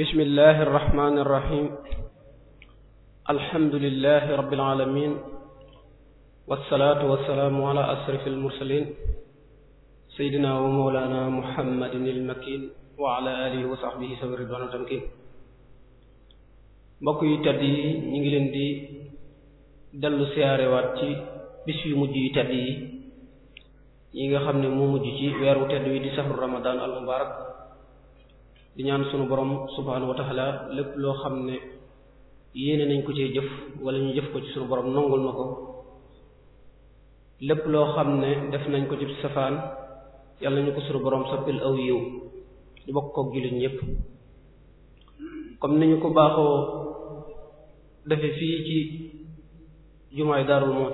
bismillahi irrahmani irrahim alhamdulilahi rabbil alamin wasalaatu wasalaamu ala ashraf almursalin sayidina wa mawlana muhammadin almakin wa ala alihi wa sahbihi sawi ridwan wa tamkin mbokk yu tedd yi ñu ngi leen di dellu siyaarewaat ci bis yu mujj yu tedd yi yi nga xam ne moo mujj ci weeru tedd wi di sahru ramadan al mubarak di ñaan sunu borom subhaanahu wa taala lépp loo xam ne yéene nañ ko cee jëf wala ñu jëf ko ci sunu borom nongul na ko lépp loo xam ne def nañ ko ci safaan yàlla ñu ko sunu borom soppil aw yiw di bokk koog jullit ñëpp comme ni ñu ko baaxoo defe fii ci jumaay Daarul mu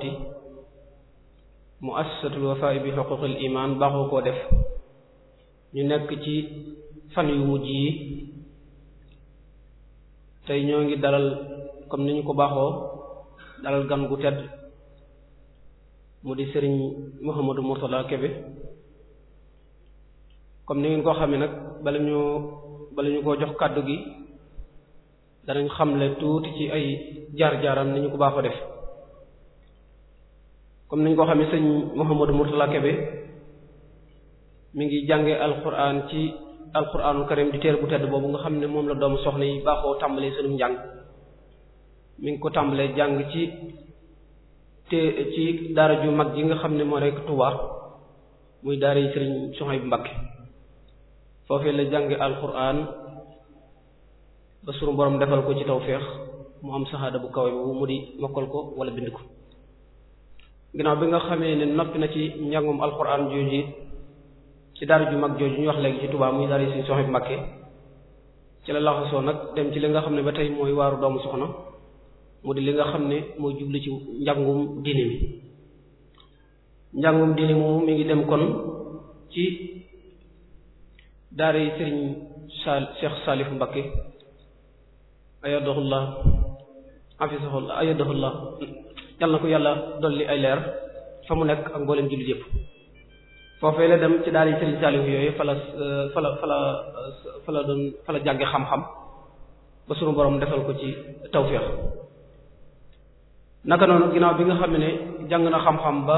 muassasatul Wafa'i bi huquqil iman baaxoo koo def ñu nekk ci fan yu mujj yi tey ñoo ngi dalal comme ni ñu ko baaxoo dalal gan gu tedd mu di sëriñ Mouhamadou Mourtala bi comme ni ngeen ko xamee nag bala ñu bala ñu ko jox kàddu gi danañ xamle tuuti ci ay jaar-jaaram ni ñu ko baaxoo def comme ni ñu ko xamee sëriñ Mouhamadou Mourtala Kébé mi ngi jànge alxuraan ci alquranul karim di téere bu tedd boobu nga xam ne moom la doom soxna yi baaxoo tàmbalee seenum njàng mi ngi ko tàmbalee jàng ci te ci daara ju mag ji nga xam ne moo rek Tuuba muy daara yi Sëriñ Suhaybu Mbakke foofee la jànge alquran ba sunu borom defal ko ci tawféex mu am saxaada bu kawe bu mu di mokkal ko wala bind ko ginnaaw bi nga xamee ne noppi na ci njàngum alquran jooju ci daara ju mag jooju ñu wax léegi ci Tuubaa muy daara Sëriñ Soxibu Mbàkke ci la laxasoo nag dem ci li nga xam ne ba tey mooy waaru doomu soxna mu di li nga xam ne mooy jublu ci njàngum diine mi njàngum diine moomu mi ngi dem kon ci daara yi sëriñ sal Cheikh Salif Mbakke ayadahullah afisahullah ayadahullah yàlla na ko yàlla dolli ay leer fa mu nekk ak mboolem jullit yëpp foofee la dem ci daal yi Serigne Saliou yooyu fa la fa la fa la fa xam-xam ba sunu borom defal ko ci tawféex naka noonu ginnaaw bi nga xam ne jàng na xam-xam ba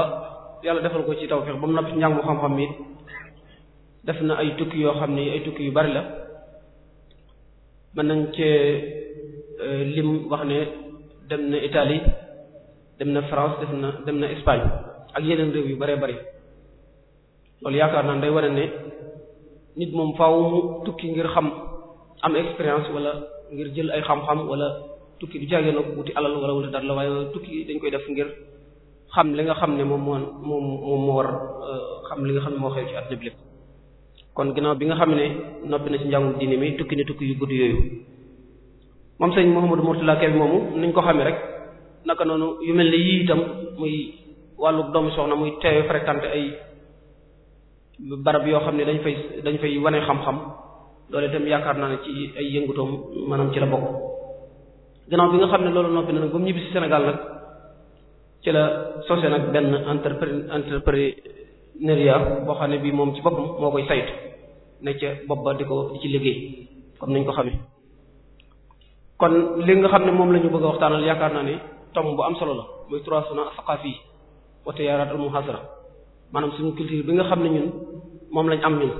yàlla defal ko ci tawféex ba mu noppi njàngu xam-xam bi def na ay tukki yoo xam ni ay tukki yu bari la man nañ cee euh, lim wax ne dem na Italie dem na France def na dem na Espagne ak yeneen réew yu baree bari loolu yaakaar naa day wane ne nit moom faaw mu tukki ngir xam am expérience wala ngir jël ay xam-xam wala tukki du jaage na wuti alal wala wuti dara waaye tukki dañ koy def ngir xam li nga xam ne moom moo moom moom moo war euh, xam li nga xam ne moo xew ci àdduna bi lépp kon ginnaaw bi nga xam ne noppi na ci njàngum diine mi tukki ne tukki yu gudd yooyu moom sëñ Mouhamadou Mourtala Kébé moomu niñ ko xamee rek naka noonu yu mel ne yii itam muy wàllu doomu soxna muy teewe fréquenté ay barab yoo xam ne dañ fay dañ fay wane xam-xam loolu itam yaakaar naa ne ci ay yëngutoom maanaam ci la bokk gannaaw bi nga xam ne loolu noppi na nag ba mu ñibbi si Sénégal nag ci la sosé nag benn entrepre entrepreneuriat boo xam ne bii moom ci boppam moo koy saytu nekk ca bopp ba di ko di ci liggéey comme nañ ko xamee kon li nga xam ne moom la ñu bëgg a waxtaanal yaakaar naa ne tom bu am solo la muy trois suna saqafi wa tiyaratul muhasara maanaam suñu culture bi nga xam ne moom lañ am ñun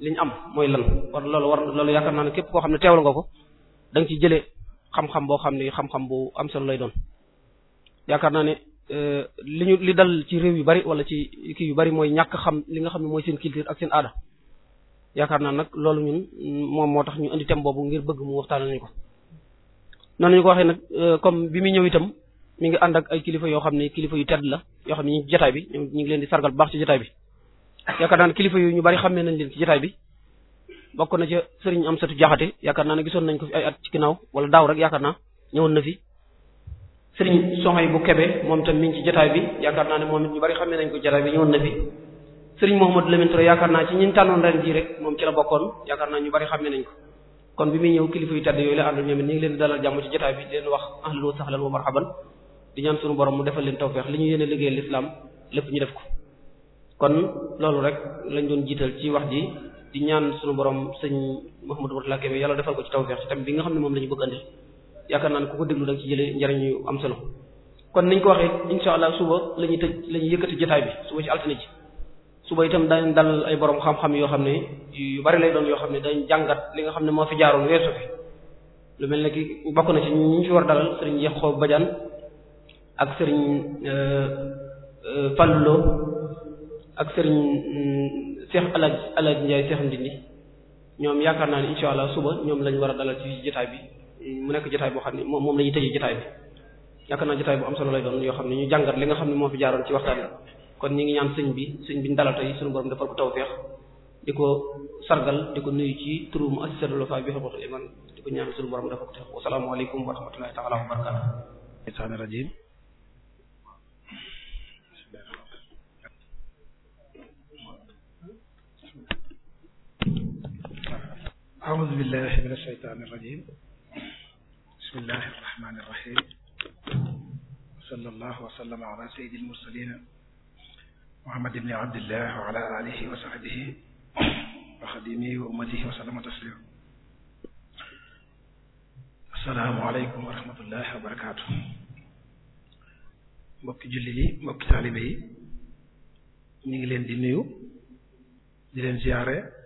liñ am mooy lan war loolu war loolu yaakaar naa ne képp koo xam ne teewal nga ko da nga ci jëlee xam-xam boo xam ne xam-xam bu am solo lay doon yaakaar naa ne euh, li ñu li dal ci réew yu bari wala ci kii yu bari ñàkk xam li nga xam ne mooy seen culture ak seen aada yaakaar naa nag loolu ñun moom moo tax ñu indi thème boobu ngir bëgg mu waxtaanal ñu ko. noonu ñu ko waxee nag euh, comme bi muy ñëw itam mi ngi ànd ak ay kilifa yoo xam ne kilifa yu tedd la yoo xam ne ñu ngi jotaay bi ñu ngi leen di sargal baax ci jotaay bi yaakaar naa ne kilifa yooyu ñu bari xammee nañ leen ci jotaay bi bokk na ca sëriñ am satu jaxate yaakaar naa ne gisoon nañ ko fi ay at ci ginnaaw wala daaw rek yaakaar naa ñëwoon na fi sëriñ soxay bu kebe moom tam mi ngi ci jotaay bi yaakaar naa ne moom it ñu bari xammee nañ ko jotaay bi ñëwoon na fi sëriñ Mouhamadou Lamine Touré yaakaar naa ci ñiñ tànnoon ren jii rek moom ci la bokkoon yaakaar ñu bari xammee nañ ko kon bi muy ñëw kilifa yu tedd yooyu la àndal ñoom it ñu ngi leen di dalal jàmm ci jotaay bi leen wax ahlan wa sahlan wa marhaban di ñaan sunu borom mu defal leen tawfeex li ñu yéene liggéey l'islam lépp ñu def ko kon loolu rek lañ doon jiital ci wax ji di ñaan sunu borom sëñ Mouhamadou Mourtala Kébé yàlla defal ko ci tawfeex ci tam bi nga xam ne moom la ñu bëgg andil yaakaar naan ne ku ko déglu rek ci jëlee njariñ yu am solo kon niñ ko waxee insha allah suba la ñuy tëj la ñuy yëkkati jotaay bi suba ci altine ji suba itam dañ dal ay boroom xam-xam yoo xam ne yu bari lay doon yoo xam ne dañ jàngat li nga xam ne moo fi jaaroon weesu fi lu mel ne ki bokk na ci ñu fi war dalal sëriñ Yaxoo Badiane sëriñ euh, euh, Fallo ak sëriñ mm, Cheikh El Hadj El Hadj Ndiaye Ndindi ñoom yaakaar naa ni incha allah suba ñoom lañu war a dalal ci jotaay bi mu nekk jotaay boo xam ne moom moom la ñuy tëjee jotaay bi yaakaar naa jotaay bu am solo lay doon yoo xam ne ñu jàngat li nga xam ne moo fi jaaroon ci waxtaan kon ñi ngi ñaan sëñ bi sëñ bi ñu dalal tey suñu borom defal ko tawfeex di ko sargal di ko nuyu ci turu mu assistelu fa bi xabatul iman di ko ñaan suñu borom defal wa wa rahmatullahi ta'ala wa barakatuh أعوذ بالله من الشيطان الرجيم بسم الله الرحمن الرحيم صلى الله وسلم على سيد المرسلين محمد بن عبد الله وعلى آله وصحبه وخديمه وأمته وسلم تسليما السلام عليكم ورحمة الله وبركاته mbokki jullit yi mbokki taalibe yi ñu ngi leen di nuyu di leen ziyaare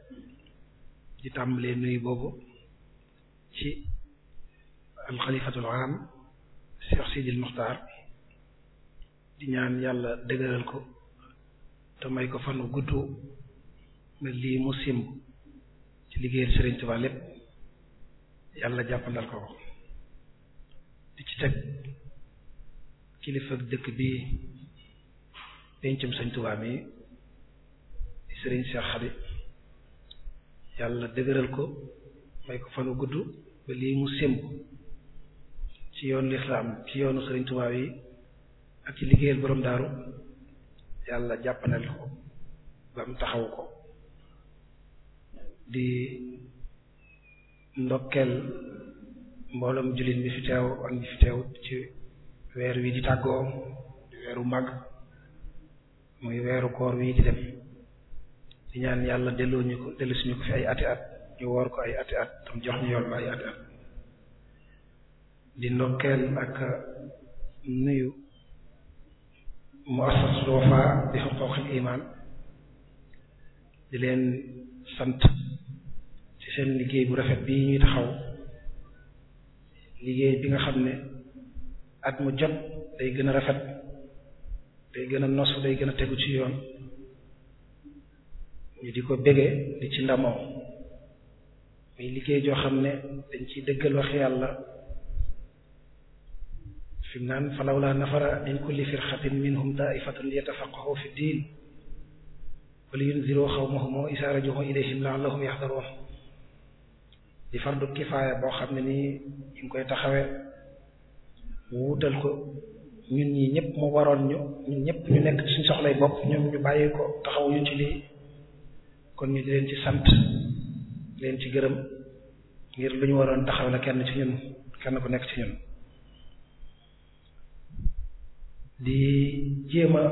di tàmbalee nuyu boobu ci alxalifatul am Cheikh Sidil Muxtaar di ñaan yàlla dëgëral ko te may ko fanu gudd ba lii mu simb ci liggéeyal Serigne Touba lépp yàlla jàppandal ko di ci teg kilifa dëkk bi pencum Serigne Touba bi di Serigne Cheikh Xabi yàlla dëgëral ko may ko fanu gudd ba lii mu sémb ci yoonu lislaam ci yoonu sëriñ yi ak ci liggéeyal boroom daaru yàlla jàppanal ko ba mu taxaw ko di ndokkeel mbooloom jullit bi fi teew ak ñi fi teew ci weer wi di tàggoo weeru màgg muy weeru koor wi di dem di ñaan yàlla delloo ñu ko dellu suñu ko fi ay ati at ñu woor ko ay ati at tam jox ñu yoon ba ay ati at di ndokkeel ak nuyu muassas Wafa bi di leen sant ci seen liggéey bu rafet bi ñuy taxaw liggéey bi nga xam ne at mu jot day gën a rafet day gën a nosu day gën a tegu ci yoon ñu di ko bëggee di ci ndamoo muy liggéey joo xam ne dañ ciy dëggal wax yàlla fi mu naan falawlaa nafara min kulli firqatin minhum daa'ifatun liyatafaqqahu fi diin wa liyunziru qawmahum izaa raja'uu ilayhim la'allahum yahdaruun di fardu kifaaya boo xam ne nii ñu ngi koy taxawee wuutal ko ñun ñi ñëpp mu waroon ñu ñun ñëpp ñu nekk suñ soxlay bopp ñoom ñu bàyyi ko taxaw ñu ci lii kon ñu di leen ci sant di leen ci gërëm ngir lu ñu waroon taxaw la kenn ci ñun kenn ku nekk ci ñun di jéem a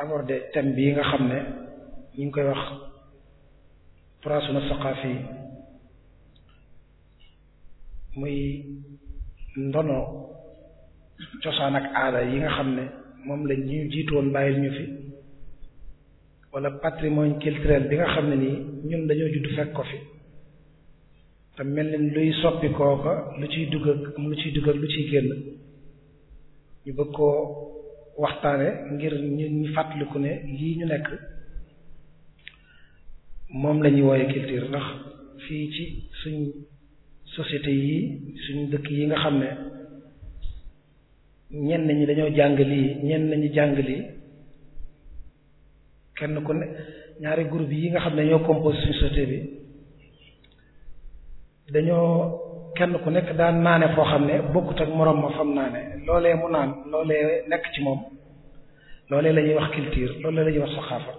aborder thème bii nga xam ne ñu ngi koy wax turaasuna fii muy ndono cosaan ak aada yi nga xam ne moom lañ ñu jiitu woon bàyyil ñu fi wala patrimoine culturel bi nga xam ne nii ñun dañoo judd fekk ko fi te mel ni luy soppi kooka lu ciy dugg ak am lu ciy dugg ak lu ciy génn ñu bëgg koo waxtaane ngir ñu ñu fàttaliku ne lii ñu nekk moom lañuy ñuy wooye culture ndax fii ci suñ société yi suñ dëkk yi nga xam ne ñenn ñi dañoo jàng lii ñenn ñi jàng lii kenn ku ne ñaari groupe yi nga xam ne ñoo compose suñu société bi dañoo kenn ku nekk daan naane foo xam ne bokkut ak moroom ma fam naane loole mu naan loole nekk ci moom loole lañuy wax culture loolee la ñuy wax saxaafa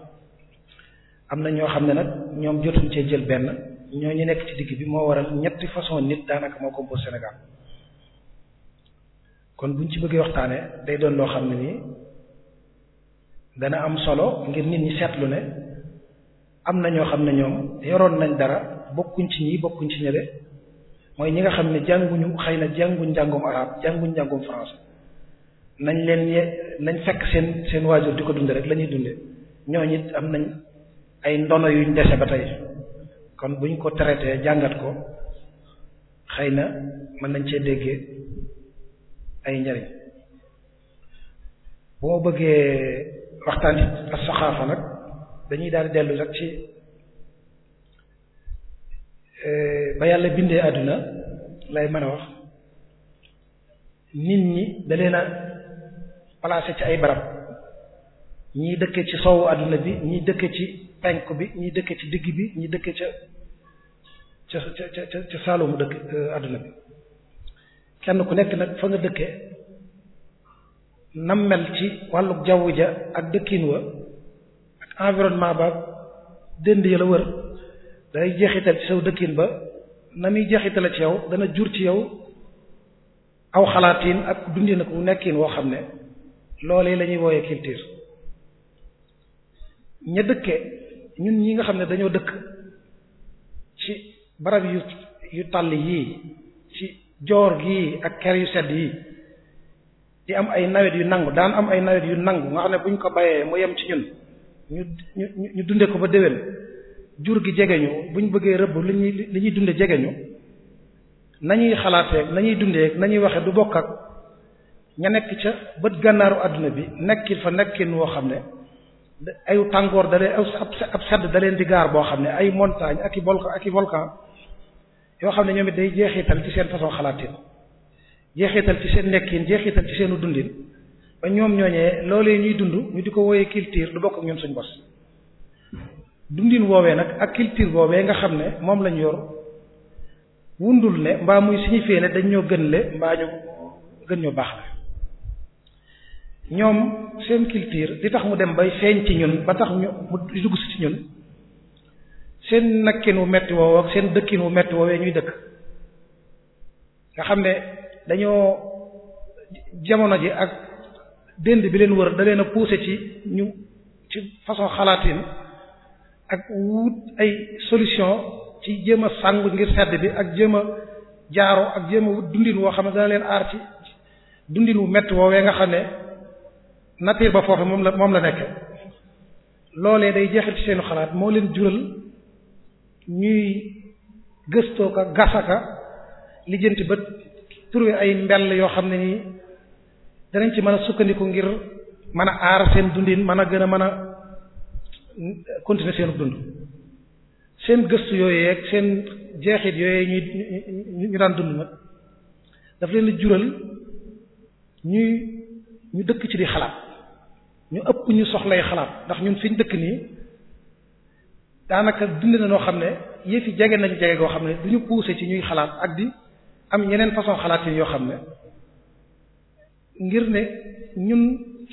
am na ñoo xam ne nag ñoom jotuñ cee jël benn ñoo ñu nekk ci digg bi moo waral ñetti façon nit daanaka moo compose Sénégal kon buñ ci bëggee waxtaanee day doon loo xam ne nii dana am solo ngir nit ñi seetlu ne am na ñoo xam ne ñoom yoroon nañ dara bokkuñ ci ñi bokkuñ ci ñële mooy ñi nga xam ne jànguñu xëy na jànguñ njàngum arabe jànguñ njàngum français nañ leen ye nañ fekk seen seen waajur di ko dunde rek la dunde ñooñu it am nañ ay ndono yuñ dese ba tey kon buñ ko traité jàngat ko xëy na mën nañ cee déggee ay njariñ bu ma bëggee waxtaan ci as-saxaafa nag dañuy daal di dellu nag ci eh, ba yàlla bindee àdduna lay mën a wax nit ñi da leen a ci ay barab ñii dëkkee ci soowu àdduna bi ñii dëkkee ci penk bi ñii dëkkee ci digg bi ñii dëkkee ca ca ca ca ca saalumu dëkk eh, àdduna bi kenn ku nekk nag fa nga dëkkee nam mel ci wàllu jaww ja ak dëkkin wa ak environnement ba dënd ya la wër day jeexital ci saw dëkkin ba na muy jeexitale ci yow dana jur ci yow aw xalaatiin ak dundin ak nekkin woo xam ne loolee la ñuy wooyee culture ña dëkke ñun ñi nga xam ne dañoo dëkk ci barab yu tàll yii ci joor gi ak ker yu sedd yii di am ay nawet yu nangu daan am ay nawet yu nangu nga xam ne buñ ko bayee mu yem ci ñun ñu ñu ñu dundee ko ba déwén jur gi jege ñu buñ bëggee rëbb li ñuy li ñuy dundee jege ñu nañuy xalaatee nañuy dundee nañuy waxee du bokk ak ña nekk ca bët gànnaaru àdduna bi nekkil fa nekkin woo xam ne ay tàngoor da leen ab sedd da di gaar boo xam ne ay montagne ak i volcan ak i volcan yoo xam ne ñoom it day jeexital ci seen façon xalaatin jeexital ci seen nekkin jeexital ci seenu dundin ba ñoom ñooñee loolee ñuy dund ñu di ko wooyee culture du bokk ak ñun suñ bos dundin woowee nag ak culture boobee nga xam ne moom lañu yor wundul ne mbaa muy signifier ne dañ ñoo gën le mbaa ñu gën ñoo baax la ñoom seen culture di tax mu dem bay feeñ ci ñun ba tax mu dugg si ñun seen nakkin wu metti woowu seen dëkkin wu metti woowee ñuy dëkk nga xam ne dañoo jamono ji ak dénd bi leen wër daleen leen a pousser ci ñu ci façon xalaatin ak wut ay solution ci jéem a sàngu ngir sedd bi ak jéem jaaro ak jéem a dundin woo xam ne dana leen aar ci dundin wu métti woowee nga xam ne nature ba foofu moom la moom la nekk loolee day jeexal ci seenu xalaat moo leen jural ñuy gëstoo ka gasaka lijjanti bët trouver ay mbell yoo xam ne nii danañ ci mën a sukkandiku ngir mën a aar seen dundin mën a gën a mën a continuer seen dund seen gëstu yooyu ak seen jeexit yooyu ñuy ñu daan dund nag daf leen jural ñuy ñu dëkk ci di xalaat ñu ëpp ñu soxlay xalaat ndax ñun fiñ dëkk nii daanaka dund na noo xam ne yëf yi jege nañ jege goo xam ne du ñu pousser ci ñuy xalaat ak di am ñeneen façon xalaat yoo xam ne ngir ne ñun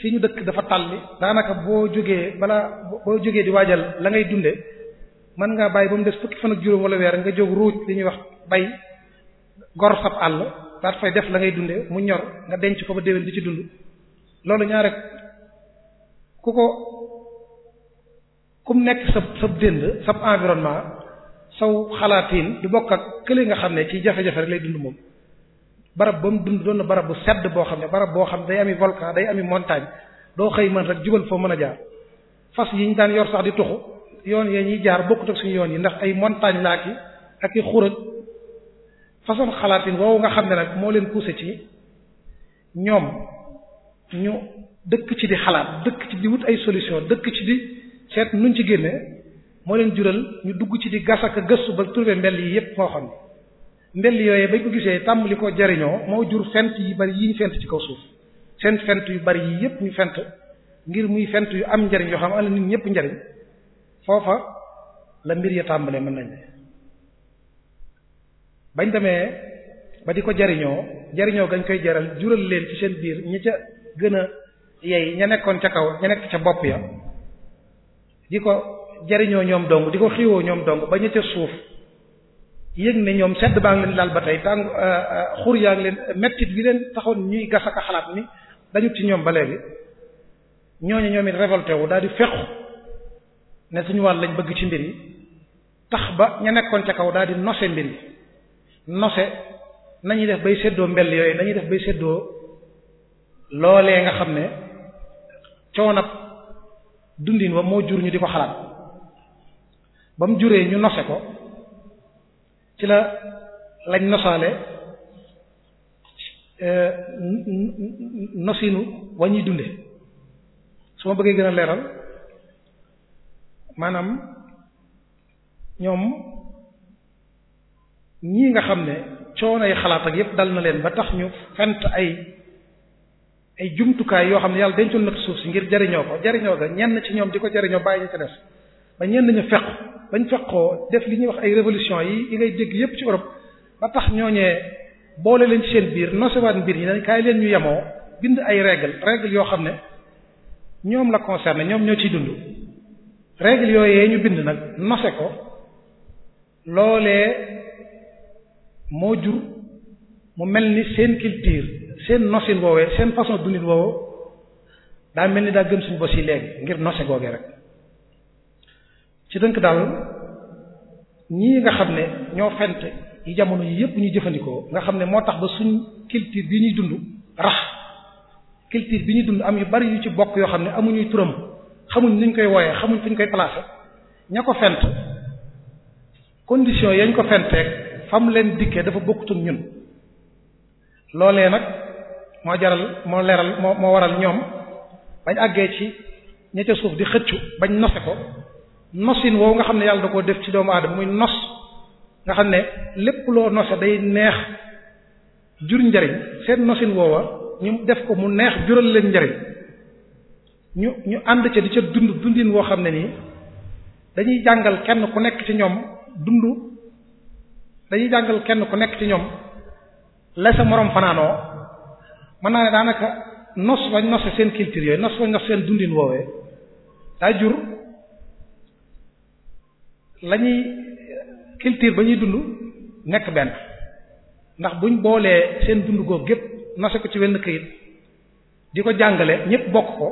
fi ñu dëkk dafa tàlli daanaka boo jógee balaa boo jógee di waajal la ngay dunde mën ngaa bàyyi ba mu des fukki fan ak juróom wala weer nga jóg ruuj li ñuy wax bay gor sab àll daat fay def la ngay dunde mu ñor nga denc ko ba déwén di ci dund loolu ñaare ku ko kum nekk sa sab dénd sab environnement saw xalaatin du bokk ak kële nga xam ne ci jafe-jafe rek lay dund moom barab ba mu dund doon na barab bu sedd boo xam ne barab boo xam ne day ami volcan day ami montagne doo xëy mën rek jubal foo mën a jaar fas yi ñu daan yor sax di tuxu yoon yee ñuy jaar bokkut ak suñu yoon yi ndax ay montagne laa ki ak i xuraj façon xalaatin woowu nga xam ne nag moo leen poussé ci ñoom ñu dëkk ci di xalaat dëkk ci di wut ay solution dëkk ci di seet nuñ ci génne moo leen jural ñu dugg ci di gas ak gëstu ba trouver mbell yi yépp moo xam ne mbell yooyee bañ ko gisee tàmbali ko jariñoo moo jur fent yi bari yi ñu fent ci kaw suuf seen fent yu bari yi yépp ñu fent ngir muy fent yu am njariñ yoo xam ala nit ñépp njariñ foofa la mbir ya tàmbalee mën nañ bañ demee ba di ko jariñoo jariñoo gañ koy jaral jural leen ci seen biir ñi ca gën a yey ña nekkoon ca kaw ña nekk ca bopp ya di ko jariñoo ñoom dong di ko xiwoo ñoom dong ba ñu ca suuf yëg ne ñoom sedd baa ngi leen laal ba tey tàng euh, euh, xur yaa ngi leen mettit bi leen taxoon ñuy gas ak xalaat ni dañu ci ñoom ba léegi ñooñu ñoom it révolté wu daal di fekku ne suñu wàll lañ bëgg ci mbir yi tax ba ña nekkoon ca kaw daal di nose mbir yi nose nañuy def bay seddoo mbell yooyu nañuy def bay séddoo loolee nga xam ne coonab dundin wa moo jur ñu di ko xalaat ba mu juree ñu nose ko ci la lañ nosaale e, nosinu wañuy dunde su ma bëggee gën a leeral maanaam ñoom ñii nga xam ne coonay xalaat ak yépp dal na leen ba tax ñu fent ay ay jumtukaay yoo xam ne yàlla dencoon na suuf si ngir jariñoo ko jariñoo ga ñenn ci ñoom di ko jariñoo bàyyi ñu ci des ba ñenn ñu feq bañ feqoo def li ñuy wax ay révolution yi yi ngay dégg yépp ci Europe ba tax ñooñee boole leen ci seen biir nosewaat mbir yi nañ kaay leen ñu yemoo bind ay règle règle yoo xam ne ñoom la concerné ñoom ñoo ciy dund règle yooyee ñu bind nag nose ko loolee moo jur mu mel ni seen culture seen nosin woowee seen façon dundin woowu daa mel ni daa gëm suñu bos yi léegi ngir nose googee rek ci tënk daal ñii nga xam ne ñoo fent yi jamono yi yëpp ñuy jëfandikoo nga xam ne moo tax ba suñ culture bi ñuy dund rax culture bi ñuy dund am yu bari yu ci bokk yoo xam ne amuñuy turam xamuñ nuñ koy wooyee xamuñ fuñ koy placer ña ko fent condition yañ ko fenteeg fam leen dikkee dafa bokkutug ñun loolee nag moo jaral moo leeral moo moo waral ñoom bañ àggee ci ña ca suuf di xëccu bañ nose ko nosin woowu nga xam ne yàlla da koo def ci doomu aadama muy nos nga xam ne lépp loo nose day neex jur njariñ seen nosin woowa ñu def ko mu neex jural leen njariñ ñu ñu ànd ca di ca dund dundin woo xam ne nii dañuy jàngal kenn ku nekk ci ñoom dund dañuy jàngal kenn ku nekk ci ñoom la sa fanaanoo mën naa ne daanaka nos bañ nos seen culture yooyu nos bañ nos seen dundin woowee daa jur la ñuy culture ba ñuy dund nekk benn ndax buñ boolee seen dund googu gépp nase ko ci wenn kayit di ko jàngale ñépp bokk ko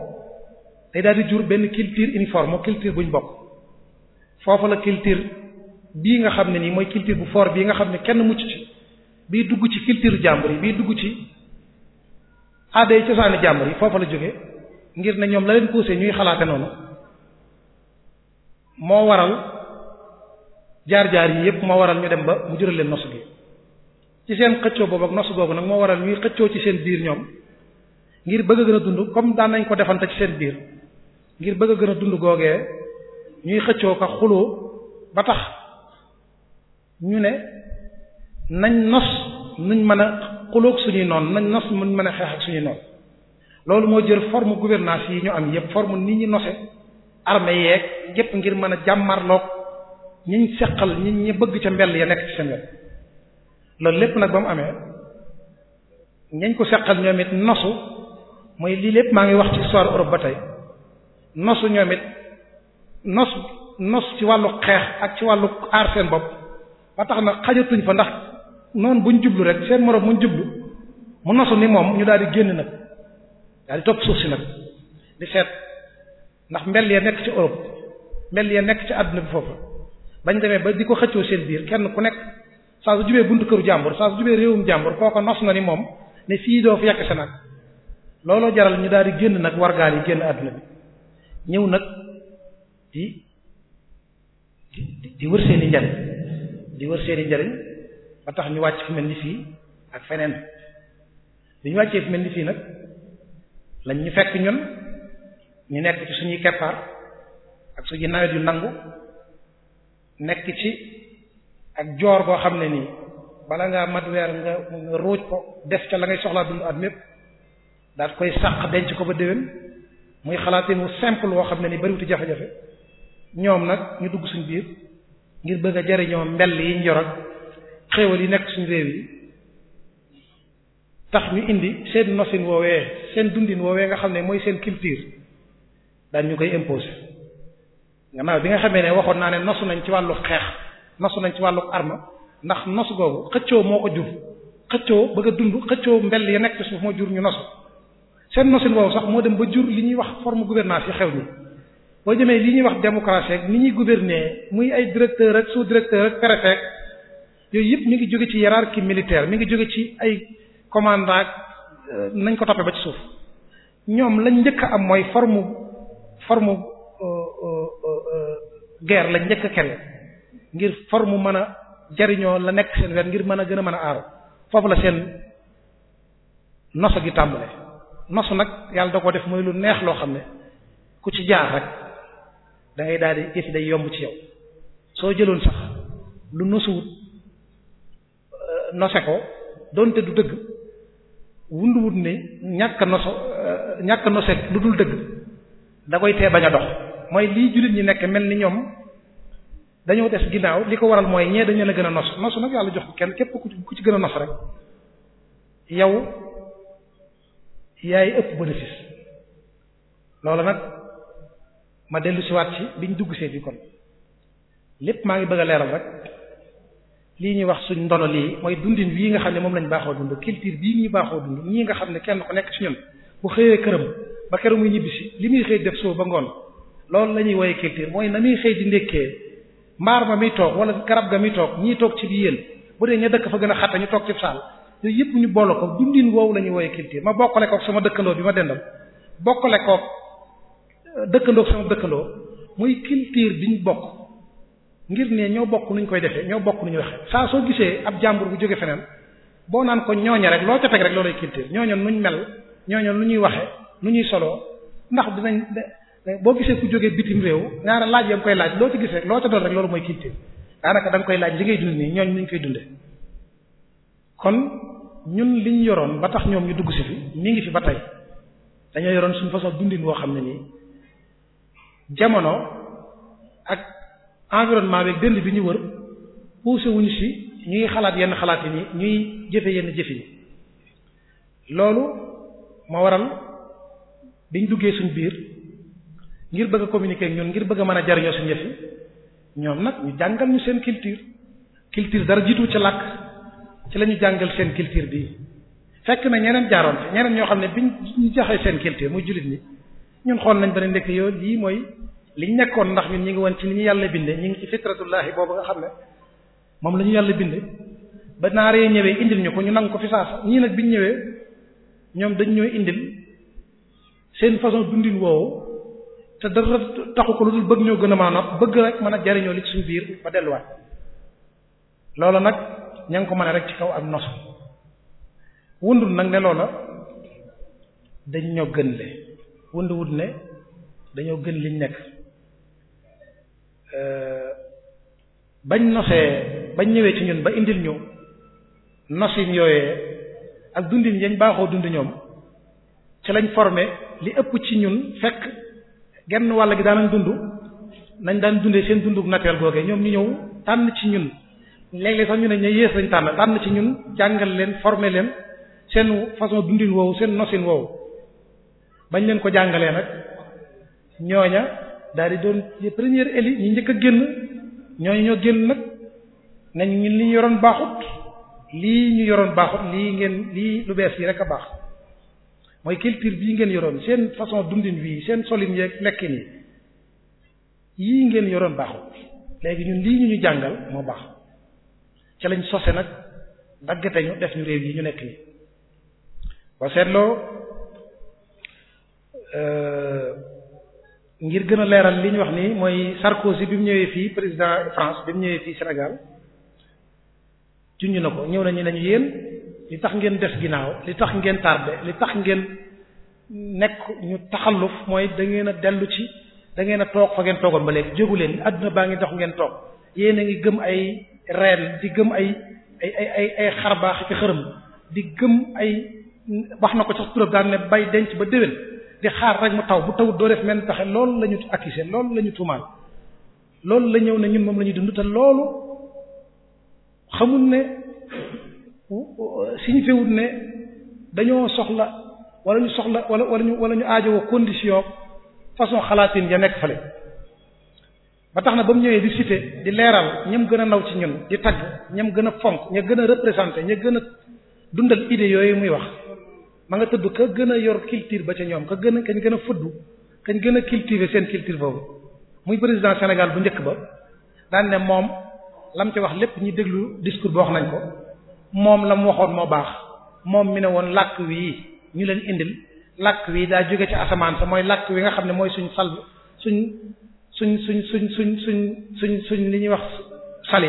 day daal di jur benn culture uniforme culture buñ bokk foofu la culture bii nga xam ne nii mooy culture bu fort bii nga xam ne kenn mucc ci bii dugg ci culture jàmbur yi bii dugg ci aada yi cosaani jàmbur yi foofu la jóge ngir ne ñoom la leen poussé ñuy xalaate noonu moo waral jaar-jaar yi yépp moo waral ñu dem ba mu jural leen nos gi ci seen xëccoo boobu ak nos googu nag moo waral ñuy xëccoo ci seen biir ñoom ngir bëgg a gën a dund comme daan nañ ko defante ci seen biir ngir bëgg gën a dund googee ñuy xëccoo ka xuloo ba tax ñu ne nañ nos nuñ mën a xuloog suñuy noon nañ nos nuñ mën a xeex ak suñuy noon loolu moo jël forme gouvernance yi ñu am yépp forme nit ñi nose armée yeeg yépp ngir mën a jàmmarlook ñiñ seqal ñi ñi bëgg ca mbell ya nekk ci seen wet lépp nag ba mu amee ñañ ko seqal ñoom it nosu mooy lii lépp maa ngi wax ci histoire Europe ba tey nosu ñoom it nos nos ci wàllu xeex ak ci wàllu aar seen bopp ba tax na xajatuñ fa ndax noonu buñ jublu rek seen moroom muñ jublu mu nosu ni moom ñu daal di génn nag daal di topp suuf si nag di seet ndax mbel ya nekk ci Europe mbel ya nekk ci àdduna bi foofu bañ demee ba di ko xëccoo seen biir kenn ku nekk saa su jubee buntu këru jàmbur saa su jubee réewum jàmbur kooko nos na ni moom ne fii doo fi yàq sa nag looloo jaral ñu daal di génn nag wargaal yi génn àdduna bi ñëw nag di di di seen i tax ñu wàcc mel ni fii feneen bi ñu wàccee fi mel ni fii nag lañ ñu fekk ñun ñu nekk ci suñuy keppaar ak suñuy nawet yu nangu nekk ci ak joor goo xam ne nii bala ngaa mat weer nga nga ruuj ko def ca la ngay soxlaa dund at mépp daal koy sàq denc ko ba déwén muy xalaatee mu simple woo xam ne nii bariwuti jafe-jafe ñoom nag ñu dugg suñ biir ngir bëgg a jariñoo mbell yi njor ak xéewal yi nekk suñu réew yi tax ñu indi seen nosin woowee seen dundin woowee nga xam ne mooy seen culture daan ñu koy imposer gannaaw bi nga xamee ne waxoon naa ne nosu nañ ci wàllu xeex nosu nañ ci wàllu arme ndax nos googu xëccoo moo ko jur xëccoo bëgg a dund xëccoo mbell ya nekk ci suuf moo jur ñu nosu seen nosin boobu sax moo dem ba jur li ñuy wax forme gouvernance yi xew mi boo demee li ñuy wax démocratie ak ni ñuy gouverner muy ay directeur ak sous directeur ak préfet yooyu yëpp mi ngi jóge ci hiérarchie militaire mi ngi jóge ci ay commandant euh, nañ ko toppee ba ci suuf ñoom lañ njëkk am mooy forme guerre la njëkk a kenn ngir forme mën a jariñoo la nekk seen wet ngir mën a gën a mën a aaro foofu la seen noso gi tàmbale nosu nag yàlla da ko def muy lu neex loo xam ne ku ci jaar rek da ngay daal di yëfi day yomb ci yow soo jëloon sax lu nosuwut euh, nose ko doonte du dëgg wunduwut ne ñàkk noso euh, ñàkk nose lu dul dëgg da koy tee a dox mooy lii jullit ñi nekk mel ni ñoom dañoo des ginnaaw li ko waral mooy ñee dañu la gën a nos nos nag yàlla jox ko kenn képp ku ci gën a nos rek yow yaay ëpp bénéfice loolu nag ma dellu siwaat ci biñ dugg see bi kon lépp maa ngi bëgg a leeral rek lii ñuy wax suñ ndono lii mooy dundin bii nga xam ne moom lañ baaxoo dund culture bii ñu baaxoo dund ñii nga xam ne kenn ku nekk ci ñun bu xëyee këram ba këram muy ñibbisi li muy xëy def soo ba ngoon loolu la ñuy woye culture mooy na muy xëy di ndekkee mbaar ma mi toog wala garab ga muy toog ñii toog ci bi yéen bu dee ña dëkk fa gën a xatte ñu toog ci saal yooyu yëpp ñu boole ko dundin woowu la ñuy woye culture ma bokkale koog sama dëkkandoo bi ma dendam bokkale koog euh, dëkkandoo sama dëkkandoo muy culture bi ñu bokk ngir ne ñoo bokk nuñ koy defee ñoo bokk nuñu waxe saa soo gisee ab jàmbur bu jóge feneen boo naan ko ñooña rek loo ca teg rek loolay culture nu ñu mel ñooña nu ñuy waxe nu ñuy soloo Eh, boo gisee ku jógee bitim réew ñaara laaj yam koy laaj loo ci gis loo ca doon loolu mooy kilifteef daanaka da koy laaj li ngay dund nii ñooñ koy dundee kon ñun liñ yoroon ba tax ñoom ñu dugg si fi mi ngi fi ba tey dañoo yoroon suñu façon dundin woo xam ne nii jamono ak environnement bi dënd bi ñu wër poussé wuñ si ñuy xalaat yenn xalaat yi nii ñuy jëfe yenn jëf yi loolu waral biñ duggee suñ biir ngir bëgg a communiquer ngir bëgg a mën a jariñoo suñu yëf yi ñoom nag ñu jàngal ñu seen culture culture dara jiitu ci làkk ci la ñu jàngal seen culture bi fekk na ñeneen jaaroon fi ñeneen ñoo xam ne biñ ñu joxee seen culture muy jullit ni ñun xool nañ ba ne ndekk yow lii mooy liñ nekkoon ndax ñun ñi ngi woon ci ni ñu yàlla binde ñi ngi ci fitratullahi boobu nga xam ne moom la ñu yàlla binde ba naaree ñëwee indil ñu ko ñu nangu ko fi saa ñii nag biñ ñëwee ñoom dañ ñooy indil seen façon dundin woowu te dara taxu ko lu dul bëgg ñoo gën a maa nopp bëgg rek mën a jariñoo li ci suñu biir ba delluwaat loolu nag ña ngi ko mën a rek ci kaw ak nosu wundul nag ne loola dañ ñoo gën le wunduwut ne dañoo gën liñ nekk bañ nosee bañ ñëwee ci ñun ba indil ñu nosim yooyee ak dundin yañ baaxoo dund ñoom ci lañ formé li ëpp ci ñun fekk genn wàll gi daanañ dundu nañ daan dundee seen dundug naturel googee ñoom ñu ñëw tànn ci ñun léeg-léeg sax ñu ne ñu yées lañ tànn tànn ci ñun jàngal leen former leen seen façon dundin woowu seen nosin woowu bañ leen ko jàngalee nag ñooña daal di doon les premières élites ñi njëkk a génn ñooñu ñoo génn nag nañu ñun li ñu yoroon baaxut lii ñu yoroon baaxut lii ngeen lii lu bees yi rek a baax mooy culture bii ngeen yoroon seen façon dundin wii seen solin yeeg lekkin yi yii ngeen yoroon baaxul léegi ñun lii ñu ñu jàngal moo baax ca lañ sose nag daggate ñu def ñu réew yi ñu nekk nii ba seetloo euh, ngir gën a leeral li ñu wax nii mooy Sarkozy bi mu ñëwee fii président France bi mu ñëwee fii Sénégal junj na ko ñëw nañu nañu yéen li tax ngeen def ginnaaw li tax ngeen tardé li tax ngeen nekk ñu taxalluf mooy dangeen a dellu ci da ngeen a toog fa ngeen toogoon ba léegi jógu leen adduna baa ngi dox ngeen toog yéen a ngi gëm ay reen di gëm ay ay ay ay ay xarbaax ci xërëm di gëm ay wax na ko sax turam daan ne bay denc ba déwén di xaar rek mu taw bu tawut doo def men taxe loolu la ñu accusé loolu la ñu tuumaal loolu la ñëw ne ñun moom la dund te loolu xamul ne signifié wut ne dañoo soxla wala ñu soxla wala wala ñu wala ñu aajowoo condition façon xalaatin ya nekk fale ba tax na ba mu ñëwee di cité di leeral ñam gën a naw ci ñun di tagg ñam gën a fonk ña gën a représenté ña gën a dundal idée yooyu muy wax ma nga tëdd ka gën a yor culture ba ca ñoom ka gën a kañ gën a fuddu kañ gën a cultiver seen culture boobu muy président Sénégal bu njëkk ba daan ne moom lam ci wax lépp ñu déglu discours boo wax nañ ko moom la mu waxoon moo baax moom mu ne woon làkk wii ñu leen indil làkk wii daa jóge ci asamaan sa mooy làkk wi nga xam ne mooy suñ sal suñ suñ suñ suñ suñ suñ suñ suñ li ñuy wax sali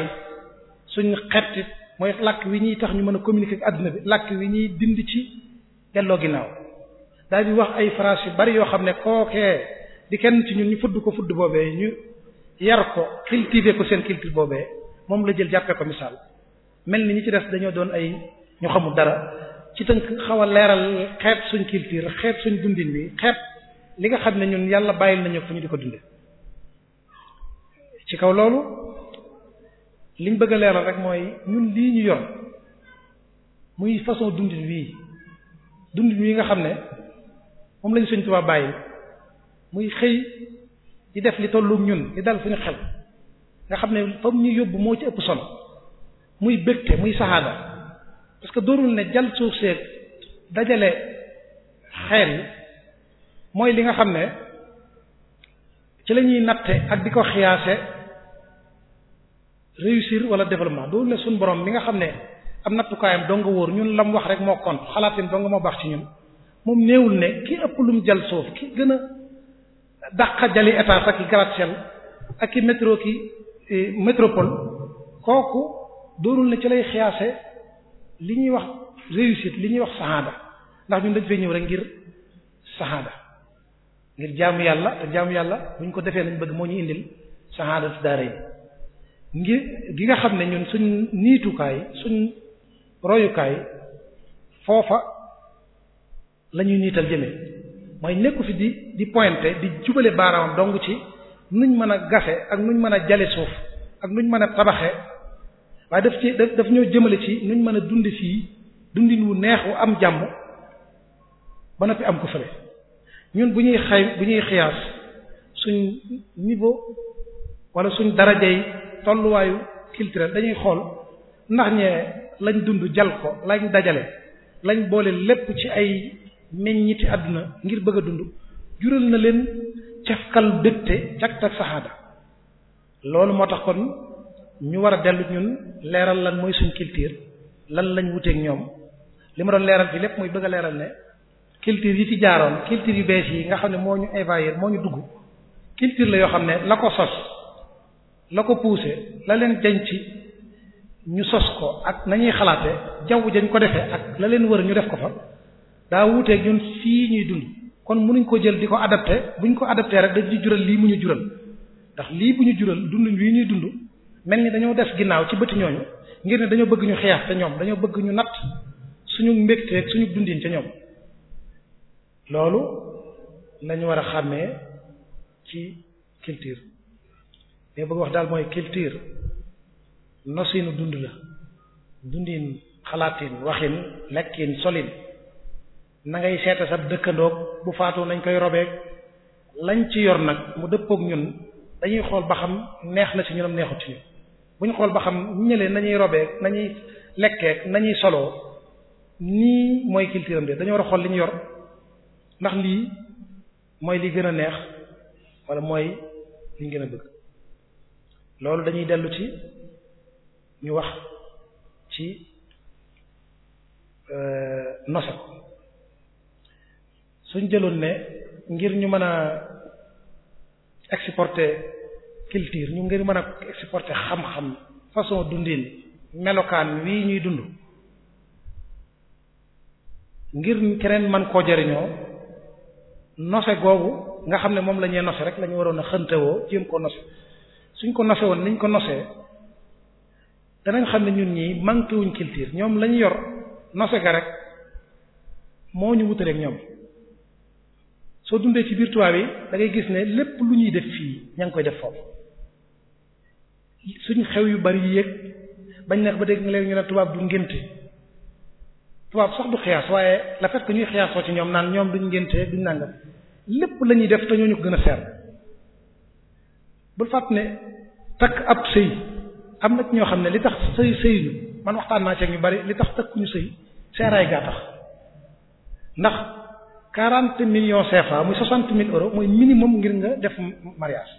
suñ xetti mooy làkk wi ñuy tax ñu mën a communiquer àdduna bi làkk wi ñuy dindi ci delloo ginnaaw daal di wax ay phrase yu bari yoo xam ne kookee di kenn ci ñun ñu fudd ko fudd boobee ñu yar ko cultiver ko seen culture boobee moom la jël jàppee ko misaal mel ni ñi ci def dañoo doon ay ñu xamul dara ci tënk xaw a leeral xeet suñ culture xeet suñ dundin bi xeet li nga xam ne ñun yàlla bàyyil nañu fu ñu di ko dunde ci kaw loolu liñ bëgg a leeral rek mooy ñun lii ñu yor muy façon dundin wii dundin wii nga xam ne moom lañ suñ tubaab bàyyi muy xëy di def li tollu ñun li dal suñu xel nga xam ne fam ñu yóbbu moo ci ëpp solo muy bégte muy saxaada parce que doonul ne jal suuf seeg dajale xeer yi mooy li nga xam ne ci la ñuy natte ak di ko xiyaase réussir wala développement doonul ne suñ borom li nga xam ne am nattukaayam doo nga wóor ñun lam wax rek moo kont xalaatin doo nga moo baax ci ñun moom néewul ne ki ëpp lum jal suuf ki gën a dàqa jali état ak i gratte ak i métro ki eh, métropole kooku doonul ne ci lay xiyaase li ñuy wax réussite li ñuy wax saxaada ndax ñun dañ fee ñëw rek ngir saxaada ngir jaamu yàlla te jaamu yàlla bu ñu ko defee nañ bëgg moo ñu indil saxaada si daara yi ngir gi nga xam ne ñun suñ niitukaay suñ royukaay foofa lañuy niital jëme mooy nekku fi di di pointé di jubale baaraamam dong ci nuñ mën a gafe ak nuñ mën a jale suuf ak nuñ mën a tabaxe waaye daf ci daf ñoo jëmale ci nuñ mën a dundi fii dundin wu neex wu am jàmm ba noppi am ko ñun bu ñuy xay bu ñuy xiyaas suñ nibo wala suñ darajey tolluwaayu culturel dañuy xool ndax ñee lañ dund jal ko lañ dajale lañ boole lépp ci ay meññiti àdduna ngir bëgg a dund jural na leen cafkal dëtte cagtak saxaada loolu moo tax kon ñu war a dellu ñun leeral lan mooy suñ culture lan lañ wuteeg ñoom li ma doon leeral fi lépp mooy bëgg a leeral ne culture yi fi jaaroon culture yi bees yi nga xam ne moo ñu envahir moo ñu dugg culture la yoo xam ne la ko sos la ko poussé la leen jañ ci ñu sos ko ak na ñuy xalaate jawwu jañ ko defe ak la leen wër ñu def ko fa daa wuuteeg ñun fii ñuy dund kon mënuñ ko jël di ko adapté buñ ko adapté rek dañ ci jural lii mu ñu jural ndax lii bu ñu jural dund wi ñuy dund mel ni dañoo des ginnaaw ci bëti ñooñu ngir ne dañoo bëgg ñu xeex te ñoom dañoo bëgg ñu natt suñu mbégte ak suñu dundin ca ñoom loolu lañu war a xàmmee ci culture li bëgg wax daal mooy culture nosinu dund la dundin xalaatin waxin lekkin solin na ngay seeta sa dëkkandoog bu faatoo nañ koy robeek lañ ci yor nag mu dëppook ñun dañuy xool ba xam neex na ci ñun am neexut ci ñun bu ñu xool ba xam ñële nañuy robee nañuy lekkee nañuy soloo nii mooy culture am de dañu war a xool li ñu yor ndax lii mooy li gën a neex walla mooy li gën a bëgg loolu dañuy dellu ci ñu wax ci euh, nosa suñ jëloon ne ngir ñu mën a exporter culture ñu ngir mën a exporter xam-xam façon dundin melokaan wii ñuy dund ngir keneen man koo jariñoo nose googu nga xam ne moom lañuy ñuy nose rek la waroon a xëntewoo jéem ko nose suñ ko nose woon niñ ko nosee danañ xam ne ñun ñii manqué wuñ culture ñoom lañu yor nose ga rek moo ñu wutaleek ñoom soo dundee ci biir tubaab yi dangay gis ne lépp lu ñuy def fii ña ngi koy def foofu suñu xew yu bari yi bañ nekk ba dégg nga léegi ñu ne tubaab du ngénte tubaab sax du xiyaas waaye la fait que ñuy xiyaasoo ci ñoom naan ñoom duñ ngénte duñ nangam lépp la ñuy def te ñooñu ñu gën a seer bul fàtt ne takk ab sëy am na ñoo xam ne li tax sëy sëy ñu man waxtaan naa ci ñu bari li tax takkuñu sëy seeraay gaa tax ndax quarante millions CFA muy soixante mille euros mooy minimum ngir nga def mariage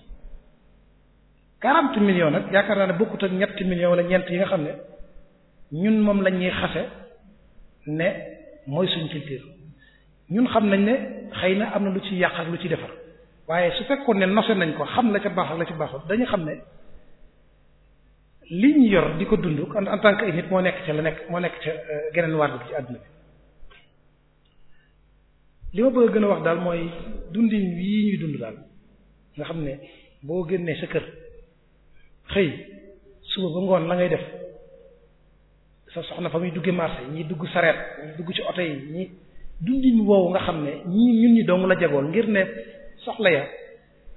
quarante million nag yaakaar naa ne bokkut ak ñetti millions wala ñeent yi nga xam ne ñun moom la ñuy xase ne mooy suñ culture ñun xam nañ ne xëy na am na lu ci yàq ak lu ci defar waaye su fekkoon ne nose nañ ko xam la ca baax ak la ci baaxul dañu xam ne li yor di ko dund en tant que nit moo nekk ca la nekk moo nekk ca euh, geneen wàll ci àdduna bi li ma bëgg a gën a wax daal mooy dundin yi ñuy dund daal nga xam ne boo génnee sa kër xëy suba ba ngoon la ngay def sa soxna fa muy dugge marché ñi dugg sareet ñi dugg ci oto yi ñi dundin woowu nga xam ne ñii ñun ñi dong la jagool ngir ne soxla ya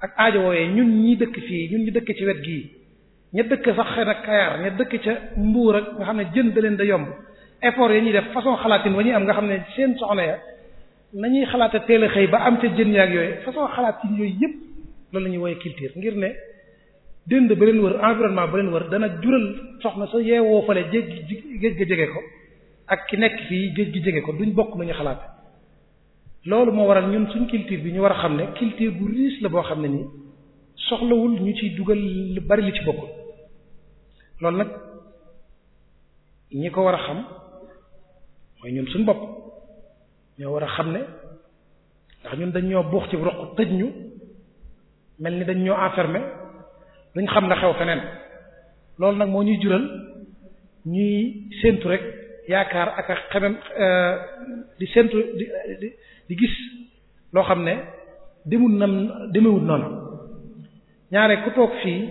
ak aajo wooyee ñun ñi dëkk fii ñun ñi dëkk ci wet gii ña dëkk sax xëy na Kayaar ña dëkk ca Mbuur ak nga xam ne jën da leen da yomb effort ya ñuy def façon xalaatin wa ñuy am nga xam ne seen soxna ya ñuy xalaata teel a xëy ba am ca jën yaag yooyu façon xalaatin yooyu yëpp loolu la ñuy wooye culture ngir ne dënd ba leen wër environnement ba leen wër dana jural soxna sa yeewoo fale géej géej ga jege ko ak ki nekk fii géej gi jege ko duñ bokk nañu xalaat loolu moo waral ñun suñ culture bi ñu war a xam ne culture bu la boo xam ne nii soxlawul ñu ciy dugal lu bari li ci bokkul loolu nag ñi ko war a xam mooy ñun suñ bopp war a xam ne ndax ñun dañ ñoo buux ci roq tëj ñu mel ni dañ ñoo enfermer dañ xam nga xew feneen loolu nag moo ñuy jural ñuy séentu rek yaakaar ak a xemem euh, di séentu di di gis loo xam ne demut nam demewut noonu ñaare ku toog fii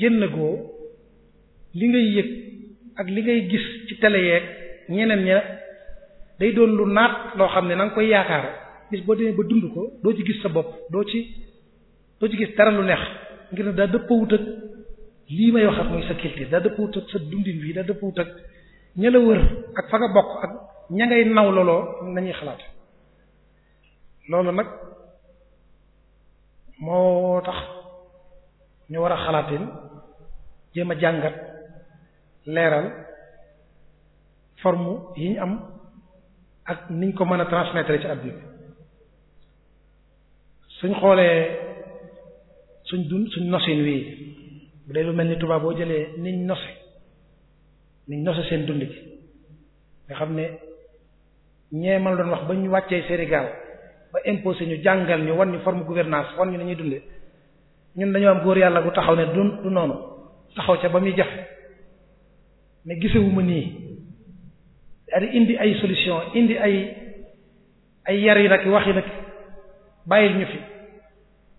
génn goo li ngay yëg ak li ngay gis ci télé yeeg ñeneen ña day doon lu naat loo xam ne na koy yaakaar bis boo demee ba dund ko doo ci gis sa bopp doo ci doo ci gis dara lu neex ngir ne daa dëppawut ak lii may waxat mooy sa culture daa dëppawut ak sa dundin wi daa dëppawut ak ña la wër ak fa nga bokk ak ña ngay naw looloo nañuy xalaat loolu nag moo tax ñu war a xalaatin jéem a jàngat leeral forme yi ñu am ak niñ ko mën a transmettre ci àdduna suñ xoolee suñ dund suñ nosin wii bu dee lu mel ni tubaab boo jëlee niñ nose niñ nose seen dund gi nga xam ne ñee ma la doon wax ba ñu wàccee Sénégal ba imposé ñu jàngal ñu wan ñu forme gouvernance wan ñu nañuy dundee ñun dañoo am góor yàlla gu taxaw ne du noonu taxaw ca ba muy jafe mais gisewu nii daal indi ay solution indi ay ay yar yi nag wax yu nag bàyyil ñu fi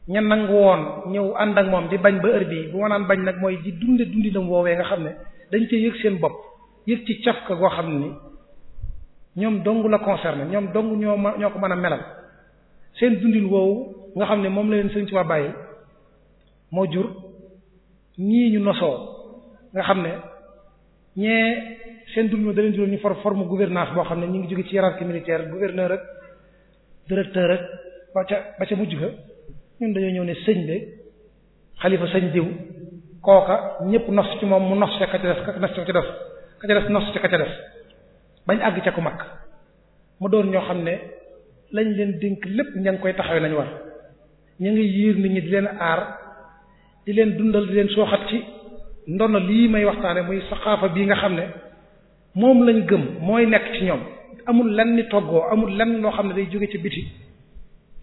ña nangu woon ñëw ànd ak moom di bañ ba heure bu manaan bañ nag mooy di dunde dundinam woowee nga xam ne dañ cee yëg seen bopp yëg ci cafka goo xam ni ñoom dong la concerné ñoom dong ñoo ma ñoo ko mën a melal seen dundin woowu nga xam ne moom la leen sëñ waa bàyyi moo jur ñii ñu nosoo nga xam ne ñee seen dundin da leen jural ñu for forme gouvernance boo xam ne ñu ngi jóge ci hiérarchie militaire gouverneur ak directeur rek ba ca ba ca mujj ga ñun dañoo ñëw ne sëñ be xalifa sëñ jiw kooka ñëpp nos ci moom mu nos ca ka ca des nos ca ca des ka nos ca ka ca bañ àgg ca ku mag mu doon ñoo xam ne lañ leen dénk lépp ña ngi koy taxawee nañ war ñu ngi yiir nit ñi di leen aar di leen dundal di leen sooxat ci ndono lii may waxtaane muy saxaafa bii nga xam ne moom lañ gëm mooy nekk ci ñoom amul lenn ni toggoo amul lenn loo xam ne day jóge ci biti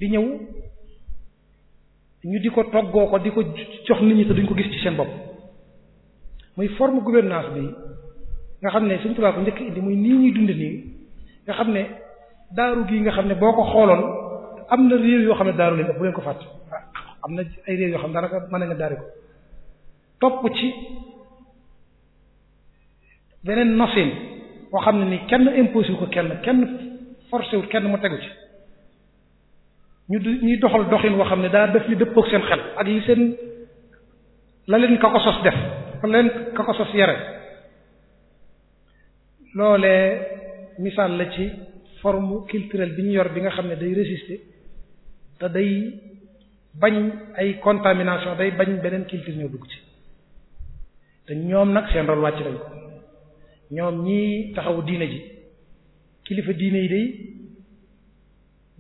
di ñëw ñu di ko toggoo ko di ko jox nit ñi te duñ ko gis ci seen bopp muy form gouvernance bi nga xam ne suñ tubaab ko njëkk indi muy nii ñuy dund nii nga xam ne daaru gii nga xam ne boo ko xooloon am na réew yoo xam ne daaru leen bu leen ko fàtt am na ay réew yoo xam ne daanaka mën na nga daari ko topp ci beneen nosin boo xam ne ni kenn imposé wu ko kenn kenn forcé wu kenn mu tegu ci ñu di ñuy doxal doxin woo xam ne daa def li dëppook seen xel ak yi seen la leen ka ko sos def la ka ko sos yare loolee misaal la ci forme culturelle bi ñu yor bi nga xam ne day résister te day bañ ay contamination day bañ beneen culture ñoo dugg ci te ñoom nag seen rôle wàcc nañ ko ñoom ñii taxawu diine ji kilifa diine yi day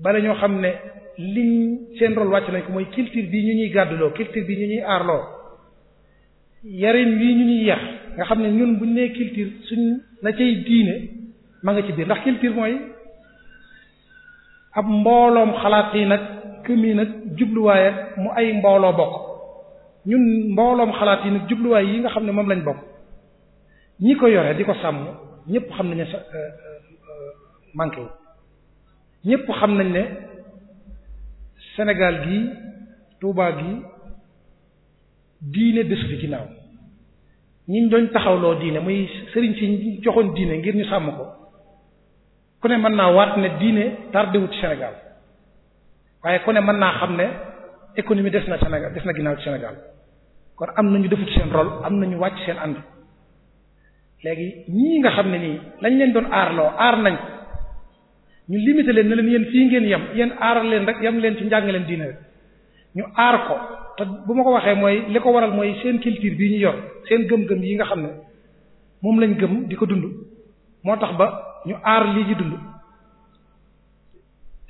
bala ñoo xam ne liñ seen rôle wàcc nañ ko mooy culture bii ñu ñuy gàdduloo culture bi ñu ñuy aarloo yarin wii ñu ñuy yar nga xam ne ñun buñ nee culture suñ la cay diine ma nga ci biir ndax culture mooy ab mbooloom xalaat yi nag këm yi nag jubluwaay mu ay mbooloo bokk ñun mbooloom xalaat yi nag jubluwaay yi nga xam ne moom lañ bokk ñi ko yore di ko sàmm ñëpp xam nañ ne euh, euh, euh, manqué wu ñëpp xam nañ ne Sénégal gi Touba gii diine desu fi ginnaaw ñi doon taxawloo diine muy sëriñ si joxoon diine ngir ñu sàmm ko ku ne mën naa waat ne diine tardé wut Sénégal waaye ku ne mën naa xam ne économie des na Sénégal des na ginaaw ci Sénégal kon am nañu defut seen rôle am nañu wàcc seen ànd léegi ñii nga xam ne nii lañ leen doon aarloo aar nañ ñu limité leen ne leen yéen fii ngeen yem yéen aaral leen rek yam leen ci njàngaleen diine rek ñu aar ko te bu ma ko waxee mooy li ko waral mooy seen culture bii ñu yor seen gëm-gëm yi nga xam ne moom lañ gëm di ko dund moo tax ba ñu aar lii dund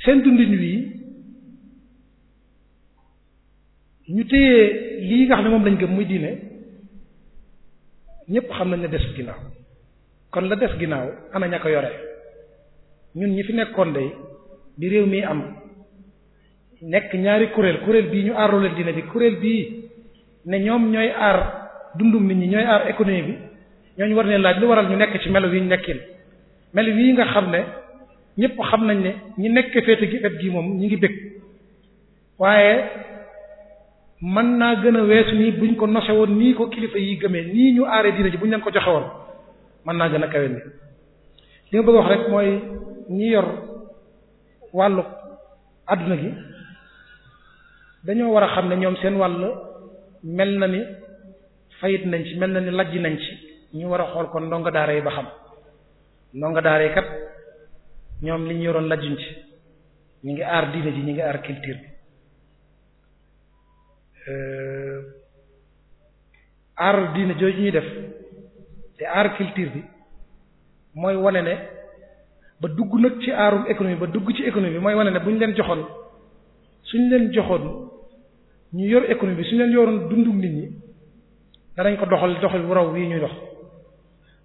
seen dundin wii ñu ne moom lañ gëm muy diine ñépp xam nañ ne des ginnaaw kon la des ginnaaw na ña ko yore ñun ñi fi nekkoon day bi réew mi am nekk ñaari kuréel kuréel bii ñu aarloo leen dina bi kuréel bii ne ñoom ñooy aar dundum nit ñu ñooy aar économie bi ñooñu war leen laaj lu waral ñu nekk ci melo yi ñu nekkin melo yi nga xam ne ñépp xam nañ ne ñi nekk féete gi ëpp gi moom ñi ngi bëgg waaye mën naa gën a weesu nii buñ ko nose woon nii ko kilifa yi gëmee nii ñu aaree diina ji buñ leen ko joxe woon mën naa gën a kawe ni li nga bëgg wax rek ñi yor wàllu àdduna gi dañoo war a xam ne ñoom seen wàll mel na ni fayit nañ ci mel na ni lajj nañ ci ñu war a xool kon ndongo daara yi ba xam ndongo daara yi kat ñoom li ñu yoroon lajjuñ ci ñu ngi aar diine ji ñu ngi aar culture bi euh, aar diine jooju ñuy def te aar culture bi mooy wane ne ba dugg nag ci aarum économie ba dugg ci économie bi mooy wane ne bu ñu leen joxoon suñ leen joxoon ñu yor économie bi suñ leen yoroon dundu nit ñi danañ ko doxal doxal wu raw wii ñu dox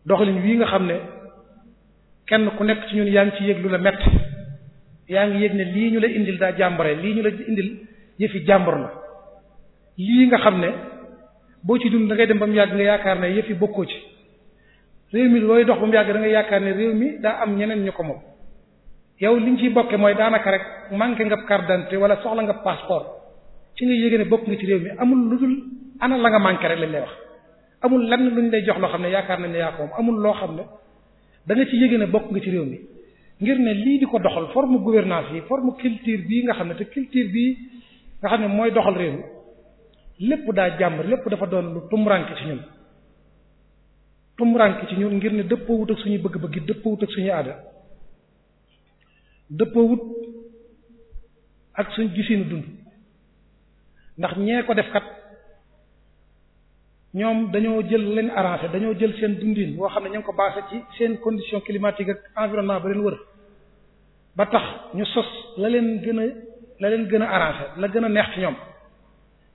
doxalin wii nga xam ne kenn ku nekk ci ñun yaa ngi ci yëg lu la metti yaa ngi yëg ne lii ñu la indil daa jàmbare lii ñu la indil yëfi jàmbur la lii nga xam ne boo ci dund da ngay dem ba mu yàgg nga yaakaar ne yëfi bokkoo ci réew mi looy dox ba mu yàgg da nga yaakaar ne réew mi daa am ñeneen ñu ko moom yow li liñ ciy bokke mooy daanaka rek manqué nga carte d'identité wala soxla nga passeport ci nga yéege ne bokk nga ci réew mi amul lu ana la nga rek lañ lay wax amul lenn luñ lay jox loo xam ne yaakaar nañ ne yaa ko moom amul loo xam ne da ci yéege ne bokk nga ci réew mi ngir ne lii di ko doxal forme gouvernance yi forme culture bi nga xam ne te culture bi nga xam ne mooy doxal réew mi lépp daa jàmb lépp dafa doon lu tumranke ci ñun tumurànke ci ñun ngir ne dëppoo wut ak suñu bëgg-bëgg dëppoo wut ak suñu aada dëppoo wut ak suñu gisinu dund ndax ñee ko def kat ñoom dañoo jël leen arrangé dañoo jël seen dundiin boo xam ne ñu ko basé ci seen condition climatique ak environnement ba leen wër ba tax ñu sos la leen gën a la leen gën a arrangé la gën a neex ci ñoom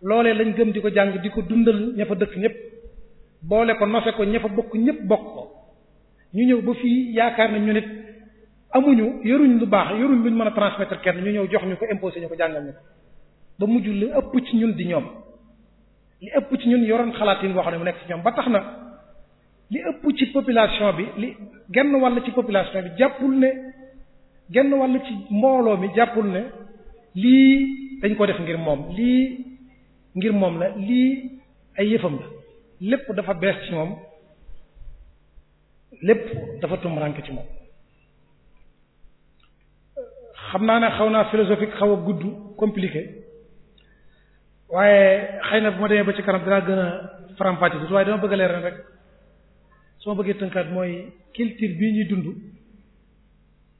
loolee lañ gëm di ko jàng di ko dundal ña fa dëkk ñépp boole ko nofe ko ña fa bokk ñëpp bokk ko ñu ñëw ba fii yaakaar na ñu nit amuñu yëruñ lu baax yoruñ luñ mën a transmettre kenn ñu ñëw jox ñu ko imposé ñu ko jàngal ñu ba mujj li ëpp ci ñun di ñoom li ëpp ci ñun yoroon xalaat yi boo xam ne mu nekk ci ñoom ba tax na li ëpp ci population bi li genn wàll ci population bi jàppul ne genn wàll ci mbooloo mi jàppul ne lii dañ ko def ngir moom lii ngir moom la lii ay yëfam la lépp dafa bees ci moom lépp dafa tumranke ci moom xam naa ne xaw naa philosophique xaw a gudd compliqué waaye xëy na bu ma demee ba ci kanam dinaa gën a faram-fàcce waaye dama bëgg a leeral rek su ma bëggee tënkaat mooy culture bii ñuy dund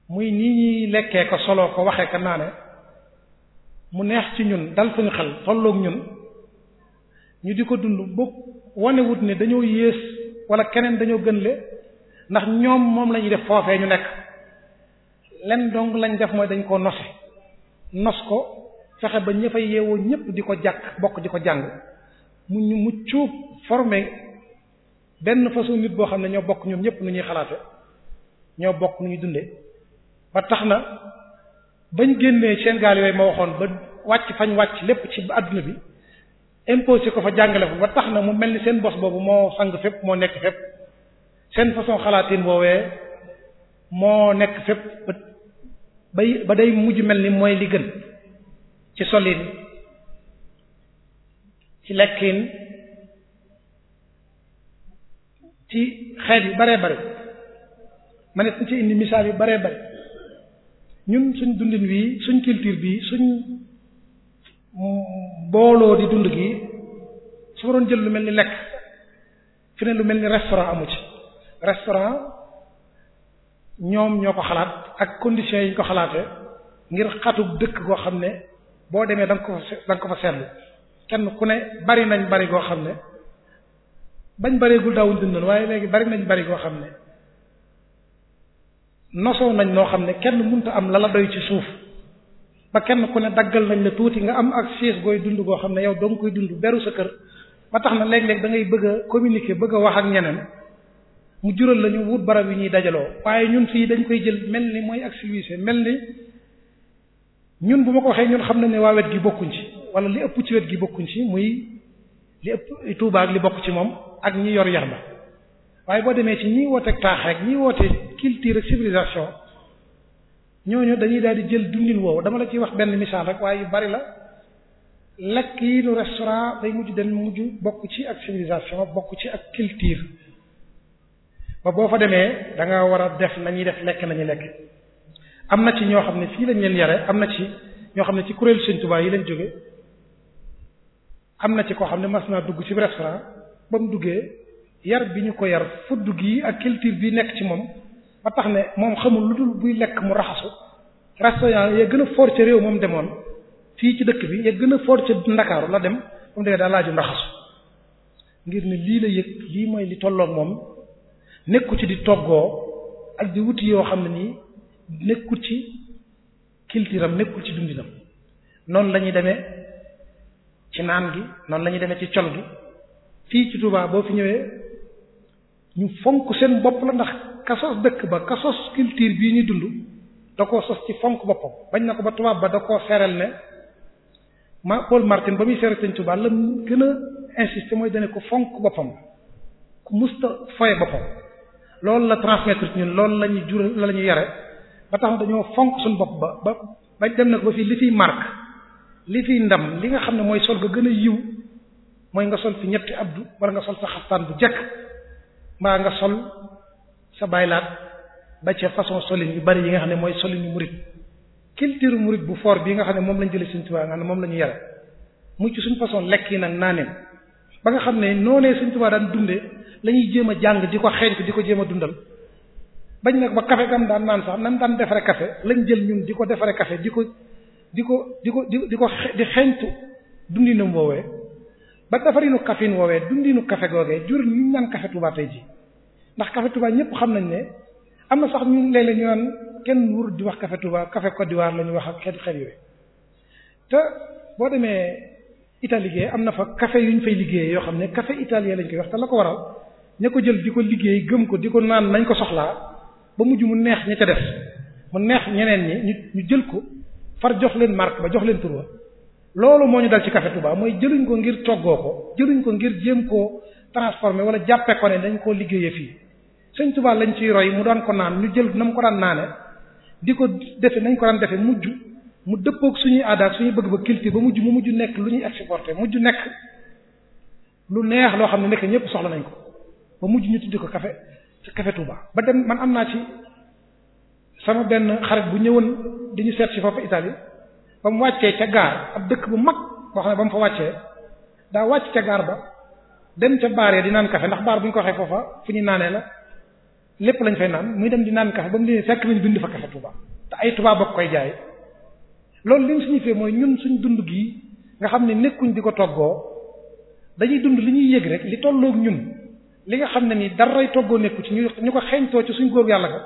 muy nii ñuy lekkee ko soloo ko waxee naa naane mu neex ci ñun dal suñu xel tolloog ñun ñu di ko dund bokk wane wut ne dañoo yées wala keneen dañoo gën le ndax ñoom moom la ñuy def foofee ñu nekk len dong lañ def mooy dañ koo nose nos ko fexe ba ña fay yeewoo ñëpp di ko jàkk bokk di ko jàng mu ñu mucc formé benn façon nit boo xam ne ñoo bokk ñoom ñëpp nu ñuy xalaate ñoo bokk nu ñuy dundee ba tax na bañ génnee seen gaal yooyu ma waxoon ba wàcc fañ wàcc lépp ci àdduna bi imposé ko fa jàngale fa ba tax na mu mel ni seen bos boobu moo sang fépp moo nekk fépp seen façon xalaatin boowee moo nekk fépp ba day mujj mel ni mooy li gën ci solin ci lekkin ci xeet yu baree bari ma ne ci indi misaal yu baree bari ñun suñ dundin wi suñ culture bi suñ booloo di dund gi su ma doon jël lu mel ni lekk fi ne lu mel ni restaurant amu ci restaurant ñoom ñoo ko xalaat ak conditions yi ñu ko xalaate ngir xatu dëkk goo xam ne boo demee da nga ko fa da nga ko fa seetlu kenn ku ne bari nañ bari goo xam ne bañ bareegul daawuñ dundoon waaye léegi bari nañ bari goo xam ne nosoo nañ noo xam ne kenn mënta am lala doy ci suuf ba kenn ku ne daggal nañ la tuuti nga am ak siis gooy dund goo xam ne yow doo koy dund beru sa kër ba tax na léeg-léeg dangay ngay bëgg a bëgg a wax ak ñeneen mu jural la ñu wut barab yi ñuy dajaloo waaye ñun fii dañ koy jël mel ni mooy ak civilisé mel ni ñun bu ma ko waxee ñun xam nañ ne waa wet gi bokkuñ ci wala li ëpp ci wet gi bokkuñ ci muy li ëpp Touba ak li bokk ci moom ak ñi yor yar ma waaye boo demee ci ñi wooteeg taax rek ñi woote culture civilisation ñooñu dañuy daal di jël dundin woowu dama la ciy wax benn misaal rek waaye yu bari la lekk yi nu restaurant day mujj dañ mujj bokk ci ak civilisation bokk ci ak culture ba boo fa demee danga nga war a def nañuy def lekk nañuy lekk am na ci ñoo xam ne fii lañ leen yare am na ci ñoo xam ne ci kuréelu Sëriñ Tuubaa yi lañ jóge am na ci koo xam ne mas naa dugg ci restaurant ba mu duggee yar bi ñu ko yar fudd gi ak culture bi nekk ci moom ba ne moom xamul lu dul buy lekk mu raxasu restaurant ya gën a fort ca réew moom demoon fii ci dëkk bi ya gën a fort ca Ndakaaru la dem moom demee daa laajum raxasu ngir ne lii la yëg lii mooy li tolloog moom nekkul ci di toggoo ak di wuti yoo xam ne nii nekku ci culture nekkul ci dundinam noonu lañuy ñuy demee ci naan gi noonu lañuy ñuy demee ci col gi fii ci Touba boo fi ñëwee ñu fonk seen bopp la ndax ka sos dëkk ba ka sos culture bii ñu dund da koo sos ci fonk boppam bañ na ko ba tubaab ba da koo seeral ne ma Paul Martin ba muy seeral Sëriñ Tuubaa la gën a insister mooy dane ko fonk boppam ku musta foye boppam la transmettre ci ñun loolu la ñu ñu yare ba dañoo fonk suñu bopp ba ba bañ dem na ko ba fii li fiy marque li fiy ndam li nga xam ne mooy sol ga gën a yiw mooy nga sol fi ñetti abdu wala nga sol sa xaftaan bu jekk mbaa nga sol sa baylaat ba ca façon solin yu bari yi nga xam ne mooy solin yu murid culture murid bu foor bii nga xam ne moom lañ jëlee suñ tubaab nga xam ne moom la ñu yar mu ci suñ façon lekk yi ba nga xam ne noonee suñ tubaab daan dundee la ñuy jéem a jàng di ko xeeñ di ko jéem a dundal bañ nag ba café gam daan naan sax nan daan defare café lañu jël ñun di ko defare kafe di ko di ko di ko di ko di xeeñtu dundinam woowee ba defarinu kafin woowee dundinu café googee jur ñu naan café Touba tey ji ndax café Touba ñëpp xam nañ ne am na sax ñu léeg-léeg ñu naan kenn wur di wax café Touba café Côte d'Ivoire la ñuy wax ak xeet xeet yooyu te boo demee Italie am na fa café yu ñu fay liggéeyee yoo xam ne café italien lañ koy wax te la ko waral ña ko jël di ko liggéey gëm ko di ko naan nañ ko soxlaa ba mujj mu neex ña ca def mu neex ñeneen ñi ñu ñu jël ko far jox leen marque ba jox leen pour wa loolu moo ñu dal ci café Touba mooy jëluñ ko ngir toggoo ko jëluñ ko ngir jéem koo transformé wala jàppee ko dañ koo liggéeyee fii sëñ Tuubaa lañ ciy roy mu daan ko naan ñu jël na mu ko daan naane di ko defe nañ ko daan defe mujj mu dëppook suñuy aadaak suñuy bëgg-bëgg culture ba mujj mu mujj nekk lu ñuy exporté mujj nekk lu neex loo xam ne nekk ñëpp soxla nañ ko ba mujj ñu tuddi ko kafe café Touba ba dem man am naa ci sama benn xarit bu ñëwoon di ñu seet ci foofu Italie ba mu wàccee ca gaar ab dëkk bu mag boo xam ne ba mu fa wàccee daa wàcc ca gaar ba dem ca baar ya di naan café ndax baar bu ñu ko waxee foofa fu naanee la lépp lañ fay naan muy dem di naan kafe ba mu dee fekk nañ bind fa kafe Touba te ay Touba bokk koy jaay loolu li mu signifié mooy ñun suñ dund gii nga xam ne nekkuñ di ko toggoo dañuy dund li ñuy yëg rek li tolloog ñun li nga xam ne ni daray toggoo nekku ci ñu ñu ko xeeñtoo ci suñ góor yàlla ga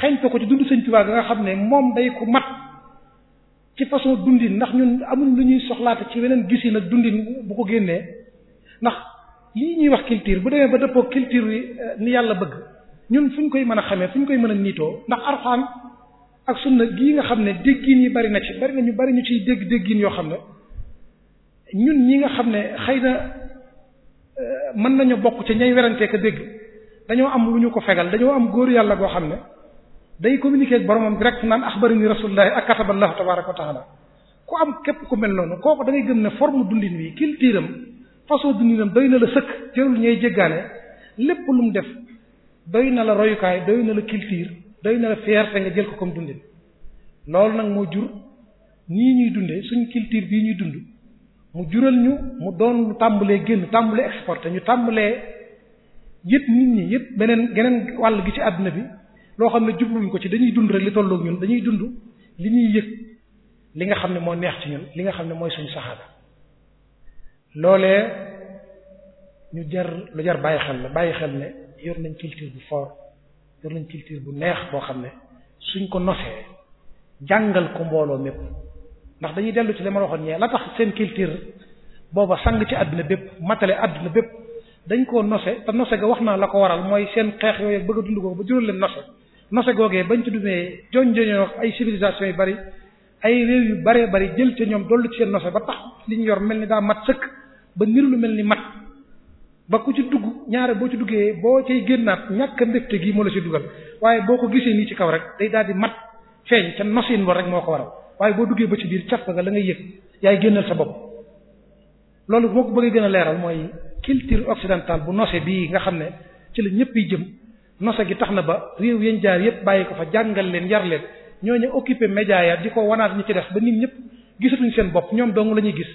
xeeñtoo ko ci dund sëñ Touba ga nga xam ne moom day ku mat ci façon dundin ndax ñun amul lu ñuy soxlaate ci weneen gis nag dundin bu ko génnee ndax lii ñuy wax culture bu demee ba dëppoo culture yi eh, ni yàlla bëgg ñun fu ñu koy mën a xamee fu ñu koy mën a niitoo ndax arxaan ak sunna gii nga xam ne déggin yi bari na ci bari na ñu bari ñu ciy dégg déggin yoo xam ne ñun ñi nga xam ne xëy na euh, mën nañu bokk ci ñay werante ka dégg dañoo am lu ñu ko fegal dañoo am góor yàlla goo xam ne day communiquer ak boromam direct naan axbarani rasulullahi ak kataballahu tabaaraka wa taala ku am képp ku mel noonu kooku da ngay gëm ne forme dundin wi culture am façon dundinam doy na la sëkk jërul ñooy jéggaane lépp lu mu def doy na la royukaay doy na la culture doy na la fierté nga jël ko comme dundin loolu nag moo jur nii ñuy dundee suñ culture bii ñuy dund mu jural ñu mu doon lu tàmbalee génn tàmbalee exporté ñu tàmbalee yëpp nit ñi yëpp beneen geneen wàll gi ci àdduna bi loo xam ne jubluñ ko ci dañuy dund rek li tolloog ñun dañuy dund li ñuy yëg li nga xam ne moo neex ci ñun li nga xam ne mooy suñu saxaada loolee ñu jar lu jar bàyyi xel la bàyyi xel ne yor nañ culture bu fort yor nañ culture bu neex boo xam ne suñ ko nosee jàngal ko mbooloo mépp ndax dañuy dellu ci li ma waxoon ñee la tax seen culture booba sang ci àdduna bépp matale àdduna bépp dañ koo nose te nose ga wax naa la ko waral mooy seen xeex yooyu bëgg a dund ko ba jural leen nose nose googee bañ ci dumee joñ joñoo ay civilisation yu bari ay réew yu bari bari jël ca ñoom dollu ci seen nose ba tax li ñu yor mel ni daa mat sëkk ba niru lu mel ni mat ba ku ci dugg ñaare boo ci duggee boo cay génnaat ñàkk mbégte gi moo la ci dugal waaye boo ko gisee nii ci kaw rek day daal di mat feeñ ca nosin war rek moo ko waral waaye boo duggee ba ci biir caf nga la ngay yëg yaay génnal sa bopp loolu boo ko bëggee gën a leeral mooy culture occidentale bu nose bii nga xam ne ci la ñëpp yi jëm nose gi tax na ba réew yeen jaar yëpp bàyyi ko fa jàngal leen yar leen ñooñu occupé média ya di ko wanaat ñi ci des ba nit ñëpp gisatuñ seen bopp ñoom dong la ñuy gis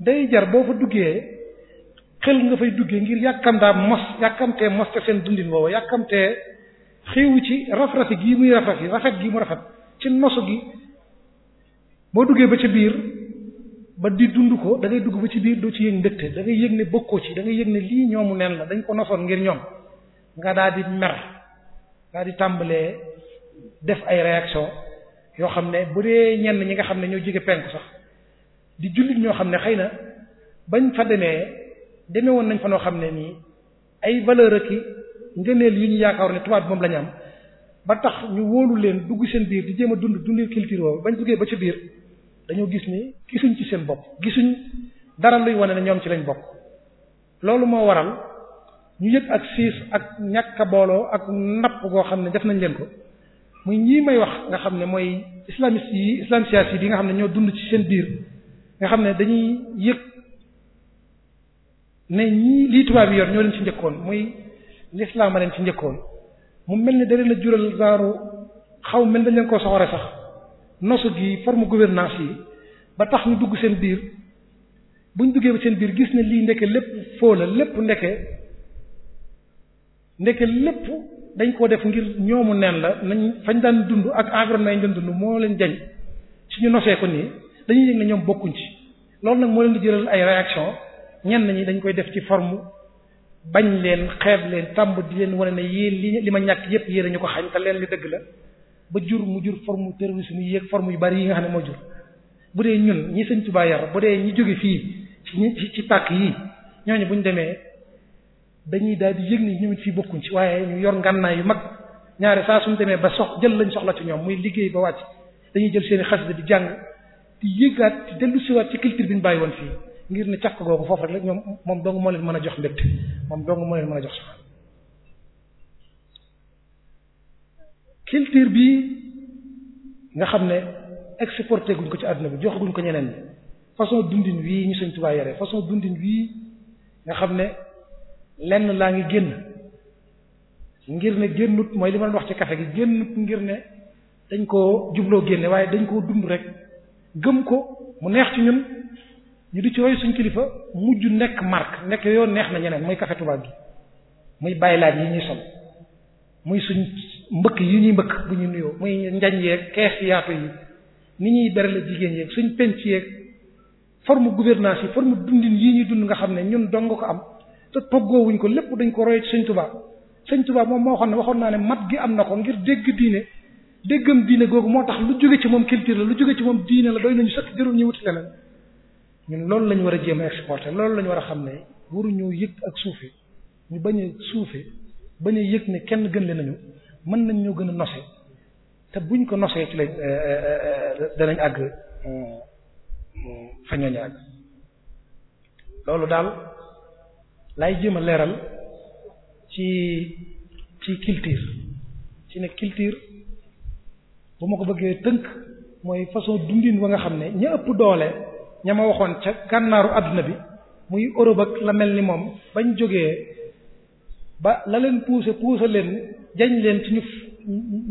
day jar boo fa duggee xel nga fay duggee ngir yàkkamdaa mos yàkkamtee mos te seen dundin woowa yàkkamtee xiiwu ci raf-rafi gii muy raf-rafi rafet gii mu rafet ci nosu gi boo duggee ba ci biir ba di dund ko da dugg ba ci biir doo ci yëg ndëgte da ngay yëg ne bokkoo ci da ngay yëg ne lii ñoomu neen la dañ ko nosoon ngir ñoom nga daal di mer daal di tàmbalee def ay réaction yoo xam ne bu dee ñenn ñi nga xam ne ñoo jege penku sax di jullit ñoo xam ne xëy na bañ fa demee demee woon nañ fa noo xam ne nii ay valeur ak ngëneel yu ñu yaakaar ne tubaab moom la am ba tax ñu wóolu leen dugg seen biir di jéem a dund dundee culture woowu bañ duggee ba ci biir dañoo gis ni gisuñ ci seen bopp gisuñ dara luy wane ne ñoom ci lañ bokk loolu moo waral ñu yëg ak siis ak ñàkk booloo ak napp goo xam ne def nañ leen ko muy ñii may wax nga xam ne mooy islamiste yi islam siyaasi bi nga xam ne ñoo dund ci seen biir nga xam ne dañuy yëg. ne ñii lii tubaab yi yor ñoo leen ci njëkkoon muy lislaam a leen ci njëkkoon mu mel ni dara la jural genre xaw mel dañ leen koo soxore sax nosu gi forme gouvernance yi ba tax ñu dugg seen biir buñ duggee ba seen biir gis ne lii ndekke lépp foo la lépp ndekke lépp dañ koo def ngir ñoomu neen la nañ fañ daan dund ak environnement yi ñu dund moo leen jañ suñu nosee ko nii dañuy yëg ne ñoom bokkuñ ci loolu nag moo leen di ay réaction ñenn ñi dañ koy def ci form bañ leen xeeb leen tàmb di leen wane na yéen li li ma ñàkk yépp yéen ñu ko xañ te leen li dëgg la ba jur mu jur forme terrorisme yi ak forme yu bari yi nga xam ne moo jur bu dee ñun ñi sëñ Tuubaa yar bu dee ñi jóge fii ci ci pàkk yi ñooñu ñu demee dañuy daal di yëg ni ñoom it fii bokkuñ ci waaye ñu yor ngànnaay yu mag ñaare saa suñu demee ba sox jël lañ soxla ci ñoom muy liggéey ba wàcc dañuy jël seen i xasida di jàng di yëgaat di dellusiwaat bàyyi woon fii ngir ne càkk googu foofu rek la ñoom moom dong moo leen mën a jox mbégte moom dong moo leen mën a jox soxla culture bi nga xam ne exporté guñ ko ci àdduna bi joxaguñ ko ñeneen ñi façon dundin wii ñu Sëriñ Tuubaa yare façon dundin wii nga xam ne lenn laa ngi génn ngir ne génnut mooy li ma doon wax ci café gi génnut ngir ne dañ koo jubloo génne waaye dañ koo dund rek gëm ko mu neex ci ñun ñu di ci roy suñ kilifa mujj nekk marque nekk yoon neex na ñeneen muy café tubaab gi muy bàyyi laaj yi ñuy sol muy suñ mbëkk yi ñuy mbëkk bu ñu nuyoo muy njañ yeeg kees yaatu yi ni ñuy berale jigéen yeeg suñ penc yeeg forme gouvernance yi forme dundin yi ñuy dund nga xam ne ñun dong ko am te toggoowuñ ko lépp dañ ko roy ci suñ tubaab suñ tubaab moom moo xam ne waxoon naa ne mat gi am na ko ngir dégg diine déggam diine googu moo tax lu jóge ci moom culture la lu ci moom diine la doy nañu sëkk jërul ñu wuti leneen ñun loolu lañu war a jéem a exporter loolu lañu war a xam ne waruñoo yëg ak suufe ñu bañ a suufe bañ a yëg ne kenn gën le nañu mën nañ ñoo gën a nose te buñ ko nosee ci lañ euh, euh, euh, danañ àgg fa ñooñu daal lay jéem a leeral ci ci culture ci ne culture bu ma ko bëggee tënk mooy façon dundin wa nga xam ne ña ëpp doole ña ma waxoon ca gànnaaru àdduna bi muy Europe la mel ni moom bañ jógee ba la leen poussé poussé leen jañ leen ci ñu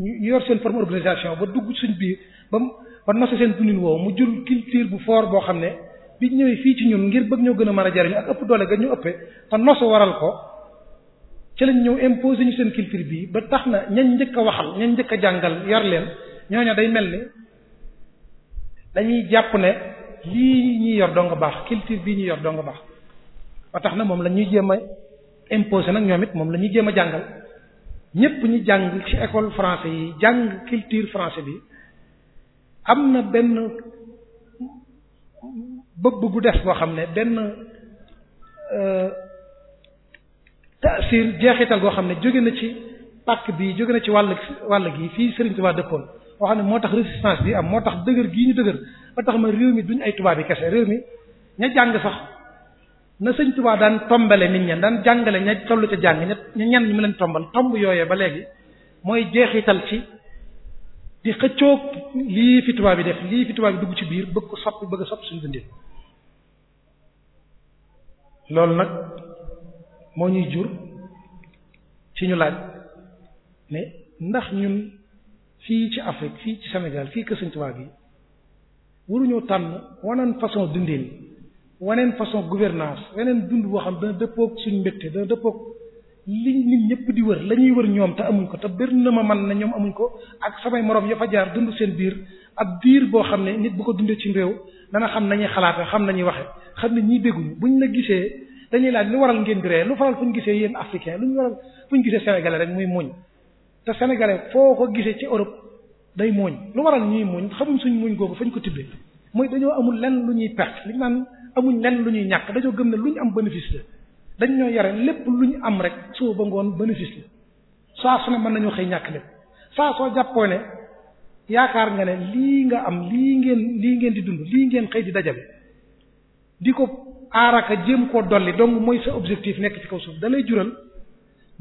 ñu yor seen forme organisation ba dugg suñ biir ba mu ba nosa seen dundin woow mu jur culture bu foor boo xam ne bi ñëwee fii ci ñun ngir bëgg ñoo gën a mën a jariñu ak ëpp doole ga ñu ëppee te nosu waral ko ci lañ ñëw imposé ñu seen culture bii ba tax na ñañ njëkk a waxal ñañ njëkk a jàngal yar leen ñooñu day mel ni dañuy jàpp ne lii ñuy yor dong baax culture bii ñuy yor dong baax ba tax na moom la ñuy jéem a imposer nag ñoom it moom la ñuy jéem a jàngal ñépp ñu jàng ci école français yi jàng culture français bi am na benn bëbb bu des goo xam ne benn euh, taasir jeexital goo xam ne jóge na ci pàkk bi jóge na ci wàll wàll gi fii Serigne Touba dëkkoon boo xam ne moo tax résistance bi am moo tax dëgër gii ñu dëgër ba tax ma réew mi duñ ay tubaab yi kese réew mi ña jàng sax na sëñ tubaab daan tombale nit ña daan jàngale ña tollu ca jàng ña ñenn ñi mu leen tombal tomb yooyee ba léegi mooy jeexital ci di xëccoog lii fi tubaab yi def lii fi tubaab yi dugg ci biir bëgg ko soppi bëgg a soppi suñu dundin loolu nag moo ñuy jur ci ñu laaj ne ndax ñun fii ci Afrique fii ci Sénégal fii kër sëñ tubaab yi waruñoo tànn waneen façon dundin waneen façon gouvernance weneen dund boo xam dana dëppook suñ mbégte dana dëppook li nit ñëpp di wër la ñuy wër ñoom te amuñ ko te bëri na ma man na ñoom amuñ ko ak samay moroom ya fa jaar dund seen biir ak biir boo xam ne nit bu ko dundee ci réew dana xam nañuy xalaate xam nañuy waxe xam ne ñii bu ñu la gisee dañuy laaj lu waral ngeen di ree lu faral fu ñu gisee yéen africain lu ñu waral fu ñu gisee sénégalais rek muy muñ te sénégalais foo ko gisee ci Europe day muuñ lu waral ñuy muuñ xamuñ suñ muuñ googu fañ ko tibbee mooy dañoo amul lenn lu ñuy perte li man naan amuñ lenn lu ñuy ñàkk dañoo gëm ne lu ñu am bénéfice la dañ ñoo yare lépp lu ñu am rek soo ba ngoon bénéfice la saa su ne mën nañoo xëy ñàkk lépp saa soo jàppoo ne yaakaar nga ne lii nga am lii ngeen lii ngeen di dund lii ngeen xëy di dajale di ko aaraka jéem koo dolli donc mooy sa objectif nekk ci kaw suuf da jural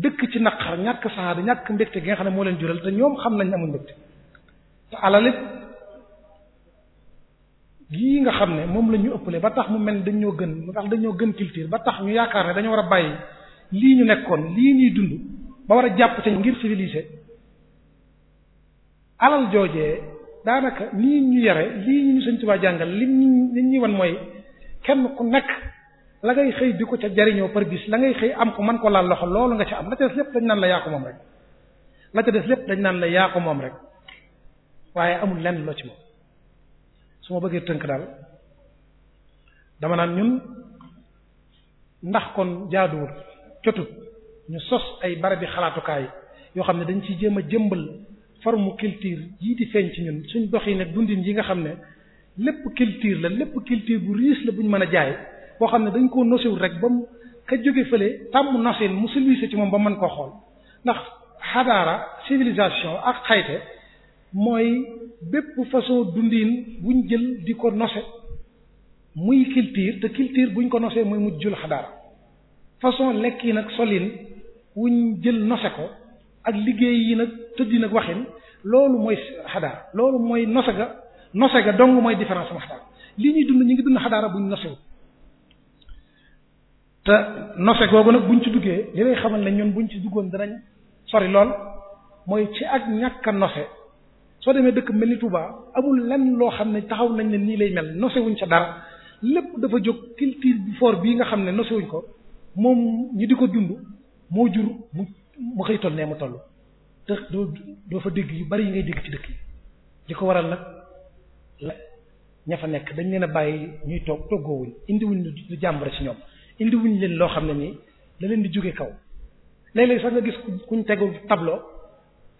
dëkk ci naqar ñàkk saada ñàkk mbégte gi nga xam ne moo leen jural te ñoom xam nañ amuñ mbégte te alalit lii nga xam ne moom la ñu ëppale ba tax mu mel ni dañoo gën ndax dañoo gën culture ba tax ñu yaakaar ne dañoo war a bàyyi lii ñu nekkoon lii ñuy dund ba war a jàpp te ngir civilisé alal joojee daanaka nii ñu yare lii ñu Sëriñ Tuubaa jàngal li ñuy wan mooy kenn ku nekk la ngay xëy di ko ca jariñoo par bis la ngay xëy am ko mën ko laal loxo loolu nga ca am la ca des lépp naan la yaa moom rek la ca lépp dañ naan la yaa ko moom rek waaye amul lenn loo ci moom su ma bëggee tënk daal dama naan ñun ndax kon jaaduwul jotut ñu sos ay barabi xalaatukaay yoo xam ne dañ ci jéem a jëmbal forme culture yii di feeñ ci ñun suñ dox yi ne dundin yi nga xam ne lépp culture la lépp culture bu riis la buñ mën a jaay boo xam ne dañ koo nosewul rek ba mu ka jóge fële tàmm noseen mu silvise ci moom ba mën koo xool ndax xadaara civilisation ak xayte mooy bépp façon dundiin buñ jël di ko nose muy culture te culture buñ ko nosee muy mujjul xadaara façon lekk yi nag solin wuñ jël nose ko ak liggéey yi nag tëddin nag waxin loolu mooy xadaara loolu mooy nose ga nose ga dong mooy différence am xadaara ñuy dund ñu ngi dund xadaara buñ nosewu te nose googu nag buñ ci duggee li lay xamal ne ñun buñ ci duggoon danañ sori lool mooy ci ak ñàkk a nose soo demee dëkk mel ni Touba amul lan loo xam ne taxaw nañ ne nii lay mel nosewuñ sa dara lépp dafa jóg culture bu fort bii nga xam ne nosewuñ ko moom ñi di ko dund moo jur mu mu xëy toll nee mu toll te doo doo fa dégg yu bari yi ngay dégg ci dëkk yi li ko waral nag la ña fa nekk dañ leen a bàyyi ñuy toog toggoowuñ indiwuñ lu jàmbare ci ñoom indiwuñ leen loo xam ne nii la leen di jóge kaw léeg-léeg sax nga gis kuñ tegul tableau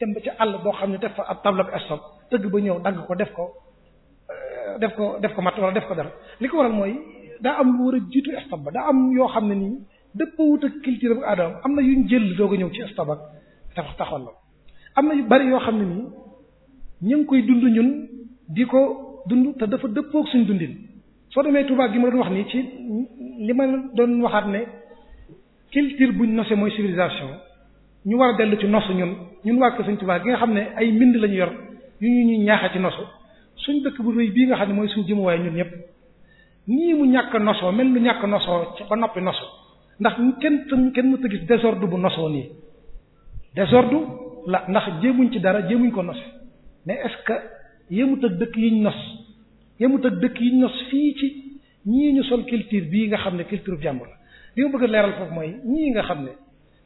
dem ba ci àll boo xam ne def fa ab tableau stop tëgg ba ñëw dagg ko def ko euh, def ko def ko matt wala def ko dara li ko waral mooy daa am lu war a jiitu stop ba daa am yoo xam ne nii dëppawut ak culture bu aadama am na yuñ jël doog a ñëw ci stop ak tax taxoon la am na yu bari yoo xam ne nii ñu ngi koy dund ñun di ko dund te dafa dëppook suñ dundin soo demee Touba gi ma doon wax nii ci li ma doon waxaat ne culture buñ nose mooy civilisation ñu war a dellu ci nosu ñun ñun waa Kër Sëriñ Tuubaa gi nga xam ne ay mbind lañu yor yu ñu ñuy ñaaxa ci nosu suñ dëkk bu rëy bii nga xam ne mooy suñ jëmuwaay ñun ñëpp ñii mu ñàkk nosoo mel lu ñàkk nosoo ba noppi nosu ndax kenn kenn mënta gis désordre bu nosoo nii désordre la ndax jéemuñ ci dara jéemuñ ko nos mais est-ce que yemut ak dëkk yiñ nos yemut ak dëkk yiñ nos fii ci ñii ñu sol culture bii nga xam ne culture jàmbur la li ma bëgg leeral foofu mooy ñii nga xam ne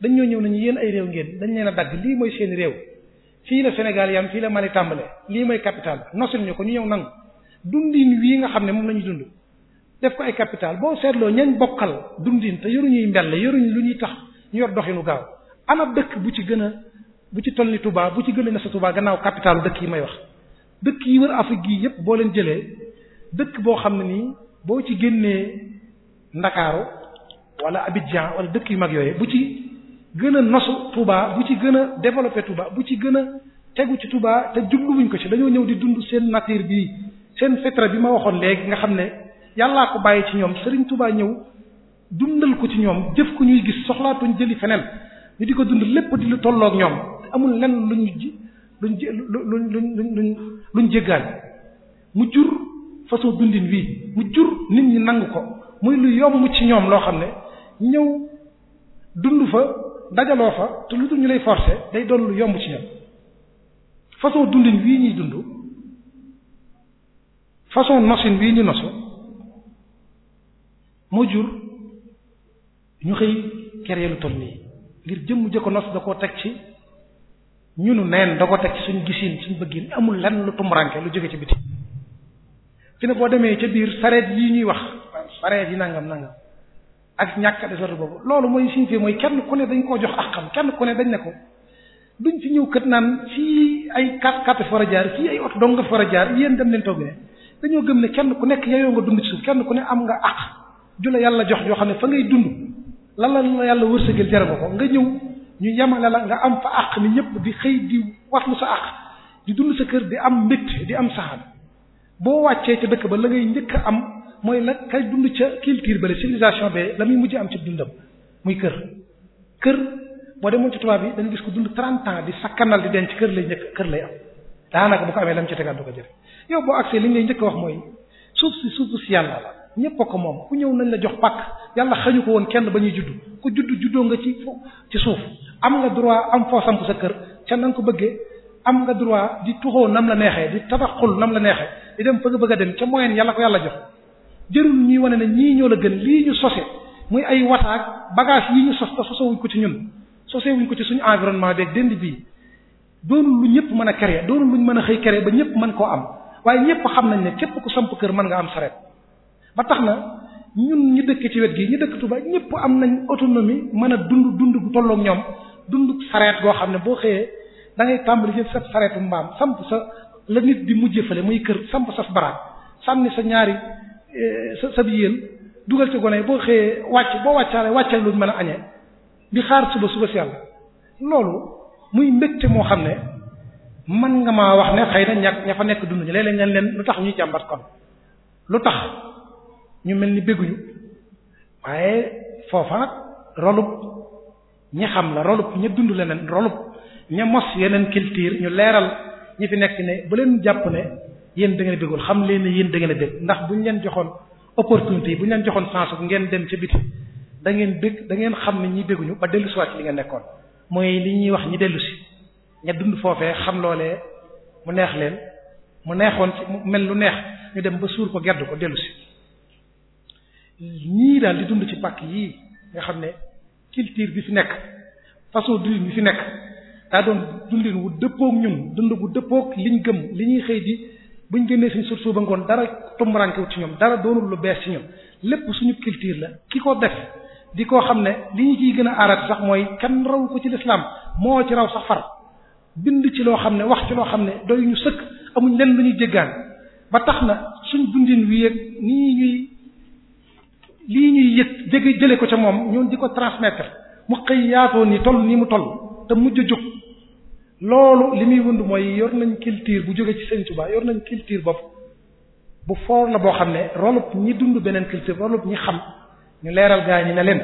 dañ ñëw ñëw nañu yéen ay réew ngeen dañ leen a dagg lii mooy seen réew fii la Sénégal yam fii la Mali tàmbale lii mooy capital nosul ñu ko ñu ñëw nangu dundin wii nga xam ne moom lañu dund def ko ay capital boo seetloo ñañ bokkal dundin te yoruñuy mbell yoruñ lu ñuy tax ñu yor doxinu gaaw ana dëkk bu ci gën a bu ci toll ni Touba bu ci gën a ne sa Touba gannaaw capitalu dëkk yi may wax dëkk yi wër Afrique yi yépp boo leen jëlee dëkk boo xam ne nii boo ci génnee Ndakaaru wala Abidjan wala dëkk yu mag yooyu ci gën a nosu Touba bu ci gën a développer Touba bu ci gën a tegu ci Touba te jubluwuñ ko ci dañoo ñëw di dund seen nature bi seen fitra bi ma waxoon léegi nga xam ne yàllaa ko bàyyi ci ñoom sëriñ Touba ñëw dundal ko ci ñoom jëf ko ñuy gis soxlaatuñ jëli feneen ñu di ko dund lépp di lu tolloog ñoom amul lenn luñ ji luñ ji luñ luñ luñ luñ mu jur façon dundin wii mu jur nit ñi nangu ko muy lu yomb ci ñoom loo xam ne ñëw dund fa. dajaloo fa te lu dul ñu lay forcer day doon lu yomb ci ñoom façon yi wii ñuy dund façon nosin wii ñu nosu moo jur ñu xëy keree lu toll nii ngir jëmm jëkko nos da koo teg ci ñunu neen da ko teg ci suñu gisiin suñu bëggin amul lenn lu tumuranke lu jóge ci biti fi boo demee ca biir sareet yi ñuy wax sareet yi nangam nangam ak ñàkk a desatu boobu loolu mooy signifié mooy kenn ku ne dañ koo jox ak xam kenn ku ne dañ ne ko duñ ci ñëw kat naan fii ay kat kat fa war a jaar fii ay oto dong nga war a jaar yéen dem leen toog ne dañoo gëm ne kenn ku nekk yeyoo nga dund ci suuf kenn ku ne am nga ak ju la yàlla jox yoo xam ne fa ngay dund lan la la yàlla wërsëgal jar nga ko nga ñëw ñu yemale la nga am fa ak ni ñëpp di xëy di watlu sa ak di dund sa kër di am mbégte di am saxaan boo wàccee dëkk ba la ngay njëkk a am mooy la kay dund ca culture ba civilisation be la muy mujj am ci dundam muy kër kër boo demoon ci tubaab yi dañu gis ko dund 30 ans di sakkanal di denc kër lay njëkk kër lay am daanaka bu ko amee lam ci tegaat du ko jëf yow boo accès li ngay njëkk wax mooy suuf si suufu si yàlla la ñëpp a ko moom ku ñëw nañ la jox pàkk yàlla xañu ko woon kenn ba ñuy juddu ko juddu juddoo nga ci ci suuf am nga droit am foo samp sa kër ca na ko bëggee am nga droit di tuxoo nam la neexee di tabaxul nam la neexee di dem fa dem ca moyen yàlla ko yàlla jox jërul ñuy wane ne ñii ñoo la gën lii ñu sose muy ay wataak bagage yi ñu sos te sosewuñ ko ci ñun sosewuñ ko ci suñu environnement beeg dend bii doonul lu ñëpp mën a créer doonul luñ mën a xëy créer ba ñëpp mën koo am waaye ñëpp xam nañ ne képp ku samp kër mën nga am saret ba tax na ñun ñu dëkke ci wet gi ñu dëkk Touba ñëpp am nañ autonomie mën a dund dund bu ñoom dund sareet goo xam ne boo xëyee dangay ngay tàmbali jël sa sareetu mbaam samp sa la nit di mujjee fële muy kër samp sa baraat sànni sa ñaari Eh, sa sab yéen dugal ci gone boo xëyee wàcc boo wàccaale wàccal lu mën a añee di xaar suba suba si loolu muy mbégte moo xam ne mën nga maa wax ne xëy na ñàkk ña fa nekk dund ñu léeg leen lu tax ñuy jàmbat kon lu tax ñu mel ni bégguñu waaye foofa nag rolub ñi xam la rolub ña dund leneen rolub ña mos yeneen culture ñu leeral ñi fi nekk ne bu leen jàpp ne yéen da ngeen a xam leen ne yéen da ngeen a ndax bu ñu leen joxoon opportunité bu ñu leen joxoon chance bu ngeen dem ca biti da ngeen bëgg da ngeen xam ne ñi bëgguñu ba dellu si waat li nga nekkoon mooy li ñuy wax ñi dellu si ña dund foofee xam loolee mu neex leen mu neexoon ci mel lu neex ñu dem ba suur ko gedd ko dellu si ñii daal di dund ci pàkk yii nga xam ne culture bi fi nekk façon dundin bi fi nekk daa doon dundin wu dëppook ñun dund gu dëppook liñ gëm li ñuy xëy bu buñ génnee suñ suuf ba ngoon dara tumurankewut ci ñoom dara doonul lu bees ci ñoom lépp suñu culture la ki ko def di ko xam ne li ñu ciy gën a arrêté sax mooy kenn raw ko ci lislaam moo ci raw sax far bind ci loo xam ne wax ci loo xam ne doy ñu sëkk amuñ lenn lu ñuy jéggaan ba tax na suñ dundin wi ak nii ñuy lii ñuy yëg jege jële ko ca moom ñoon di ko transmettre mu xëy yaatoo ni toll nii mu toll te mujj jóg loolu li muy wund mooy yor nañ culture bu jógee ci Sëriñ Tuubaa yor nañ culture bopp bu foor la boo xam ne rolub ñi dund beneen culture rolub ñi xam ñu leeral gaa ñi ne leen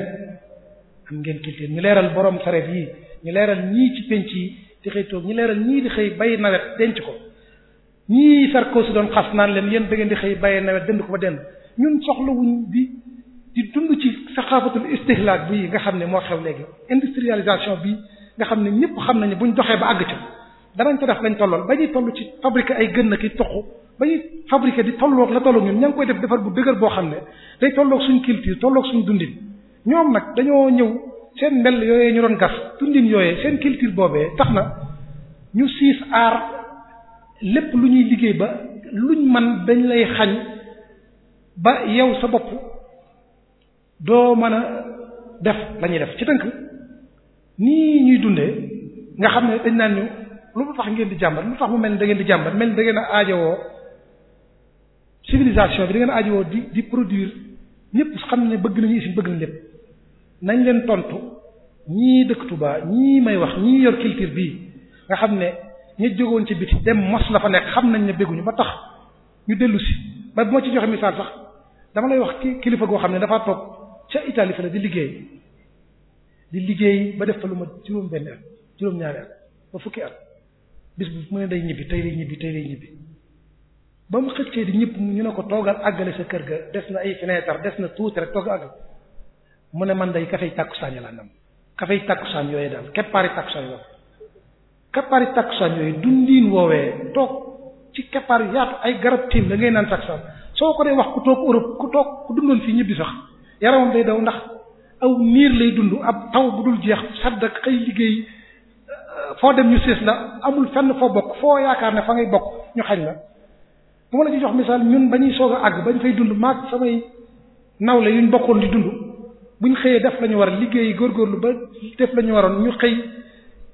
am ngeen culture ñu leeral borom sareet yi ñu leeral ñii ci penc yi di xëy toog ñu leeral ñii di xëy bay nawet denc ko ñii Sarkozy doon xas naan leen yéen da ngeen di xëy bayee nawet dënd ko ba dend ñun soxlawuñ bi di dund ci saxaafatul istihlaak bi nga xam ne moo xew léegi industrialisation bi nga xam ne ñëpp xam nañu buñ doxee ba àgg ca danañ ko def lañ tollool ba ñuy toll ci fabriquer ay gën na yi toq ba ñuy fabriquer di tolloog la tolloog ñun ña koy def defar bu dëgër boo xam ne day tolloog suñ culture tolloog suñ dundin ñoom nag dañoo ñëw seen mbell yooyee ñu doon gas dundin yooyee seen culture boobee tax na ñu siis aar lépp lu ñuy liggéey ba luñ man dañ lay xañ ba yow sa bopp doo mën a def lañuy def ci tënk nii ñuy dundee nga xam ne dañ naan ñu lu tax ngeen di jàmbat lu tax mu mel ni da ngeen di jàmbat mel ni da a aajowoo civilisation bi da ngeen a aajowoo di di produire ñëpp xam ne bëgg nañu isin bëgg nañ lépp nañ leen tontu ñii dëkk Touba ñii may wax ñii yor culture bi nga xam ne ñi jógoon ci biti dem mos la fa nekk xam nañ ne bëgguñu ba tax ñu dellu si ba bu ma ci joxe misaal sax dama lay wax ki kilifa goo xam ne dafa toog ca Italie fa la di liggéey di liggéey ba def fa lu ma juróom benn at juróom ñaari at ba fukki at bis bu mu ne day ñibbi tey day ñibbi tey day ñibbi ba mu xëccee di ñëpp ñu ne ko toogal àggale sa kër ga des na ay fenêtre des na tuuti rek toogal àggal mu ne man day kafay tàkkusaan laa nam kafay tàkkusaan yooyu daal keppaari tàkkusaan yooyu keppaari tàkkusaan yooyu dundiin woowee toog ci keppaar yaatu ay garab tiim la ngay naan tàkkusaan soo ko dee wax ku toog Europe ku toog ku dundoon fi ñibbi sax aw niir lay dund ab taw bu dul jeex sadd ak ay liggéey euh, foo dem ñu siis la amul fenn foo bokk foo yaakaar ne fa ngay bokk ñu xañ la bu ma la ci jox misaal ñun ba ñuy soog a àgg ba ñu fay dund maag samay nawle yuñ bokkoon di dund buñ xëyee def la ñu war liggéey góorgóorlu ba def la waroon ñu xëy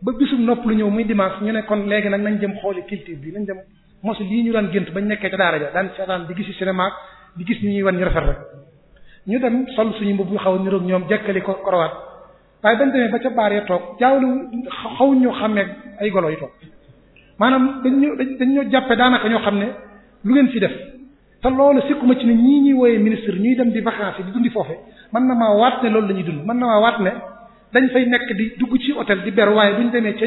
ba bisum nopp lu ñëw muy dimanche ñu ne kon nag nañ jëm xooli culture bi nañ jëm mosu lii ñu daan gént bañ nekkee ca daara daan seetaan di gis ci cinéma di gis ñi ñuy wan ñu rafet rek ñu dem sol suñu mbubb xaw a niroog ñoom jekkali ko korowaat waaye bañ demee ba ca baar ya toog jaawlu xaw ñu xàmmee ay golo yu toog maanaam dañ ñu dañ ñoo jàppe daanaka ñoo xam ne lu ngeen fi def te loolu sikkuma ci ne ñii ñuy wooyee ministre ñuy dem di vacances di dundi foofe mën na maa waat ne loolu la ñuy dund mën na maa waat ne dañ fay nekk di dugg ci hôtel di beru waaye buñ demee ca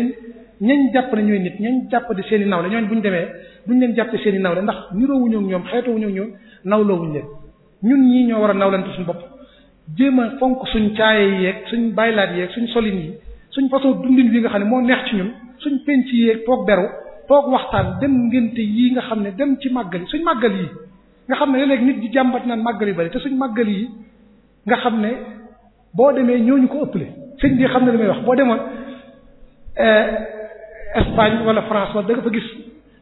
ñañ jàpp ne ñooy nit ñañ jàpp di seen i nawle ñooñ buñ demee buñ leen jàpp seen i nawle ndax niroowuñu ak ñoom xeetowuñu ak ñoom nawlowuñu leen ñun ñii ñoo war a nawlante suñu bopp jéem a fonk suñ caaye yeeg suñ baylaat yeeg suñ solin yi suñ façon dundin wi nga xam ne moo neex ci ñun suñ penc yeeg toog beru toog waxtaan dem ngénte yi nga xam ne dem ci màggal yi suñ màggal yi nga xam ne léeg nit di jàmbat naan màggal yu bari te màggal yi nga xam ne boo demee ñooñu ko ëppale sëñ bi xam ne li may wax boo demoon eh, Espagne wala France wala da nga fa gis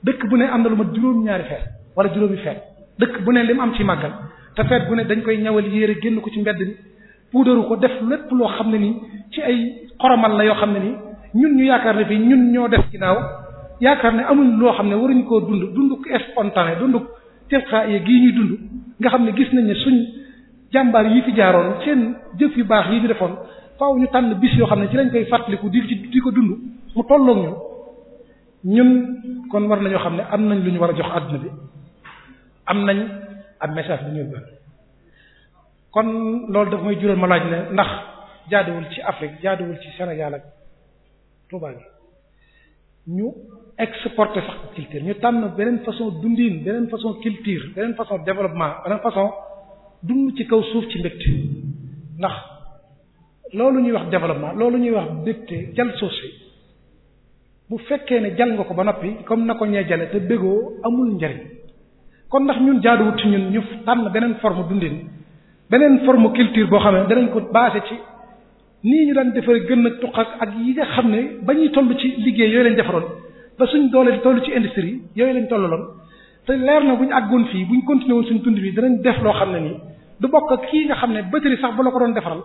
dëkk bu nee am na lu ma juróom ñaari feet wala juróomi feet dëkk bu ne li mu am ci màggal te feet gu ne dañ koy ñawal yére génn ko ci mbedd mi puudaru ko def lépp loo xam ne nii ci ay xoromal la yoo xam ne nii ñun ñu yaakaar ne fii ñun ñoo def ginnaaw yaakaar ne amuñ loo xam ne waruñ koo dund dund spontané dund tilqa yi gii ñuy dund nga xam ne gis nañ ne suñ jàmbaar yi fi jaaroon seen jëf yu baax yi ñu defoon faaw ñu tànn bis yoo xam ne ci lañ koy fàttaliku di ci di ko dund mu tolloog ñu ñun kon war nañoo xam ne am nañ lu ñu war a jox àdduna bi am nañ ab message bu ñuul ba kon loolu dafa may jural ma laaj ne ndax jaaduwul ci Afrique jaaduwul ci Sénégal ak Touba gi ñu exporter sax culture ñu tànn beneen façon dundin beneen façon culture beneen façon développement beneen façon dund ci kaw suuf ci mbégte ndax loolu ñuy wax développement loolu ñuy wax mbégte jal suuf si bu fekkee ne jal nga ko ba noppi comme na ko ñee jale te bégoo amul njariñ kon ndax ñun jaaduwut ci ñun ñu tànn beneen forme dundin beneen forme culture boo xam ne danañ ko basé ci nii ñu daan defaree gën a tuq ak yi nga xam ne ba ñuy toll ci liggéey yooyu lañ defaroon ba suñ doolee di toll ci industrie yooyu lañ tollaloon te leer na bu ñu àggoon fii bu ñu continué woon suñ dund bi danañ def loo xam ne nii du bokk ak kii nga xam ne batterie sax ba la ko doon defaral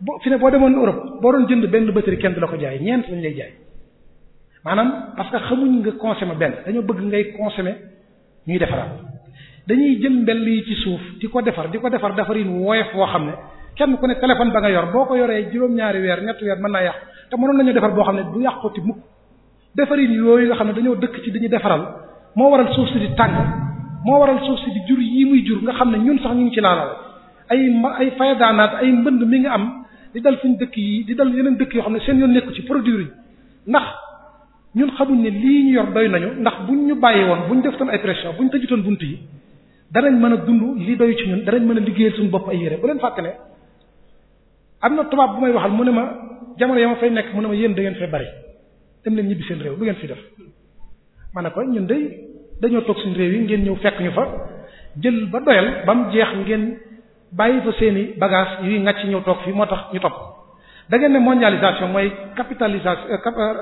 bo fi ne boo demoon Europe boo doon jënd benn batterie kenn du la ko jaay ñeent lañ lay jaay maanaam parce que xamuñ nga consommer benn dañoo bëgg ngay consommer ñuy defaraat dañuy jën mbell yi ci suuf di ko defar di ko defar defarin woyof woo xam ne kenn ku ne téléphone ba nga yor boo ko yoree juróom-ñaari weer ñetti weer mën naa yàqu te mënoon nañu defar boo xam ne du yàqoti mukk defarin yooyu nga xam ne dañoo dëkk ci dañuy defaral moo waral suuf si di tàng moo waral suuf si di jur yii muy jur nga xam ne ñun sax ñu ngi ci laalal ay ay fayadaanaat ay mbënd mi nga am di dal suñ dëkk yi di dal yeneen dëkk yoo xam ne seen yoon nekku ci produire ndax ñun xamuñ ne lii yor doy nañu ndax buñ ñu bàyyi woon buñ def toon ay pression buñ tëjutoon bunt yi danañ mën a dund li doy ci ñun danañ mën a liggéeyal suñu bopp ay yére bu leen fàtte am na tubaab bu may waxal mu ne ma jamono ya ma fay nekk mu ne ma yéen da ngeen fay bari dem leen ñibbi seen réew lu ngeen fi def ma ne ko ñun day dañoo toog suñu réew yi ngeen ñëw fekk ñu fa jël ba doyal ba mu jeex ngeen bàyyi fa seeni bagage yuy ngàcc ñëw toog fii moo tax ñu topp da ngeen ne mondialisation mooy capitalisation euh, euh,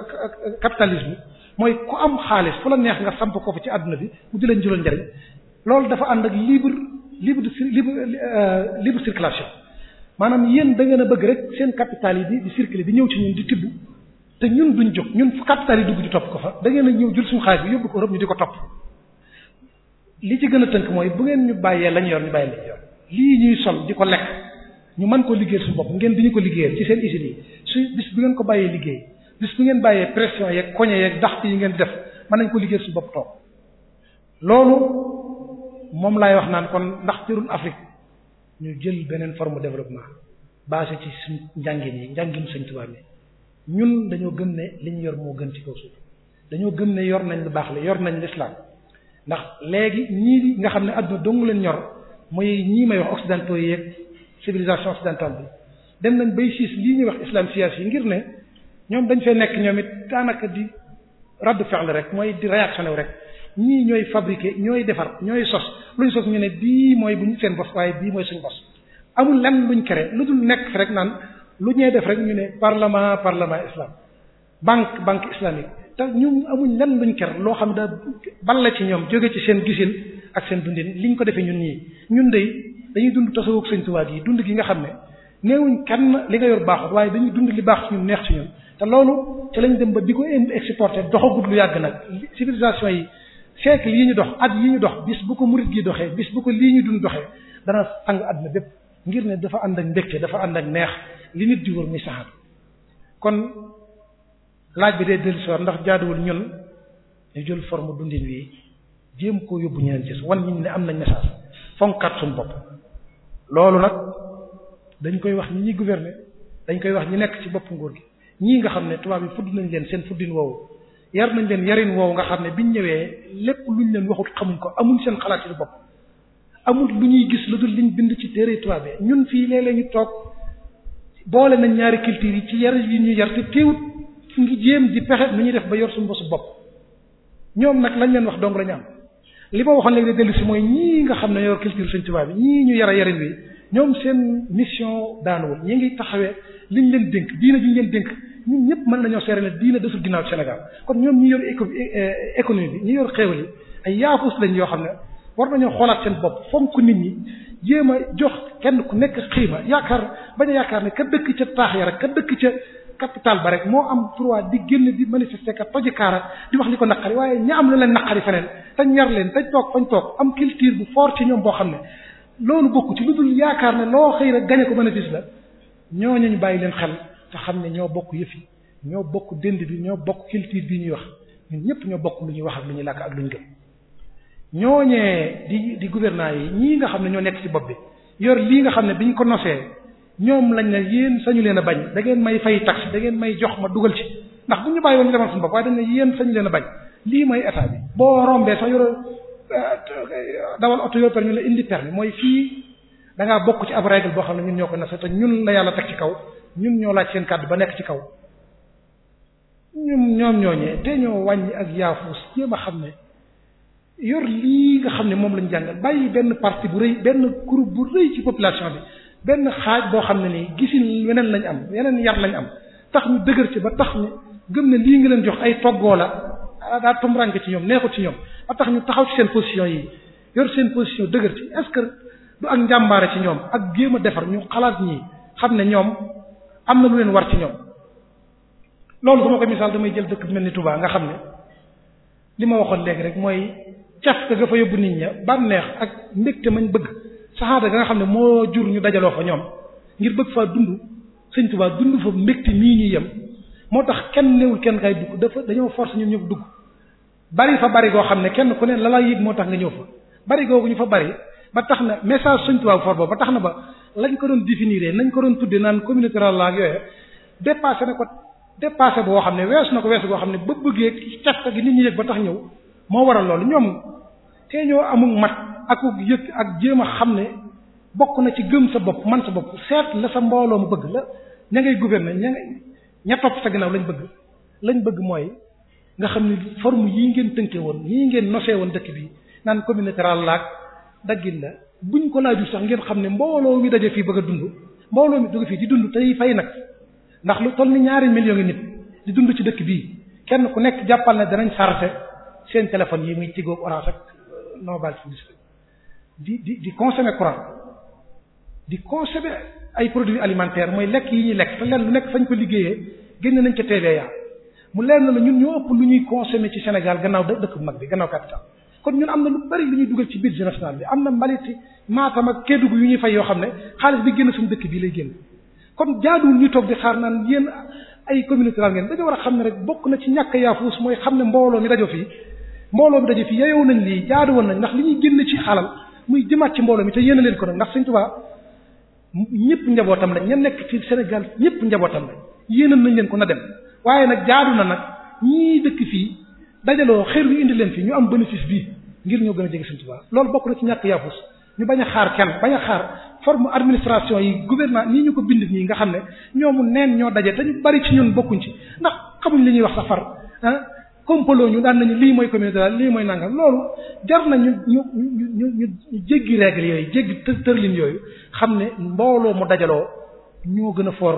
euh, capitalisme mooy ku am xaalis fu la neex nga samp ko ci àdduna bi mu di leen jural njariñ loolu dafa ànd ak libre libre libre euh, libre circulation maanaam yéen da ngeen a bëgg rek seen capital yi di di circuler ñëw ci ñun di tibb te ñun duñ jóg ñun fu capital yi dugg di topp ko fa da ngeen a ñëw jël suñu xaalis bi yóbbu ko Europe ñu di ko topp li ci gën a tënk mooy bu ngeen ñu bàyyee lañ yor ñu bàyyi lañ yor lii ñuy sol di ko lekk ñu man ko liggéey suñu bopp ngeen di ñu ko liggéeyal ci seen usines yi su bis bu ngeen ko bàyyee liggéey bis bu ngeen bàyyee pression yeeg koñe yeeg daxte yi ngeen def mën nañ ko liggéey suñu bopp toog loolu moom laay wax naan kon ndax firul Afrique ñu jël beneen forme développement basé ci suñ njàngin yi njàngin suñ tubaab yi ñun dañoo gën ne li ñu yor moo gën ci kaw suuf dañoo gën ne yor nañ lu baax la yor nañ l'islam ndax léegi ñii nga xam ne àdduna dong leen ñor mooy ñii may wax occidentaux yeeg civilisation occidentale bi dem nañ bay siis lii ñuy wax islam siyaas yi ngir ne ñoom dañ fee nekk ñoom it daanaka di raddu fexle rek mooy di réaction rek ñii ñooy fabriquer ñooy defar ñooy sos luñ sos ñu ne bii mooy buñ seen bos waaye bii mooy suñ bos amul lenn luñ créé lu dul nekk rek naan lu ñee def rek ñu ne parlement parlement islam banque banque islamique te ñu amuñ lenn luñ créé loo xam daa ban la ci ñoom jóge ci seen gisin ak seen dundin liñ ko defee ñun ñii ñun dey dañuy dund tasawoo sëñ Tuubaa yi dund gi nga xam ne néewuñ kenn li nga yor baaxut waaye dañuy dund li baax ñun neex ci ñun te loolu lañ dem ba di ko exporté doxagut lu yàgg nag civilisation yi siècle yi ñu dox at yi ñu dox bis bu ko murit gi doxee bis bu ko lii ñu dund doxee dana sang àdduna bépp ngir ne dafa ànd ak ndekte dafa ànd ak neex li nit di wër muy saxaat kon laaj bi day dellusiwaat ndax jaaduwul ñun ñu jël forme dundin wi jéem koo yóbbu ñeneen ci wan ñu ne am nañ message fonkaat suñu bopp loolu nag dañ koy wax ñi ñuy gouverner dañ koy wax ñi nekk ci bopp nguur gi ñii nga xam ne tubaab yi fudd nañ leen seen fuddin woowu yar nañ leen yarin woowu nga xam ne bi ñu ñëwee lépp lu ñu leen waxut xamuñ ko amuñ seen xalaat yi bopp amul lu ñuy gis lu dul liñ bind ci territoire bi ñun fii léeg-léeg toog boole nañ ñaari culture yi ci yar yi ñu yar te teewut fu ngi di pexe nu ñuy def ba yor su bosu bopp ñoom nag lañ leen wax dong lañu am li ma waxoon ne de dellu si mooy ñii nga xam ne yor culture suñ tubaab bi ñii ñu yar yara yarin wi ñoom seen mission daanuwul ñi ngi taxawee liñ leen dénk diina juñ leen dénk ñun ñëpp mën nañoo seere ne diina desul ginnaaw Sénégal kon ñoom ñi yor éco économie bi ñi yor xéewal yi ay yaafus lañ yoo xam ne war nañoo xoolaat seen bopp fonk nit ñi jéem a jox kenn ku nekk xiima yaakaar bañ a yaakaar ne ka dëkk ca taax ya rek ka dëkk ca capital ba rek moo am droit di génn di manifester ka toji kaara di wax li ko naqari waaye ña am la leen naqari feneen te ñar leen te toog fañ toog am culture bu fort ci ñoom boo xam ne loolu bokk ci lu dul yaakaar ne loo xëy rek gañe ko bénéfice la ñooñu ñu bàyyi leen xel te xam ne ñoo bokk yëf yi ñoo bokk dénd bi ñoo bokk culture bi ñuy wax ñun ñëpp ñoo bokk lu ñuy wax ak lu ñu làkk ak lu ñu gëm ñooñee di di gouvernants yi ñii nga xam ne ñoo nekk ci bopp bi yor lii nga xam ne biñ ko nosee ñoom lañ ne yéen sañu leen a bañ da ngeen may fay tax da ngeen may jox ma dugal ci ndax bu ñu bàyyi woon ñu demal suñu bopp yéen sañu leen a bañ lii mooy état boo rombee sax yor euh, la indi permis mooy fii da ngaa bokk ci ab règle boo xam ne ñun ñoo ko nosee te ñun la yàlla teg ci kaw ñun ñoo laaj seen kàddu ba nekk ci kaw ñun ñoom ñooñee te ñoo wàññi ak yaafuus jéem a xam ne yor lii nga xam ne moom lañu jàngal bàyyi benn parti bu rëy benn groupe bu rëy ci population bi benn xaaj boo xam ne nii gisin weneen lañu am yeneen yar lañu am tax ñu dëgër ci ba tax ñu gëm ne lii nga leen jox ay toggoo la ah, daa tomranke ci ñoom neexut ci ñoom a tax ñu taxaw ci seen position yi yor seen position dëgër ci est-ce que du ak njàmbaare ci ñoom ak géem a defar ñu xalaat ñi xam ne am na lu leen war ci ñoom loolu su ma ko misaal damay jël dëkk bi mel ni Touba nga xam ne li ma waxoon léegi rek mooy caf ka fa yóbbu nit ña bànneex ak mbégte mañ bëgg saxaada ga nga xam ne moo jur ñu dajaloo fa ñoom ngir bëgg faa dund sëñ Touba dund fa mbégte mii ñuy yem moo tax kenn newul kenn kay dugg dafa dañoo force ñu ñëpp dugg bari fa bari goo xam ne kenn ku ne la la yëg moo tax nga ñëw fa bari googu ñu fa bari ba tax na message Sëriñ Tuubaa for ba tax na ba lañ ko doon définir nañ ko doon tudde naan communauté rurale ak yooyu dépassé na ko dépassé boo xam ne weesu na ko weesu boo xam ne ba bëggee casta gi nit ñi yëg tax ñëw moo waral loolu ñoom tee ñoo amul mat ak yëg ak jéem xam ne bokk na ci gëm sa bopp man sa bopp seet la sa mbooloo mu bëgg la ña ngay gouverner ña ña topp sa ginnaaw lañ bëgg lañ bëgg mooy nga xam ne forme yii ngeen tënkee woon yii ngeen nosee woon dëkk bi naan communauté rurale laak daggit la buñ ko laaju sax ngeen xam ne mbooloo mi daje fii bëgg a dund mbooloo mi daje fii di dund tey fay nag ndax lu toll ni ñaari millions yi nit di dund ci dëkk bi kenn ku nekk jàppal ne danañ chargé seen téléphone yi muy Tigo Orange ak Mobile euh, Service di di di consommer courant di consommer ay produits alimentaire mooy lekk yi ñuy lekk te leen lu nekk fañ ko liggéeyee génn nañ ca TVA mu leer na la ñun ñoo ëpp lu ñuy consommer ci Sénégal gannaaw dëkk bu mag bi gannaaw capital kon ñun am na lu bari lu ñuy dugal ci budget national bi am na mbaliti Matam ak Kédougou yu ñuy fay yoo xam ne xaalis bi génn suñu dëkk bii lay génn kon jaaduwul ñu toog di xaar naan yéen ay communauté rurale ngeen war a xam ne rek bokk na ci ñàkk yaafuus mooy xam ne mbooloo mi dajo fii mbooloo mi dajo fii yeyow nañ lii nañ ndax li ñuy génn ci alal muy jëmaat ci mbooloo mi te yéen leen ko nag ndax Sëriñ Tuubaa ñëpp njabootam lañ ña nekk ci Sénégal ñëpp njabootam lañ nañ leen ko na dem waaye nag jaadu na nag ñii dëkk fii dajaloo xéer ñu indi leen fi ñu am bénéfice bii ngir ñoo gën a jege Sëriñ Tuubaa loolu bokk na ci ñàkk yaafus ñu bañ a xaar kenn bañ a xaar forme administration yi gouvernement nii ñu ko bind nii nga xam ne ñoo mu neen ñoo daje dañu bari ci ñun bokkuñ ci ndax xamuñ li ñuy wax sa far ah kompaloo ñu daan nañu lii mooy communauté daal lii mooy nangam loolu jar na ñu ñu ñu ñu jéggi règle yooyu jéggi tërlin yooyu xam ne mbooloo mu dajaloo ñoo gën a for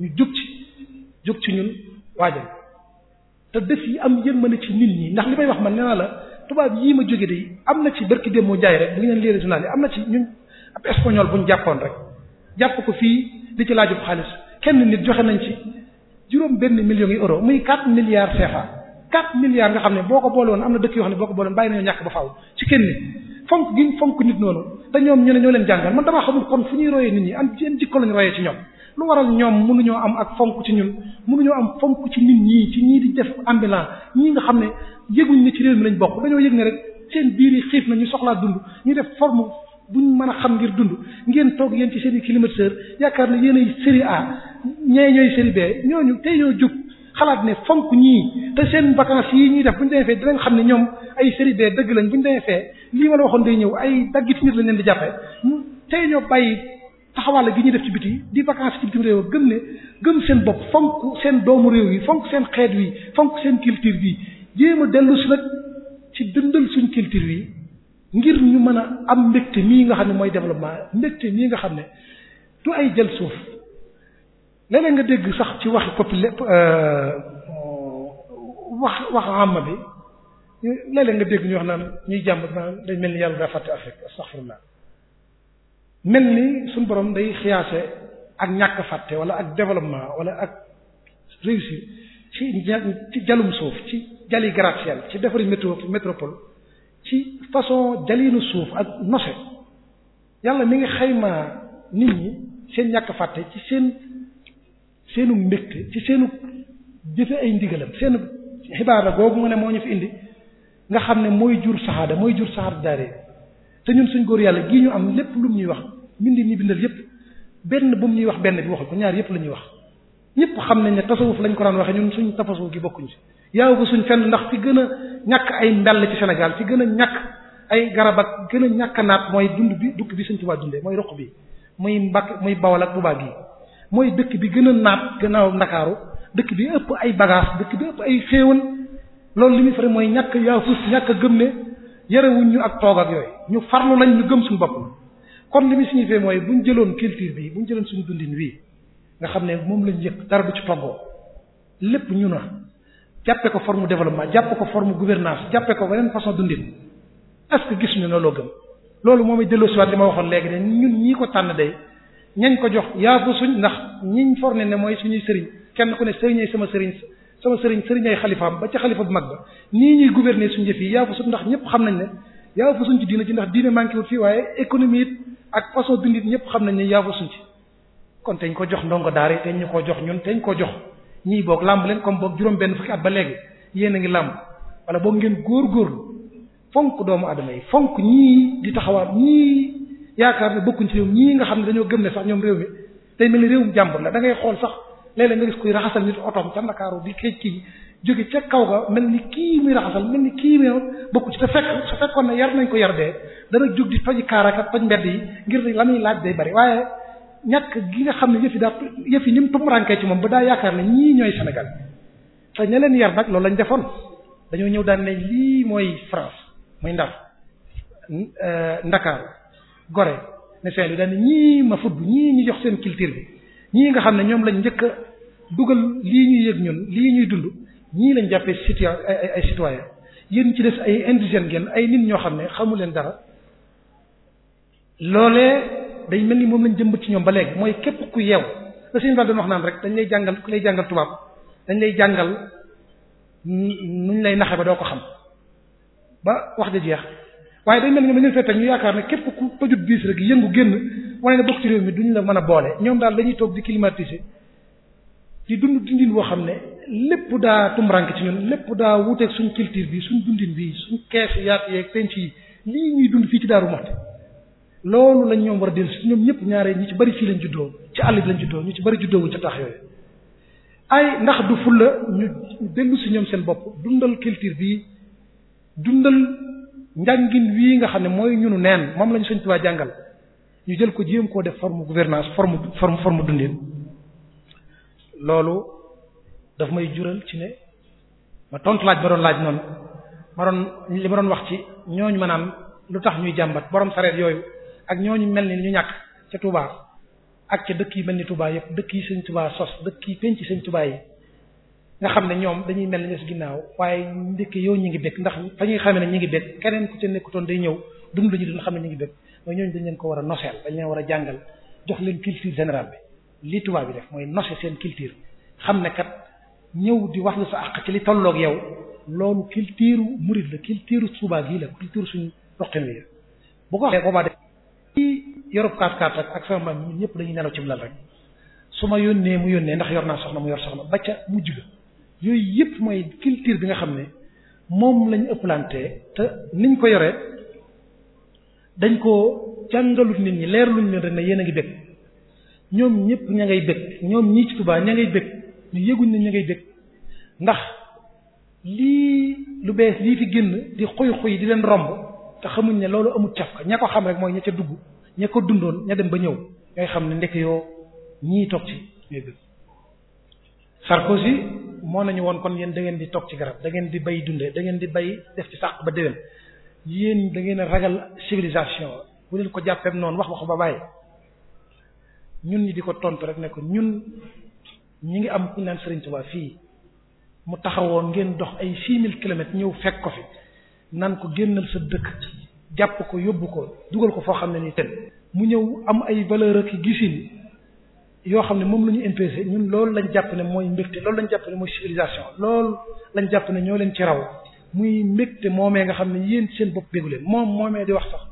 ñu jug ci jug ci ñun waajal te def yi am yërmande ci nit ñi ndax li may wax man nee naa la tubaab yii ma jóge de am na ci barki démb jaay rek bu ngeen leen journal yi am na ci ñu ab espagnol bu ñu jàppoon rek jàpp ko fii di ci laajub xaalis kenn nit joxe nañ ci juróom benn millions yi euro muy 4 milliards CFA 4 milliards nga xam ne boo ko boole woon am na dëkk yoo xam ne boo ko boole woon bàyyi nañu ñàkk ba faaw ci kenn fonk gi fonk nit noonu te ñoom ñu ne ñoo leen jàngal man damaa xamul kon fu ñuy royee nit ñi am lu waral ñoom mënuñoo am ak fonk ci ñun mënuñoo am fonk ci nit ñii ci ñii di def ambulant ñii nga xam ne yëguñ ne ci réew mi bokk dañoo yëg ne rek seen biir yi xiif na ñu soxlaa dund ñu def forme buñ mën a xam ngir dund ngeen toog yéen ci seen i climatiseur yaakaar ne yéen ay série A ñee ñooy série B ñooñu tey ñoo jug xalaat ne fonk ñii te seen vacances yi ñuy def bu ñu demee fee dinañ xam ne ñoom ay série B dëgg lañ bu ñu demee fee lii ma la waxoon day ñëw ay daggit nit lañ leen di jàppe tey ñoo bàyyi taxawaale gi ñuy def ci biti di vacances ci bitim réew gëm ne gëm seen bopp fonk seen doomu réew yi fonk seen xeet yi fonk seen culture bi jéem a dellu si nag ci dundal suñ culture yi ngir ñu mën a am mbégte mii nga xam ne mooy développement mbégte mii nga xam ne du ay jël suuf léeg nga dégg sax ci wax waxi populé euh, wax wax amma bi léeg-léeg nga dégg ñu wax naan ñuy jàmb naan dañ mel ni yàlla daa fàtte Afrique ma mel ni suñu borom day xiyaase ak ñàkk fàtte wala ak développement wala ak réussite ci ci jalum suuf ci jali gratte-ciel ci defari métro métropole ci façon suuf ak nose yàlla mi ngi xaymaa nit ñi seen ñàkk fàtte ci seen seenu mbégte ci seenu jëfe ay ndigalam seenu xibaar la googu mu ne moo ñu indi nga xam ne mooy jur saxaada mooy jur saxaada daare te ñun suñ góor yàlla gii ñu am lépp lu mu ñuy wax mbindi ñi bindal yépp benn bu mu ñuy wax benn bi waxul ko ñaar yépp la ñuy wax ñépp xam nañ ne tasawuf lañ ko daan waxe ñun suñ tasawuf gi bokkuñ ci yaaw ba suñ fenn ndax fi gën a ñàkk ay mbell ci senegal fi gën a ñàkk ay garab ak gën a ñàkk naat mooy dund bi dukk bi suñ tubaa dundee mooy roq bi muy mbàkk muy bawal ak bubaa gii mooy dëkk bi gën a naat gannaaw ndakaaru dëkk bi ëpp ay bagage dëkk bi ay xéewal loolu li muy fare mooy ñàkk yaafus ñàkk a yarewuñ ñu ak toog ak yooyu ñu farlu lañ ñu gëm suñu bopp la kon li mu signifié mooy buñ jëloon culture bi buñ jëloon suñu dundin wii nga xam ne moom lañ yëg dara du ci toggoo lépp ñu na jàppe ko forme développement jàppe ko forme gouvernance jàppe ko beneen façon dundin est-ce gis ñu ne loo gëm loolu moom i it delloosiwaat li ma waxoon léegi ne ñun ñii ko tànn day ñañ ko jox yaa bu suñ ndax ñiñ forne ne mooy suñuy sëriñ kenn ku ne sëriñee sama sëriñ sama sëriñ sëriñ ay xalifaam ba ca xalifa bu mag ba nii ñuy gouverner suñu jëf yi yaa ndax ñëpp xam nañ ne yaa fa suñ ci diine ci ndax diine manqué wut fii waaye économie it ak façon dund it ñëpp xam nañ ne yaa fa kon teñ ko jox ndongo daara teñ ñu ko jox ñun teñ ko jox ñii boog làmb leen comme boog juróom benn fukki at ba léegi yéen a ngi làmb wala boog ngeen góor góorgóorlu fonk doomu adama yi fonk ñii di taxawaat ñii yaakaar ne bokkuñ ci réew ñii nga xam ne dañoo gëm ne sax ñoom réew mi tey mel ni réewum jàmbur la da ngay xool sax léeg-léeg nga gis kuy raxasal nit otoom ca Ndakaaru di këj kii jóge ca kaw ga mel ni kii muy raxasal mel ni kii muy bokku ci te fekk su fekkoon ne yar nañ ko yar dee dana jóg di faji kaaraka ak faj mbedd yi ngir la muy laaj day bari waaye ñàkk gi nga xam ne yëf yi daa yëf yi ni mu tumurankee ci moom ba daa yaakaar ne ñii ñooy Sénégal te ña leen yar nag loolu lañ defoon dañoo ñëw daan ne lii mooy France mooy Ndar euh, Ndakaaru Gorée ne Saint-Louis daan ne ñii ma ñu jox seen culture bi ñii nga xam ne ñoom lañ njëkk a dugal lii ñuy yëg ñun lii ñuy dund ñii lañ jàppee citoyen ay ay citoyen yéen ci des ay indigènes ngeen ay nit ñoo xam ne xamu leen dara loolee dañ mel ni moom lañ jëmbat ci ñoom ba léegi mooy képp ku yeew la suñu daal doon wax naan rek dañ lay jàngal ku lay jàngal tubaab dañ lay jàngal nuñ lay naxe ba doo ko xam ba wax ja jeex waaye dañ mel ni ñoom dañ leen fee ñu yaakaar ne képp ku pëjut biis rek yëngu génn waaye ne bokk ci réew mi duñ la mën a boole ñoom daal lañuy toog di climatiser di dund dundin boo xam ne lépp daa tumrank ci ñun lépp daa wuuteeg suñ culture bi suñ dundin bi suñ kees yaat yeeg penc yi lii ñuy dund fii ci Daaru Muxti loolu lañ ñoom war a dellusi ñoom ñëpp ñaare ñi ci bari fii lañ juddoo ci àll bi lañ juddoo ñu ci bari juddoo wuñ ci tax yooyu ay ndax du fulla ñu dellu si ñoom seen bopp dundal culture bi dundal njàngin wii nga xam ne mooy ñunu neen moom lañ Sëriñ Tuubaa jàngal ñu jël ko jéem koo def forme gouvernance forme form forme dundin loolu daf may jural ci ne ma tontu laaj ba doon laaj noonu ma doon li ma doon wax ci ñooñu ma lu tax ñuy jàmbat borom sareet yooyu ak ñooñu mel ni ñu ñàkk ca Touba ak ca dëkk yi mel ni Touba yëpp dëkk yi sëñ Touba sos dëkk yi penc sëñ Touba yi nga xam ne ñoom dañuy mel ni ñes ginnaaw waaye ndekk yooyu ñu ngi bëgg ndax fa ñuy xamee ne ñu ngi bëgg keneen ku ca nekkutoon day ñëw dund la ñu doon xam ne ñi ngi bëgg mooy ñooñu dañ leen ko war a noseel dañ leen war a jàngal jox leen culture général bi li tubaab bi def mooy nose seen culture xam ne kat ñëw di wax la sa àq ci li tolloog yow loolu culture murid la culture suubaa gii la culture suñu doxin wi bu ko waxee boobaa de ci Europe ñëpp dañuy nelaw ci rek su ma yónnee mu yónnee ndax yor naa soxna mu yor soxna ba ca mujj ga yooyu yëpp mooy culture bi nga xam ne moom lañu ëpplante te niñ ko yoree dañ koo jàngalut nit ñi leerluñ leen rek na yéen a ngi bëgg ñoom ñëpp ña ngay bëgg ñoom ñii ci Tuubaa ña ngay bëgg ñu yëguñ ne ña ngay bëgg ndax lii lu bees lii fi génn di xuy xuy di leen romb te xamuñ ne loolu amul cafka ña ko xam rek mooy ña ca dugg ña ko dundoon ña dem ba ñëw ngay xam ne ndekk yoo ñii toog ci ñooy bëgg moo nañu woon kon yéen ngeen di toog ci garab da ngeen di bay dundee dangeen di bay def ci sàq ba déwén yéen da ngeen a ragal civilisation bu leen ko jàppee noonu wax wax ba bàyyi ñun ñi di ko tontu rek ne ñun ñi ngi am ku ñu naan Serigne Touba fii mu taxawoon ngeen dox ay six mille kilomètres ñëw fekk ko fi nan ko génnal sa dëkk jàpp ko yóbbu ko dugal ko foo xam ne nii ten mu ñëw am ay valeur ak gisin yoo xam ne moom la ñu imposé ñun loolu lañ jàpp ne mooy mbégte loolu lañ jàpp ne mooy civilisation loolu lañ jàpp ne ñoo leen ci raw muy mbégte moomee nga xam ne yéen seen bopp bégu leen moom moomee di wax sax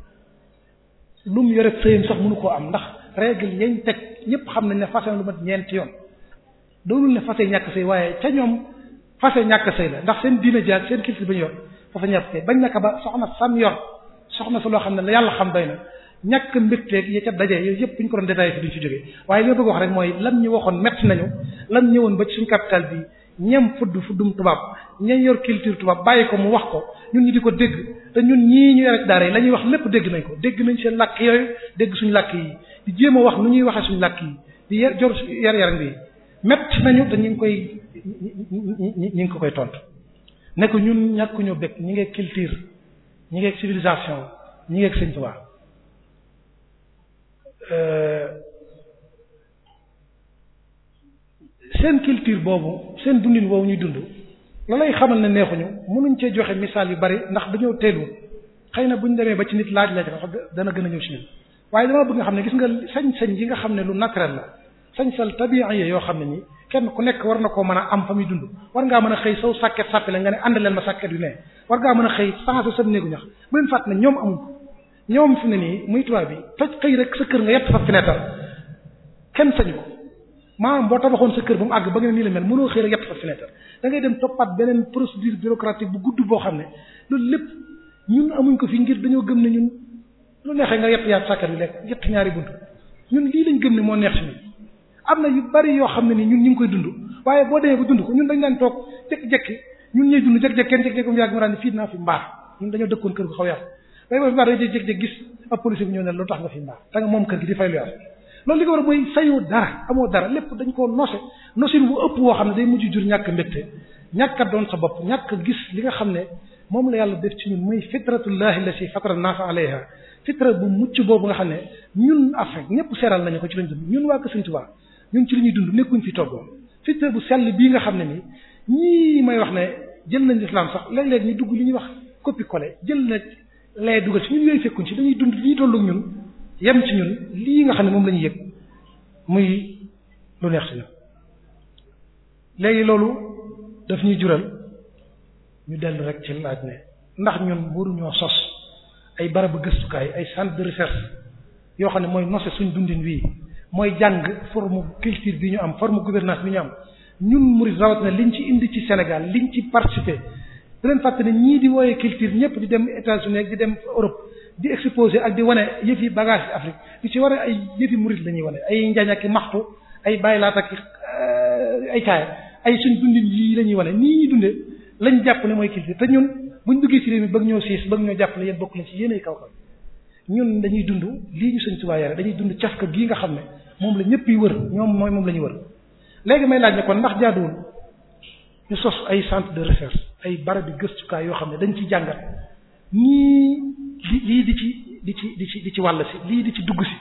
lu mu yore sëyam sax mënu koo am ndax règle yañ teg ñëpp xam nañ ne fase lu mat ñeenti yoon doonul ne fase ñàkk sëy waaye ca ñoom fase ñàkk sëy la ndax seen diina jaar seen culture ba ñu yor fase ñàkk sëy bañ naka ba soxna sam yor soxna sa loo xam ne la yàlla xam bay na ñàkk mbégteeg ya ca daje yooyu yëpp bu ñu ko doon détaillé fi duñ ci jógee waaye li ma bëgg wax rek mooy lan ñu waxoon métti nañu lan ñëwoon ba suñ capital bi ñam fudd fuddum tubaab ñam yor culture tubaab bàyyi ko mu wax ko ñun ñi di ko dégg te ñun ñi ñu yore daara yi la wax lépp dégg nañ ko dégg nañ seen làkk yooyu dégg suñ làkk yi di jéem a wax nu ñuy waxee suñu làkk yi di yar jor yar yaram bi métti nañu te ñu ngi koy ñu ngi ko koy tontu ne ko ñun ñàkkuñu bëgg ñi ngeeg culture ñi ngeeg civilisation ñi ngeeg sëñ tubaab euh, seen culture boobu seen dundin woowu ñuy dund la lay xamal ne neexuñu mënuñ cee joxe misaal yu bari ndax dañoo teelu xëy na bu ñu demee ba ci nit laaj la ca dana gën a ñëw ci ñun waaye dama bëgg nga xam ne gis nga sañ-sañ yi nga xam ne lu naturel la sañ-sañ tabiiya yoo xam ne nii kenn ku nekk war na koo mën a am fa muy dund war ngaa mën a xëy saw sàkket la nga ne ànd leen ma sàkket yu ne war ngaa mën a xëy sensé sa néegu ñax bu fàtt ne ñoom amul ñoom fi ne nii muy tubaab bi toj xëy rek sa kër nga yett fa fenêtre kenn sañu ko maanaam boo tabaxoon sa kër ba mu àgg ba nga ne nii la mel mënoo xëy rek yàpp sa fenêtre da dem toppaat beneen procédure bureaucratique bu gudd boo xam ne loolu lépp ñun amuñ ko fi ngir dañoo gëm ne ñun lu neexee nga yàpp yaa sàkkat bi lekk yett ñaari bunt ñun lii lañ gëm ne moo neex si ñun am na yu bari yoo xam ne nii ñun ñu ngi koy dund waaye boo demee ba dund ko ñun dañ daan toog jékki jëkk ñun ñuy dund jékki-jékki kenn jékki-jékki mu yàgg mu daan fii naa fi mbaar lu tax nga fi moom kër gi di loolu li ko war mooy sayoo dara amoo dara lépp dañ koo nose nosin bu ëpp woo xam ne day mujj jur ñàkk mbégte ñàkk a doon sa bopp ñàkk a gis li nga xam ne moom la yàlla def ci ñun muy fitratullahi la si fatara naasa alayha fitra bu mucc boobu nga xam ne ñun Afrique ñëpp seeral nañu ko ci lañ dund ñun waa Sëriñ Tuubaa ñun ci li ñuy dund nekkuñ fi toggoo fitra bu sell bii nga xam ne ni ñii may wax ne jël nañ lislaam sax léeg-léeg ñu dugg li ñuy wax copie collé na lee dugal ci ñun yooyu fekkuñ ci dañuy dund li ñuy tollu ñun yem ci ñun lii nga xam ne moom la ñuy yëg muy lu neex ci ñun léegi loolu daf ñuy jural ñu dellu rek ci laaj ne ndax ñun waru ñoo sos ay barabu gëstukaay ay centre de recherche yoo xam ne mooy nose suñ dundin wii mooy jàng forme culture bi ñu am forme gouvernance bi ñu am ñun murid rawat na liñ ci indi ci Sénégal liñ ci participer bu leen fàtte ne ñii di wooyee culture ñëpp di dem États-Unis ak di dem Europe di exposé ak di wane yëf yi bagage yi Afrique li ci war ay yëf yi murit la ñuy wane ay njañ ak maxtu ay baylaat ak euh, ay caaya ay suñ dundin yii lañuy ñuy wane nii ñuy dundee lañ jàpp ne mooy culture te ñun buñ duggee ci réew mi bëgg ñoo siis bëgg ñu jàpp ne yéen bokk na ci yéenay kaw kaw ñun dañuy dund lii ñu sëñ Tuubaa yare dañuy dund cafka gii nga xam ne moom la ñëpp yi wër ñoom mooy moom la ñuy wër léegi may laaj ne kon ndax jaaduwul ñu sos ay centre de ay barabi gëstukaay yoo xam ne dañ ci jàngat ñii lii di ci di ci di ci di ci wàll si lii di ci dugg si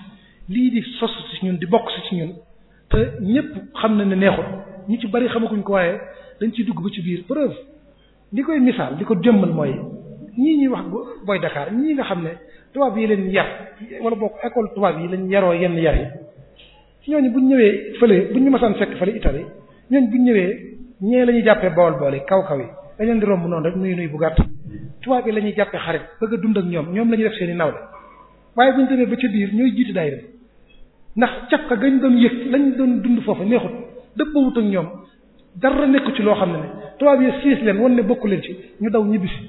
lii di sos si ñun di bokk si ci ñun te ñëpp xam na ne neexul ñu ci bari xamaguñ ko waaye dañ ciy dugg ba ci biir preuve li koy misaal li ko jëmmal mooy ñii ñuy wax booy Dakar ñii nga xam ne tubaab yi leen yar wala bokk école tubaab yi lañu yaroo yenn yar yi ñooñu buñ ñëwee fële buñ ñu masaan fekk fële Italie ñooñu buñ ñëwee ñee la ñuy jàppee bool bool yi kaw kaw yi dañ leen di romb noonu rek nuyu nuyu bu gàtt tubaab yi la ñuy jàppee xarit bëgg a dund ak ñoom ñoom la ñuy def seen i nawle waaye bu demee ba ca biir ñooy jiiti daayira ndax ka gañ doon yëg lañ doon dund foofu neexut dëppawut ak ñoom dara nekku ci loo xam ne ne tubaab yi siis leen wan ne bokku leen ci ñu daw ñibbisi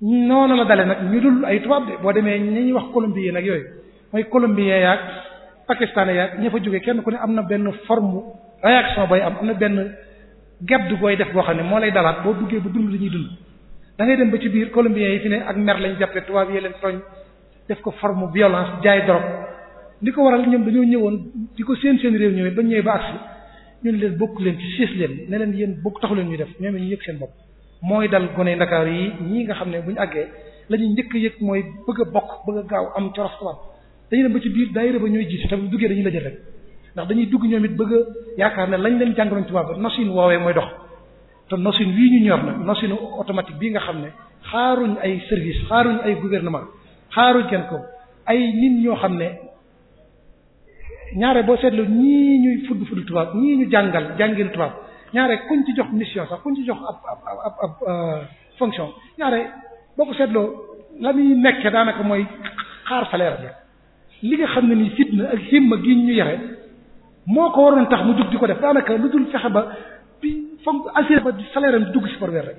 noonu la dale nag ñu dul ay tubaab de boo demee ñi ñuy wax colombien nag yooyu mooy colombien yaag pakistanais yaag ña fa jógee kenn ku ne am na benn forme réaction bay am am na benn gedd gooy def boo xam ne moo lay dalaat boo duggee ba dund li ñuy dund da dem ba ci biir colombiens yi fi ne ak mer lañ jàppe tubaab yi leen tooñ def ko forme violence jaay drogue li ko waral ñoom dañoo ñëwoon di ko seen seen réew ñëwee ba ñëwee ba agsi ñun leen bokk leen ci siis leen ne leen yéen bokk taxu leen ñu def ñoom ñu yëg seen bopp mooy dal gone Ndakaar yi ñii nga xam ne bu ñu àggee la ñuy njëkk a yëg mooy bëgg a bokk bëgg a gaaw am coros tubaab dañuy ba ci biir daayira ba ñooy jiitu te bu duggee dañuy la jël ndax dañuy dugg ñoom it bëgg yaakaar ne lañ leen jàngaloon tubaab machine woowee mooy dox te machine wii ñu ñor nag machine automatique bii nga xam ne xaaruñ ay service xaaruñ ay gouvernement xaaruñ kenn ko ay nit ñoo xam ne ñaare boo seetlu ñii ñuy fudd fudd tubaab ñii ñu jàngal jàngil tubaab ñaare kuñ ci jox mission sax kuñ ci jox ab ab euh, fonction ñaare boo ko seetloo la muy nekkee daanaka mooy xaar salaire bi li nga xam ne ni fitna ak himma gi ñu yore moo ko waroon tax mu jug di ko def daanaka lu dul fexe ba bi foog assuré ba salaire am di dugg si par weer rek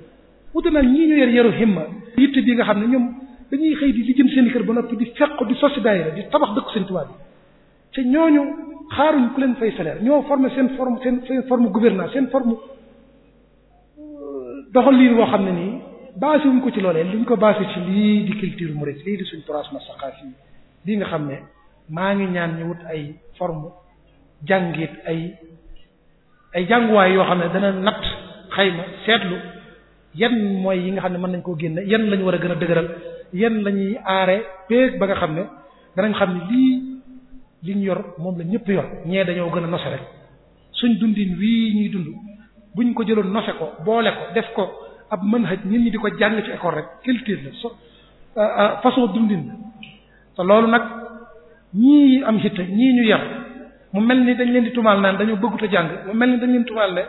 wute nag ñii ñu yor yaru himma yitte bi nga xam ne ñoom dañuy xëy di seen kër ba noppi di fekk di sosi daayira di tabax dëkk seen tubaab bi te ñooñu xaaruñ ku leen fay salaire ñoo formé seen forme seen seen forme gouvernance seen forme euh, doxalin woo xam ne nii basé wuñ ko ci loolee liñ ko basé ci lii di culture mouride lii di suñ transma saqaafi lii nga xam ne maa ngi ñaan ñu wut ay forme jàngit ay ay jànguwaay yoo xam ne dana natt xayma seetlu yan mooy yi nga xam ne mën nañ koo génne yan lañu war a gën a dëgëral yan lañuy aare peeg ba nga xam ne danañ xam ne lii li yor moom la ñëpp yor ñee dañoo gën a nose rek suñ dundin wii ñuy dund buñ ko jëloon nose ko boole ko def ko ab manhaj nit ñi di ko jàng ci école rek culture la so euh, euh, façon dundin te loolu nag ñii am hitte ñii ñu yar mu mel ni dañu leen di tumaal naan dañoo bëggut a jàng mu mel ni dañ leen tumaal ne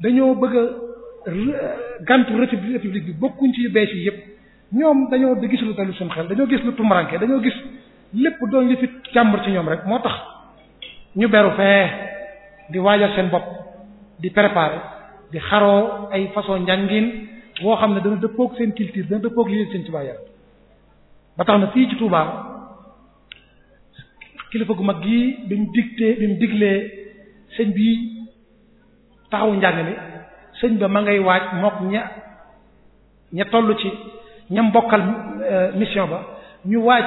dañoo bëgg a gàntu république bi bokkuñ ci yu bees yi yëpp ñoom dañoo di gis lu dalu seen xel dañoo gis lu tumuranke dañoo gis lépp doon yëfi càmbar ci ñoom rek moo tax ñu beru fee di waajal seen bopp di préparer di xaroo ay façon njàngin boo xam ne dana dëppook seen culture dana dëppook li leen seen tubaab yar ba tax na fii ci Touba kilifa gu mag gii bi mu digtee bi diglee sëñ bi taxawu njàng sëñ ba ma ngay waaj mook ña ña toll ci ñam bokkal e, mission ba ñu waaj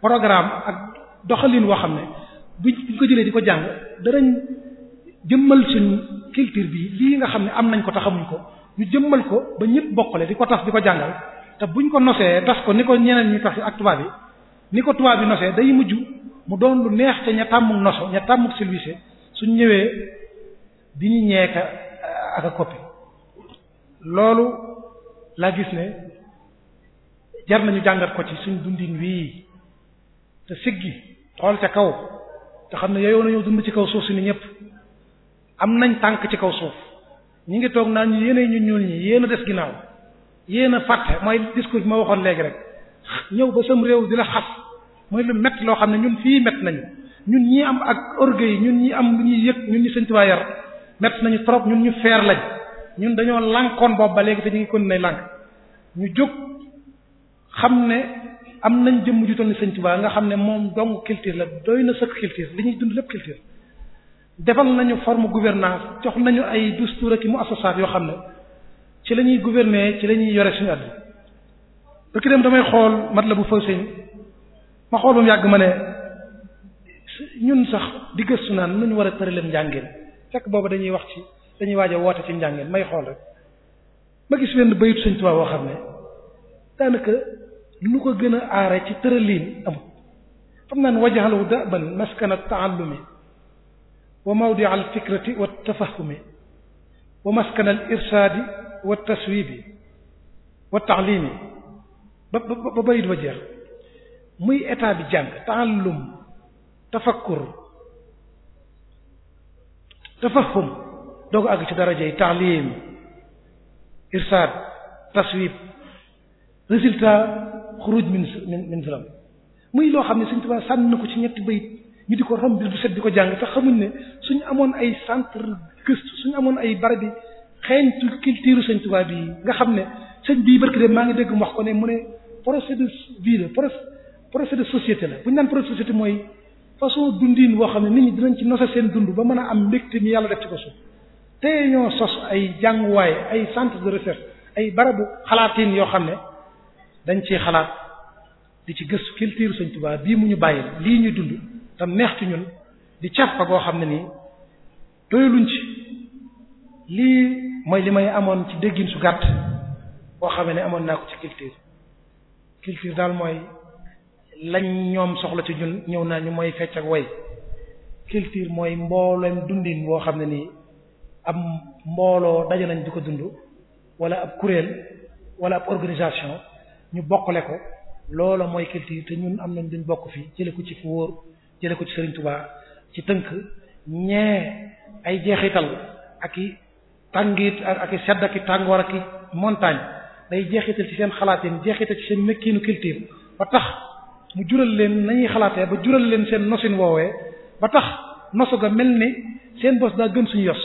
programme ak doxalin woo xam ne buñ ko jëlee di ko jàng danañ jëmmal suñ culture bi lii nga xam ne am nañ ko taxamuñ ko ñu jëmmal ko ba ñëpp bokkale di ko tas di ko jàngal te buñ ko nosee tas ko ni ko ñeneen ñi tas ak tubaab yi ni ko tubaab bi nosee day mujj mu doon lu neex te ña tàmmuk noso ña tàmmuk silvisé suñ ñëwee di ñu ñeeka eh, ak a coppi loolu laa gis ne jar nañu jàngat ko ci suñ dundin wii te siggi xool ca kaw te xam ne yooyu nañoo dund ci kaw suuf si ni ñëpp am nañ tànk ci kaw suuf ñu ngi toog naa ñu yéen ñu ñuul ñi yéen a des ginnaaw yéen a fàtte mooy discours bi ma waxoon léegi rek ñëw ba sam réew bi la xas mooy lu métti loo xam ne ñun fii mett nañu ñun ñi am ak yi ñun ñi am lu ñuy yëg ñun ñu sëñ Tuubaa yar métti nañu trop ñun ñu feer lañ ñun dañoo lànkoon boobu ba léegi te ñu ngi continuer ñu jóg xam ne am nañ jëmm ju toll ni sëñ Tuubaa nga xam ne moom dong culture la doy na sëkk culture li ñuy dund lépp culture defal nañu forme gouvernance jox nañu ay dustuur ak i mu assasaat yoo xam ne ci la ñuy gouverner ci la ñuy yore suñu àdduna bërki damay xool mat la bu faw seen ma xool ba mu ñun sax di gëstu naan nuñ war a tëraleen njàngeen fekk boobu dañuy wax dañuy waaj a woote ci njàngeen may xool rek ma gis wenn xam ne daanaka lu ko gën a aare ci tëraliin amul xam naan wajaxalu daban maskana taallumi wa mawdia al fikrati wa tafahumi wa maskana al irsaadi wa taswibi wa taalimi ba ba bayit ba jeex muy état bi jàng taallum tafakkur tafahum doo ko àgg ci darajey taalim irsaad taswib résultat xuruj min min film muy loo xam ne Sëriñ Tuubaa sànn na ko ci ñetti bayit ñu di ko rom bis bu set di ko jàng te xamuñ ne suñu amoon ay centre su suñu amoon ay barabi xeeñtu culture Sëriñ Tuubaa bi nga xam ne sëñ bii barki dem maa ngi dégg mu wax ko ne mu ne projet de vie la projet projet de société la bu ñu naan projet de société mooy façon dundin woo xam ne nit ñi dinañ ci nose seen dund ba mën a am mbégte mi yàlla def ci ko suuf tey ñoo sos ay jànguwaay ay centre de recherche ay barabu xalaatin yoo xam ne dañ ciy xalaat di ci gëstu culture Sëñ Tuubaa bii mu ñu bàyyi lii ñuy dund te neex ci ñun di caf ko koo xam ne nii doyuluñ ci lii mooy li may amoon ci déggin su gàtt boo xamee ne amoon naa ko ci culture culture daal mooy lañ ñoom soxla ci ñun ñëw naa ñu mooy fecc ak way culture mooy mboolem dundin woo xam ne nii ab mbooloo daje nañ di ko dund wala ab kuréel wala ab organisation ñu bokkale ko looloo mooy culture te ñun am nañ duñ bokk fii jële ko ci fu wóor jële ko ci Serigne Touba ci tënk ñee ay jeexital ak i tàngit ak i sedd ak i tàngoor ak i montagne day jeexital ci seen xalaatin jeexital ci seen nekkiinu culture ba tax mu jural leen nañuy xalaatee ba jural leen seen nosin woowee ba tax nosu ga mel ni seen bos daa gën suñu yos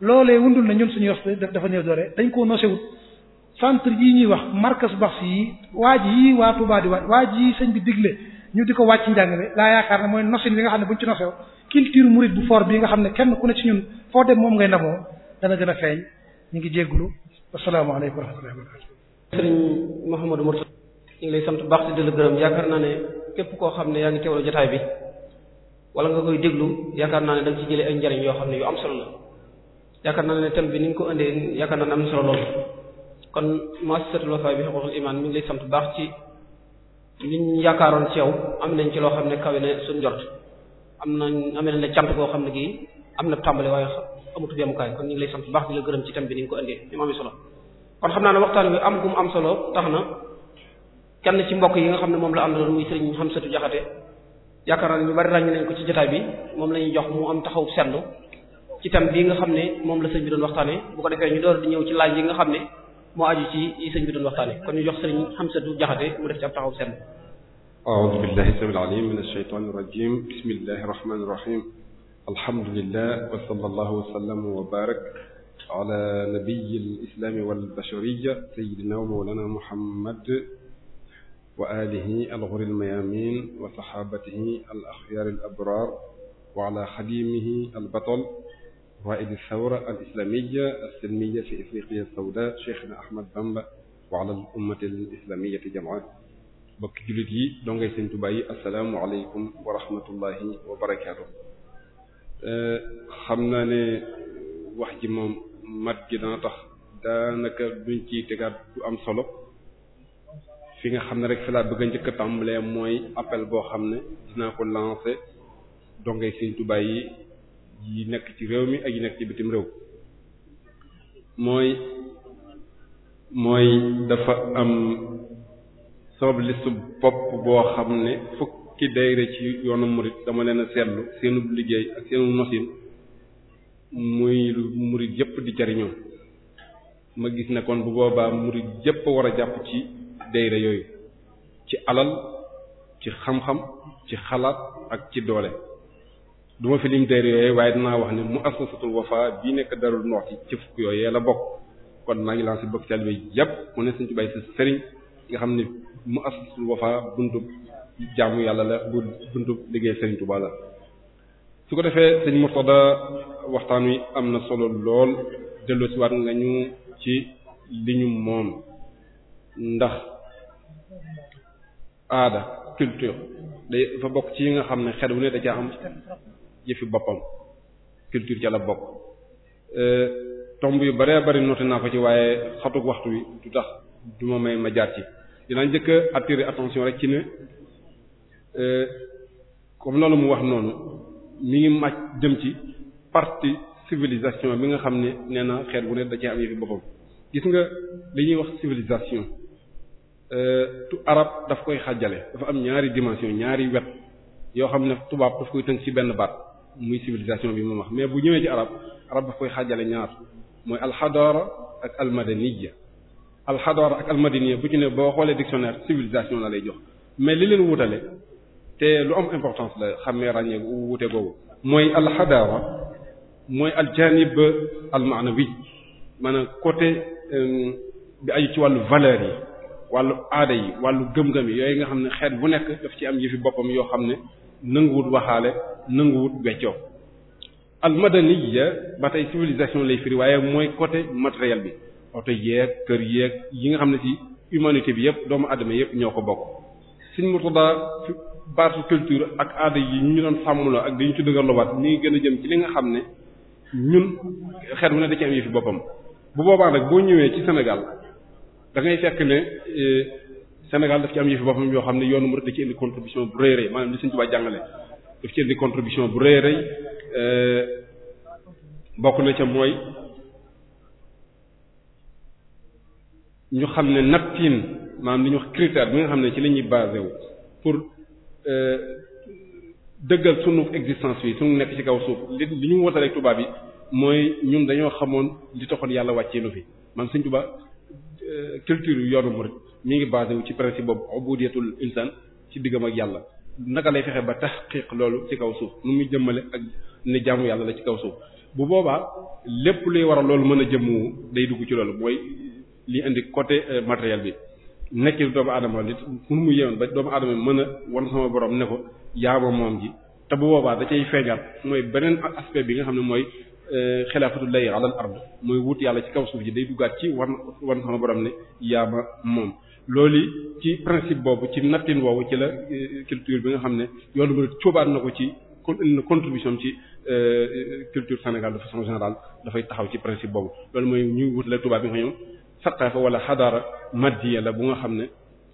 loolee wundul na ñun suñu yos dafa néew doole dañ koo nosewut centre yii ñuy wax markas bas yi waaj yi waa Touba di waaj waaj yi sëñ bi digle ñu di ko wàcc njàng mi laa yaakaar ne mooy nosin bi nga xam ne buñ ci nosew culture mouride bu fort bi nga xam ne kenn ku ne ci ñun foo dem moom ngay ndamoo dana gën a feeñ ñu ngi jégglu asalaamaaleykum wa ma wa barakatuh sëriñ Mouhamadou Mourtada ñu ngi lay sant baax di la gërëm yaakaar naa ne képp koo xam ne yaa ngi teewlu jotaay bi wala nga koy déglu yaakaar naa ne da nga ci jëlee ay njariñ yoo xam ne yu am solo la yaakaar naa ne thème bi ni ñu ko indee yaakaar naa am na kon Muassasatul Wafa bi Huquuqul Iman mi ngi lay sant baax ci liñ yaakaaroon ci yow am nañ ci loo xam ne kawe na suñ njort am nañ amee nañ la cant koo xam ne gii am na tàmbale waaye amatu yemukaay kon ñu ngi lay sant baax di la gërëm ci thème bi ni nga ko indee ni mu amee solo kon xam naa ne waxtaan wi am gu mu am solo tax na kenn ci mbokk yi nga xam ne moom la àndaloon muy sëriñ Hamsatu Jaxate yaakaar naa ne ñu bari ràññee nañ ko ci jotaay bi jox am taxaw seetlu ci thème bii nga xam ne moom la sëñ bi doon waxtaanee boo ko defee ñu door di ñëw ci laaj yi nga xam ne moo aju ci yi sëñ bi doon waxtaanee kon ñu jox sëriñ Hamsatu Jaxate mu def ci am taxaw seetlu a'udhu billahi samil alim minash shaytanir rajim bismillahir rahmanir rahim alhamdulillah wa sallallahu wa sallam wa barak ala nabiy alislami walbashariya sayidina wa mawlana muhammad wa alihi alxuri almayamin wa saxaabatihi alaxyaar alabrar wa ala xadimihi albatal raid althawra alislamiya alsilmiya fi ifriqiya alsawda cheikhna ahmad bamba wa ala alummati alislamiyati jamaa bokk jullit yi dongay seen tubaay yi asalaamu aleykum wa rahmatullahi wa barakaatu xam naa ne wax ji moom mat gi dana tax daanaka duñ ci tegaat du am solo fi nga xam ne rek fi laa bëgg a njëkk tàmbalee mooy appel boo xam ne dinaa ko lancer dongay Sëriñ Tuubaa yi yi nekk ci réew mi ak yi nekk ci bitim réew mooy mooy dafa am sabab liste bopp boo xam ne fukk ci dayre ci yoonu murit dama leen a seetlu seenu liggéey ak seenu nosin muy lu murit yépp di jariñoo ma gis ne kon bu boobaa murit yépp war a jàpp ci dayre yooyu ci alal ci xam-xam ci xalaat ak ci doole du ma fi lim dayre yooyu waaye dinaa wax ne mu assasatul wafa bii nekk darul nooti ci fukk yooyee la bokk kon maa ngi lancé bokk talibé yépp mu ne suñ ci bàyyi sa sëriñ nga xam ni mu assasatul wafa buntu jaamu yàlla la bu buntu liggéey Serigne Touba la su ko defee Serigne Mourtada waxtaan wi am na solo lool delloosiwaat ñu ci li ñu moom ndax aada culture day dafa bokk ci yi nga xam ne xel wu ne da caa am jëfi boppam culture ca la bokk euh, tomb yu bare bari noté naa ko ci waaye xatuk waxtu wi du tax du ma may ma jaar ci dinaa njëkk attirer attention rek ci ne Euh, comme loolu mu wax noonu mi ngi màcc jëm ci parti civilisation bi nga xam ne nee na xeet bu ne da cee am yëfi boppam gis nga li ñuy wax civilisation euh, tu arab daf koy xajale dafa am ñaari dimension ñaari wet yoo xam ne tubaab daf koy tënk ci benn baat muy civilisation bi mu wax mais bu ñëwee ci arab arab daf koy xàjjale ñaar mooy alxadara ak almadaniya alxadara ak almadaniya bu ci ne boo xoolee dictionnaire civilisation la lay jox mais li leen wutale te lu am importance la xàmmee ràññee wute boobu mooy alxadaara mooy aljanib almaanawi maanaam côté euh, bi aju ci wàllu valeur yi wàllu aada yi wàllu gëm-gëm yi yooyu nga xam ne xeet bu nekk daf ci am yëfi boppam yoo xam ne nanguwut waxaale nanguwut weccoo almadaniya ba tey civilisation lay firi waaye mooy côté matériel bi oto yeeg kër yeeg yi nga xam ne ci humanité bi yëpp doomu aadama yëpp ñoo ko bokk Sëriñ Murtada baatu culture ak aada yi ñu doon sàmmuloo ak dañu ci dëgërluwaat ñu ngi gën a jëm ci li nga xam ne ñun xeet wu ne da ci am yi fi boppam bu boobaa nag boo ñëwee ci Sénégal dangay ngay fekk ne eh, Sénégal daf ci am yi fi boppam yoo xam ne yoonu mu da ci indi contribution bu rëy rëy maanaam li suñu tubaab jàngale daf ci indi contribution bu rëy rëy eh, bokk na ca mooy ñu xam ne nattiin maanaam li ñuy wax critère bi nga xam ne ci la ñuy basé wu pour Euh, dëggal sunu existence bi sunu nekk ci kaw suuf li li ñu wutaleeg tubaab yi mooy ñun dañoo xamoon li taxoon yàlla wàccee nu fi man Sëriñ Tuubaa euh, culture yu yoonu murid mi ngi basé ci principe boobu ubudiyatul insan ci diggam ak yàlla naka lay fexe ba tax tahqiq loolu ci kaw suuf nu muy jëmmale ak ne jàmm yàlla la ci kaw suuf bu boobaa lépp luy waral loolu mën a jëmmu day dugg ci loolu mooy li indi côté euh, matériel bi nekk doomu aadama li mun mu yéwén ba doomu aadama mën a wan sama borom ne ko yaama moom ji te bu boobaa da cay feeñaat mooy beneen aspect bi nga xam ne mooy euh, xilaafatul lay alal ard mooy wut yàlla ci kaw suuf ji day duggaat ci wan wan sama borom ne yaama moom loolu ci principe boobu ci nattin woowu ci la euh, culture bi nga xam ne yoonu mu coobaat na ko ci contribution ci euh, culture Sénégal de façon dafay taxaw ci principe boobu loolu mooy ñuy wutale tubaab bi nga xam saqaafa wala xadaara maddiya la bu nga xam ne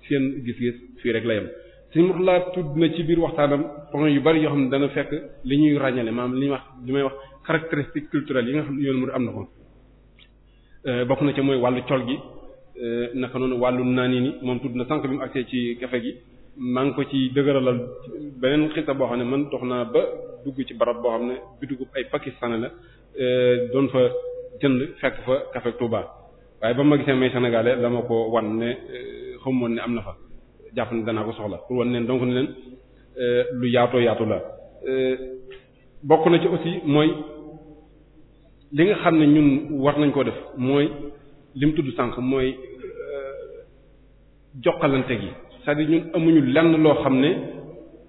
seen gis-gis fii rek la yem suñu motulaa tudd na ci biir waxtaanam point yu bari yoo xam ne dana fekk li ñuy ràññale maanaam li ñuy wax li may wax caractéristiques culturelles yi nga xam ne yoonu murid am na ko euh, bokk na ca mooy wàll col gi euh, naka noonu wàllu naani ni moom tudd na sànq bi mu agsee ci kafe gi maa ngi ko ci dëgëralal beneen xisa boo xam ne man dox naa ba dugg ci barab boo xam ne bi dugub ay pakistani la euh, doon fa jënd fekk fa kafe Touba waaye ba ma gisee may sénégalais la ma ko wan ne euh, xamoon ne am na fa jàpp ne danaa ko soxla pour wan leen donk ne leen euh, lu yaatoo yaatu la euh, bokk na ci aussi mooy li nga xam ne ñun war nañ koo def mooy li mu tudd sànq mooy jokkalante gi cest à ñun amuñu lenn loo xam ne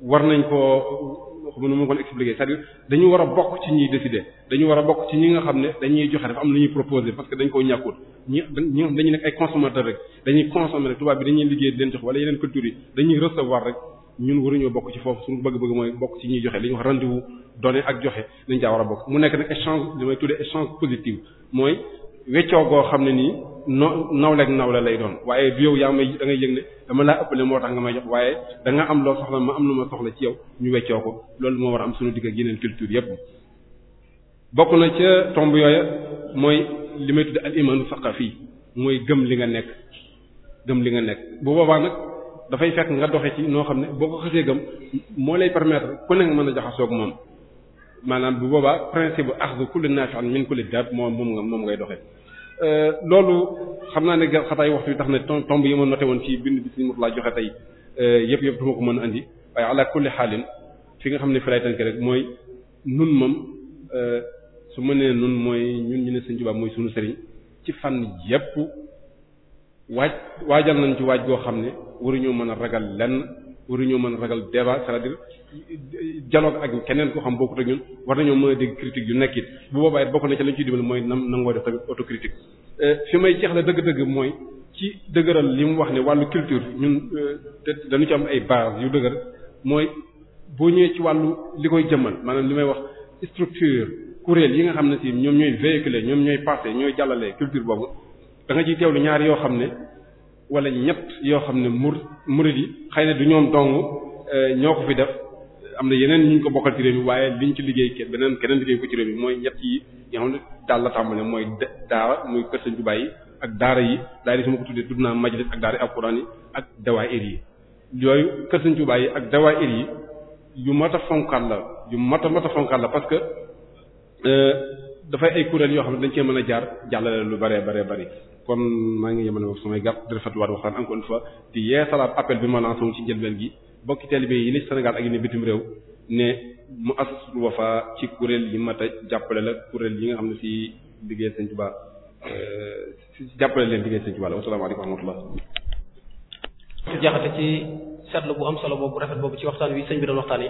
war nañ koo xam nu mu ko expliquer cest à dañu war a bokk ci ñiy décider dañu war a bokk ci ñi nga xam ne dañuy joxe dafa am lu ñuy proposer parce que dañ koo ñàkkut ñi ñi nga xam dañuy nekk ay consommateurs rek dañuy consommer rek tubaab bi dañuy liggéey di leen jox wala yeneen culture yi dañuy recevoir rek ñun waruñoo bokk ci foofu suñu bëgg-bëgg mooy bokk ci ñuy joxe li ñuy wax rendez-vous donné ak joxe dañ caa war a bokk mu nekk nag échange li may tuddee échange positif mooy weccoo goo xam ne nii no nawleeg naw la lay doon waaye du yow yaa may da ngay yëg ne dama laa ëppale moo tax nga may jox waaye danga nga am loo soxla ma am lu ma soxla ci yow ñu weccoo ko loolu moo war a am suñu digg ak yeneen culture yépp bokk na ca tomb yooya mooy li may tudd al imaanu saqafi mooy gëm li nga nekk gëm li nga nekk bu boobaa nag dafay fekk nga doxe ci noo xam ne boo ko xasee gëm moo lay permettre ku ne mën a jaxasoog moom maanaam bu boobaa principe bu axdu kulli nafi'an min kulli dab moom moom nga moom ngay doxee Euh, loolu xam naa ne xataay waxtu yi tax na tomb yi ma noté woon ci bind bi si mot laa joxe tey euh, yëpp du duma ko mën a indi waaye ala kulli xaalin fi nga xam ne fi lay rek mooy nun moom euh, su ma nee nun mooy ñun ñu ne Sëriñ Tuubaa mooy sunu sëriñ ci fan yëpp waaj waajal nañ ci waaj goo xam ne waruñoo mën a ragal lenn waruñoo mën ragal débat c'est-à-dire ak keneen koo xam bokkut ak ñun war nañoo mën a dégg critique yu nekk it bu boobaa it bokk na ci lañ ciy dimbali mooy nam nangoo euh, dëgg-dëgg mooy ci dëgëral li mu wax ne wàllu culture ñun euh, te dañu ci am ay base yu dëgër mooy boo ñëwee ci wàllu li koy jëmmal maanaam li may wax structure kuréel yi nga xam ne si ñoom ñooy véhiculer ñoom ñooy passer ñooy jàllale culture boobu da nga ciy teewlu ñaar yoo xam ne wala ñett yoo xam ne mur murid yi xëy na du ñoom dong euh, ñoo ko fi def am na yeneen ñu ñu ko bokkal ci réew mi waaye liñ ci liggéey kenn beneen keneen liggéey ko ci réew mi mooy ñett yi nga xam ne daal la tàmbale mooy daara muy kër Sëriñ Tuubaa yi ak daara yi daara yi su ma ko tuddee tudd naa majlis ak daara yi alxuraan yi ak dawaayir yi yooyu kër Sëriñ Tuubaa yi ak dawaayir yi yu mat a fonkaat la yu mat a mat fonkaat la parce que euh, dafay ay kuréel yoo xam ne dañ cee mën a jaar jàllale lu bare bare bari kon maa ngi yemale wax samay gàtt di rafetluwaat waxtaan encore une fois di yeesalaat appel bi ma lancé woon ci njëlbeen gi bokki taalibe yi ni Sénégal ak yi ne bitim réew ne mu assasul Wafa ci kuréel yi mat a jàppale la kuréel yi nga xam ne ci liggéey Sëriñ Tuubaa ci euh, jàppale leen liggéey Sëriñ Tuubaa la wassalaamu alaykum wa rahmatullah su jaxate ci seetlu bu am solo boobu rafet boobu ci waxtaan wi sëñ bi doon waxtaan yi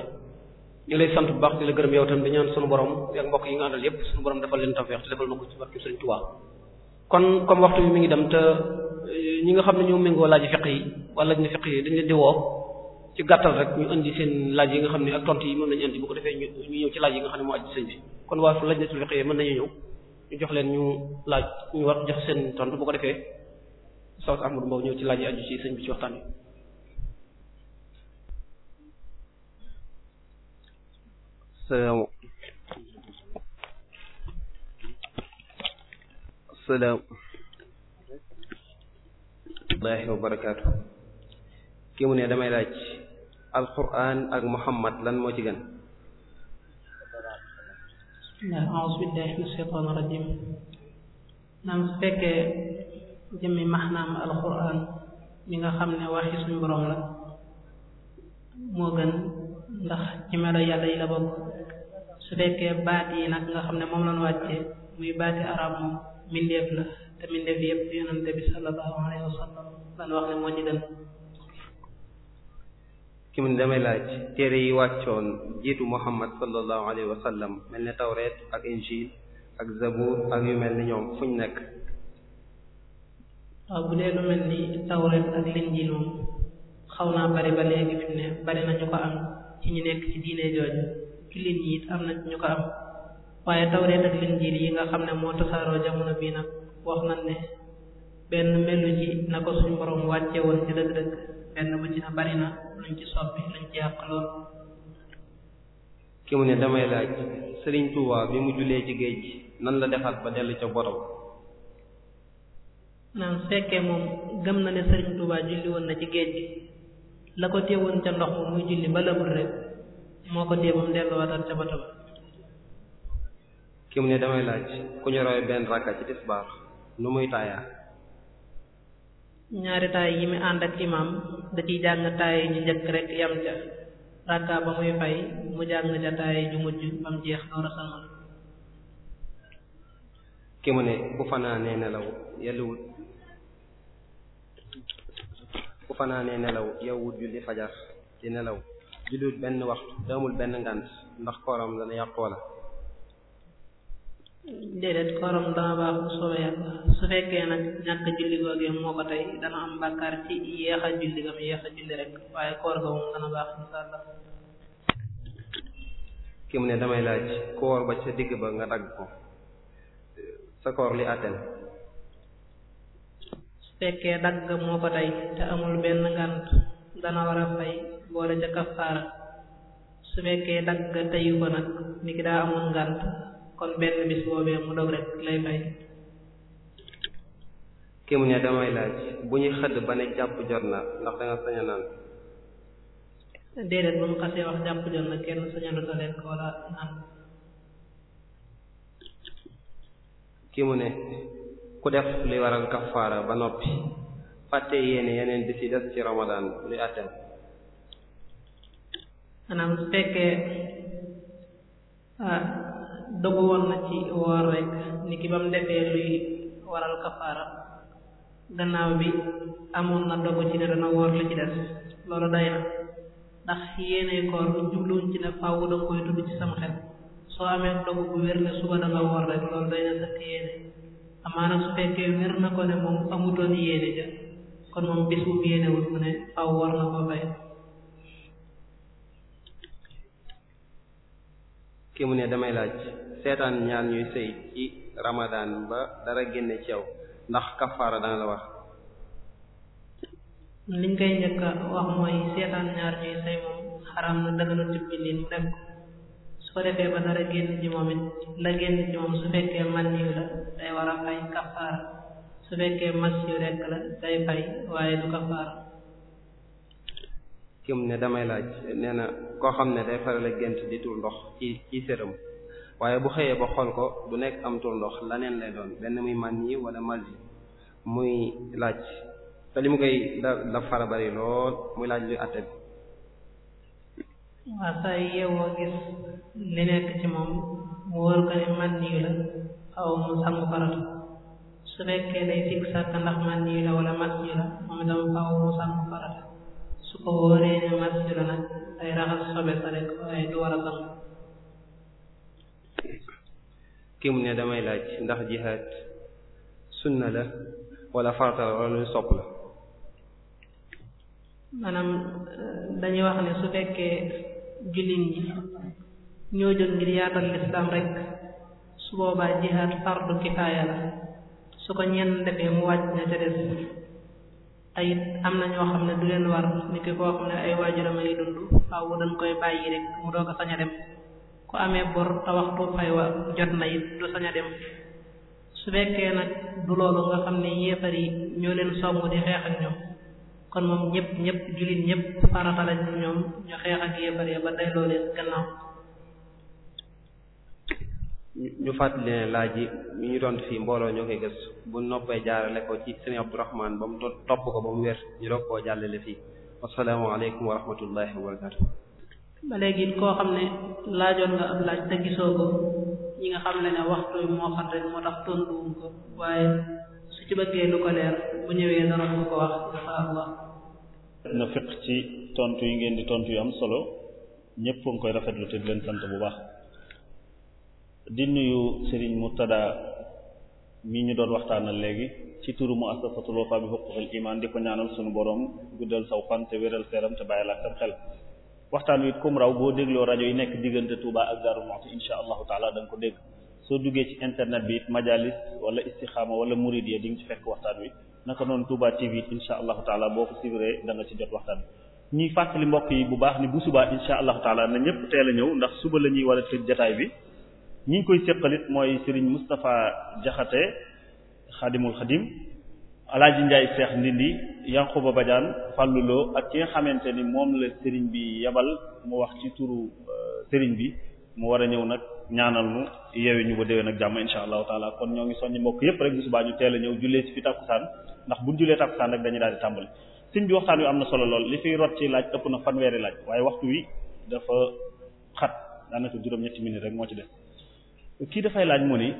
ñu lay sant bu baax di la gërëm yow tam di ñaan sunu borom ak mbokk yi nga àndal yépp sunu borom defal leen tawfeex te defal ma ko ci barke Sëriñ Tuubaa kon comme waxtu mi ngi dem te ñi nga xam ne ñoo méngoo laaj fiq yi wala ñu fiq yi dañ leen di woo ci gàttal rek ñu indi seen laaj yi nga xam ne ak tontu yi moom lañu indi bu ko defee ñu ñëw ci laaj yi nga xam ne moo aju sëñ bi kon waa laj na fiq yi mën nañu ñëw ñu jox leen ñu laaj ñu war jox seen tontu bu ko defee saw Ahmadu Mbow ñëw ci laaj yi aju ci sëñ bi ci waxtaan yi salaam laahi wa barakaatu kii mu ne damay laaj alquran ak muhammad lan moo ci gën a'uuzu billahi mina shaytaani naam su fekkee mi nga xam ne waxi suñu boroom la moo gën ndax ci melo yàlla yi la bokk su fekkee baat yi nag nga xam ne moom lañu wàcce muy baati arab moom mindeef la te mindeef yëpp yonante bi sallallahu alayhi wa sallam wax ne moo ci gën ki mu ne damay laaj téere yi wàccoon jiitu muhammad sallallahu alayhi wa sallam mel ne tawreet ak injil ak zabur ak yu mel ni ñoom fuñ nekk waaw bu dee lu mel ni tawreet ak linjil xaw naa bari ba léegi fi ne bari na ñu ko am ci ñu nekk ci diine jooju jullit yi it am na ñu ko am waaye tawreet ak linjiil yi nga xam ne moo tasaaroo jamono bii nag wax nañ ne benn melu na ko suñu borom wàcce woon ci dëgg-dëgg benn bu ci na bari na ci soppi bi mu julee ci géej gi nan la defaat ba dellu ca borom. naan su fekkee moom gëm na ne Serigne Touba julli woon na ci géej gi la ko téewoon ca ndox mu muy julli ba lëbul rek moo ko téye ba mu delluwaataat ca bato kii mu ne damay laaj ku ñu roy benn rakka ci tisbaar nu muy taayaa ñaari taay yi mu ànd ak imaam da jàng taay ñu njëkk rek yam ca rakka ba muy fay mu jàng ca taay ju mujj bam jeex door a salmal mu ne bu fanaanee nelaw yelluwut nelaw yowwut julli fajar di nelaw julliwut benn waxtu damul benn ngant ndax kooram dana yàqoo la déedéet kooram dana baax bu soobee su fekkee nag ñàkk julli googee moo ko dana am bàkkaar ci yéex julli gam yéex julli rek waaye koor ga digg ba nga dagg ko sa koor li àttel su fekkee dagg moo ko te amul benn ngant dana war a fay boole ca kafaara su fekkee dagg teyu ko nag ni ki daa amul ngant kon benn bis boobee mu dog rek lay fay kii mu ne damay laaj bu ñuy xëdd ba ne jàpp jot na ndax danga sañ a naan déedéet bu mu xasee wax jàpp jot na kenn sañ a doon leen ko naan kii mu ne ku def luy waral kafaara ba noppi fàtte yéene yeneen bi ci des ci ramadan luy àtteem maanaam su fekkee ah, dogu woon na ci woor rek ni ki ba mu defee gannaaw bi amoon na dogu ci ne dana woor la ci des loolu day na ndax yéenee koor lu jubluwuñ ci ne woor na ko ne moom mu yéenewul mu ne koo fay kii mu ne damay laaj seetaan ñaar ñuy sëy ci ramadaan ba dara génne ci ndax kafaara dana la wax liñ koy njëkk wax mooy seetaan ñaar ñuy sëy moom xaram na daganu tibbi nit mu def ko ko su fekkee man yu la day war a fay kafaara su fekkee mas yu rekk la day fay waaye du kafaara kim ne damay laaj nee na koo xam ne day faral a gént di ndox ci ci sëram waaye bu xëyee ba xool ko du nekk am tur ndox laneen lay doon benn muy man yi wala mal yi muy laaj te mu koy da daf lool muy laaj luy àtte bi waa saa gis li nekk ci moom mu wóor ko ne man la aw mu sangu faratu su ko wóoree ne mat la nag day raxas sobe sa rek waaye du war a sangu ki mu ne damay laaj ndax jihaad sunna la walla farata la wala lu sopp la maanaam euh, dañuy wax ne su fekkee jullit ñi ñoo jóg ngir yaatal lislaam rek su boobaa jihaad fardu kifaaya la su ko ñenn defee mu wàcc na ca des ay am na ñoo xam ne du leen war ni ki koo xam ne ay waajuram ay dund faaw dañ koy bàyyi rek mu doog a sañ a dem ku amee bor te waxtu fay wa jot na it du sañ dem su fekkee nag du loolu nga xam ne yéefar yi ñoo leen somm di xeex ak ñoom kon moom ñëpp ñëpp jullit ñëpp farata la ñoom ñu xeex ak yéefar yi ba ñu fàttali ne laaj yi ñu ñu doon fii mbooloo ñoo koy gës bu noppee jaarale ko ci sëñ Abdourahmane ba mu topp ko ba mu wér ñu doog koo jàllale fii wassalaamu aleykum wa rahmatullahi ba léegi it koo xam ne laajoon nga ab laaj te gisoo ko ñi nga xam ne ne waxtu moo xam rek moo tax tontuwuñ ko waaye su ci bëggee lu ko leer bu ñëwee dara nga ko wax insha allah na fiq ci tontu yi ngeen di tontu yu am solo ñëpp nga koy rafetlu te di leen sant bu baax di nuyu Serigne Murtada mi ñu doon waxtaan waxtaanal léegi ci turu mu assasatul wafa bi huquqil iman di ko ñaanal sunu borom guddal saw fan te wéral seeram te bàyyi la xel waxtaan wi comme raw boo dégloo rajo yi nekk diggante Touba ak Darou Moukhty insha allahu taala da ko dégg soo duggee ci internet bi it majalis wala istixaama wala muridiya di nga ci fekk waxtaan wi naka noonu Touba TV it insha allahu taala boo ko suivre da nga ci jot waxtaan wi ñuy fàttali mbokk yi bu baax ni bu subaa insha allahu taala na ñëpp teel a ñëw ndax suba la ñuy war a tëj bi ñi ngi koy séqalit mooy Serigne Moustapha Diakhaté xadimul xadim alaaji njaay seex ndindi yanquba bajaan fàlluloo ak ki nga xamante ni moom la sëriñ bi yebal mu wax ci turu euh, sëriñ bi mu war a ñëw nag ñaanal nu yeewi ñu ba déwén ak jàmm insha allahu taala kon ñoo ngi soññ mbokk yépp rek bu subaa ñu teel a ñëw jullee ci fi tàkkusaan ndax buñ jullee tàkkusaan rek dañu daal di tàmbali sëriñ bi waxtaan wi am na solo lool li fiy rot ci laaj tëpp na fanweeri laaj waaye waxtu wi dafa xat daanaka juróom-ñetti minutes rek moo ci def kii dafay laaj mu ni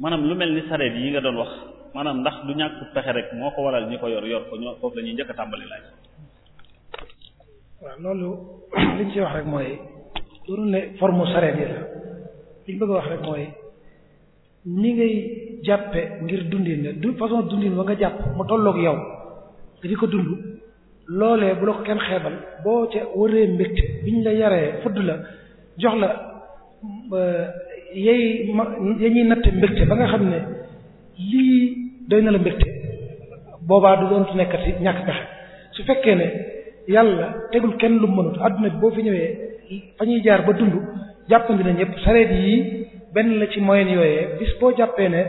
maanaam lu mel ni nga doon wax maanaam ndax du ñàkk pexe rek moo ko waral ñi ko yor yor ñoo foofu la ñuy njëkk a tàmbali laaj. waaw loolu li ñu ci wax rek mooy loolu ne forme sareet yi la li ñu bëgg wax rek mooy ni ngay jàppe ngir dundin ne du façon dundin ba nga jàpp mu tolloog yow nga di ko dund loolee bu la ko kenn xeebal boo ca waree bi ñu la yaree fudd la jox la euh, yey ma ya ñuy natte mbégte ba nga xam ne lii doy na la mbégte boobaa du doon nekkati ñàkk pexe su fekkee ne yàlla tegul kenn lu mënut àdduna bi boo fi ñëwee fa ñuy jaar ba dund jàppandi na ñëpp sareet yii benn la ci moyen yooyee bis boo jàppee ne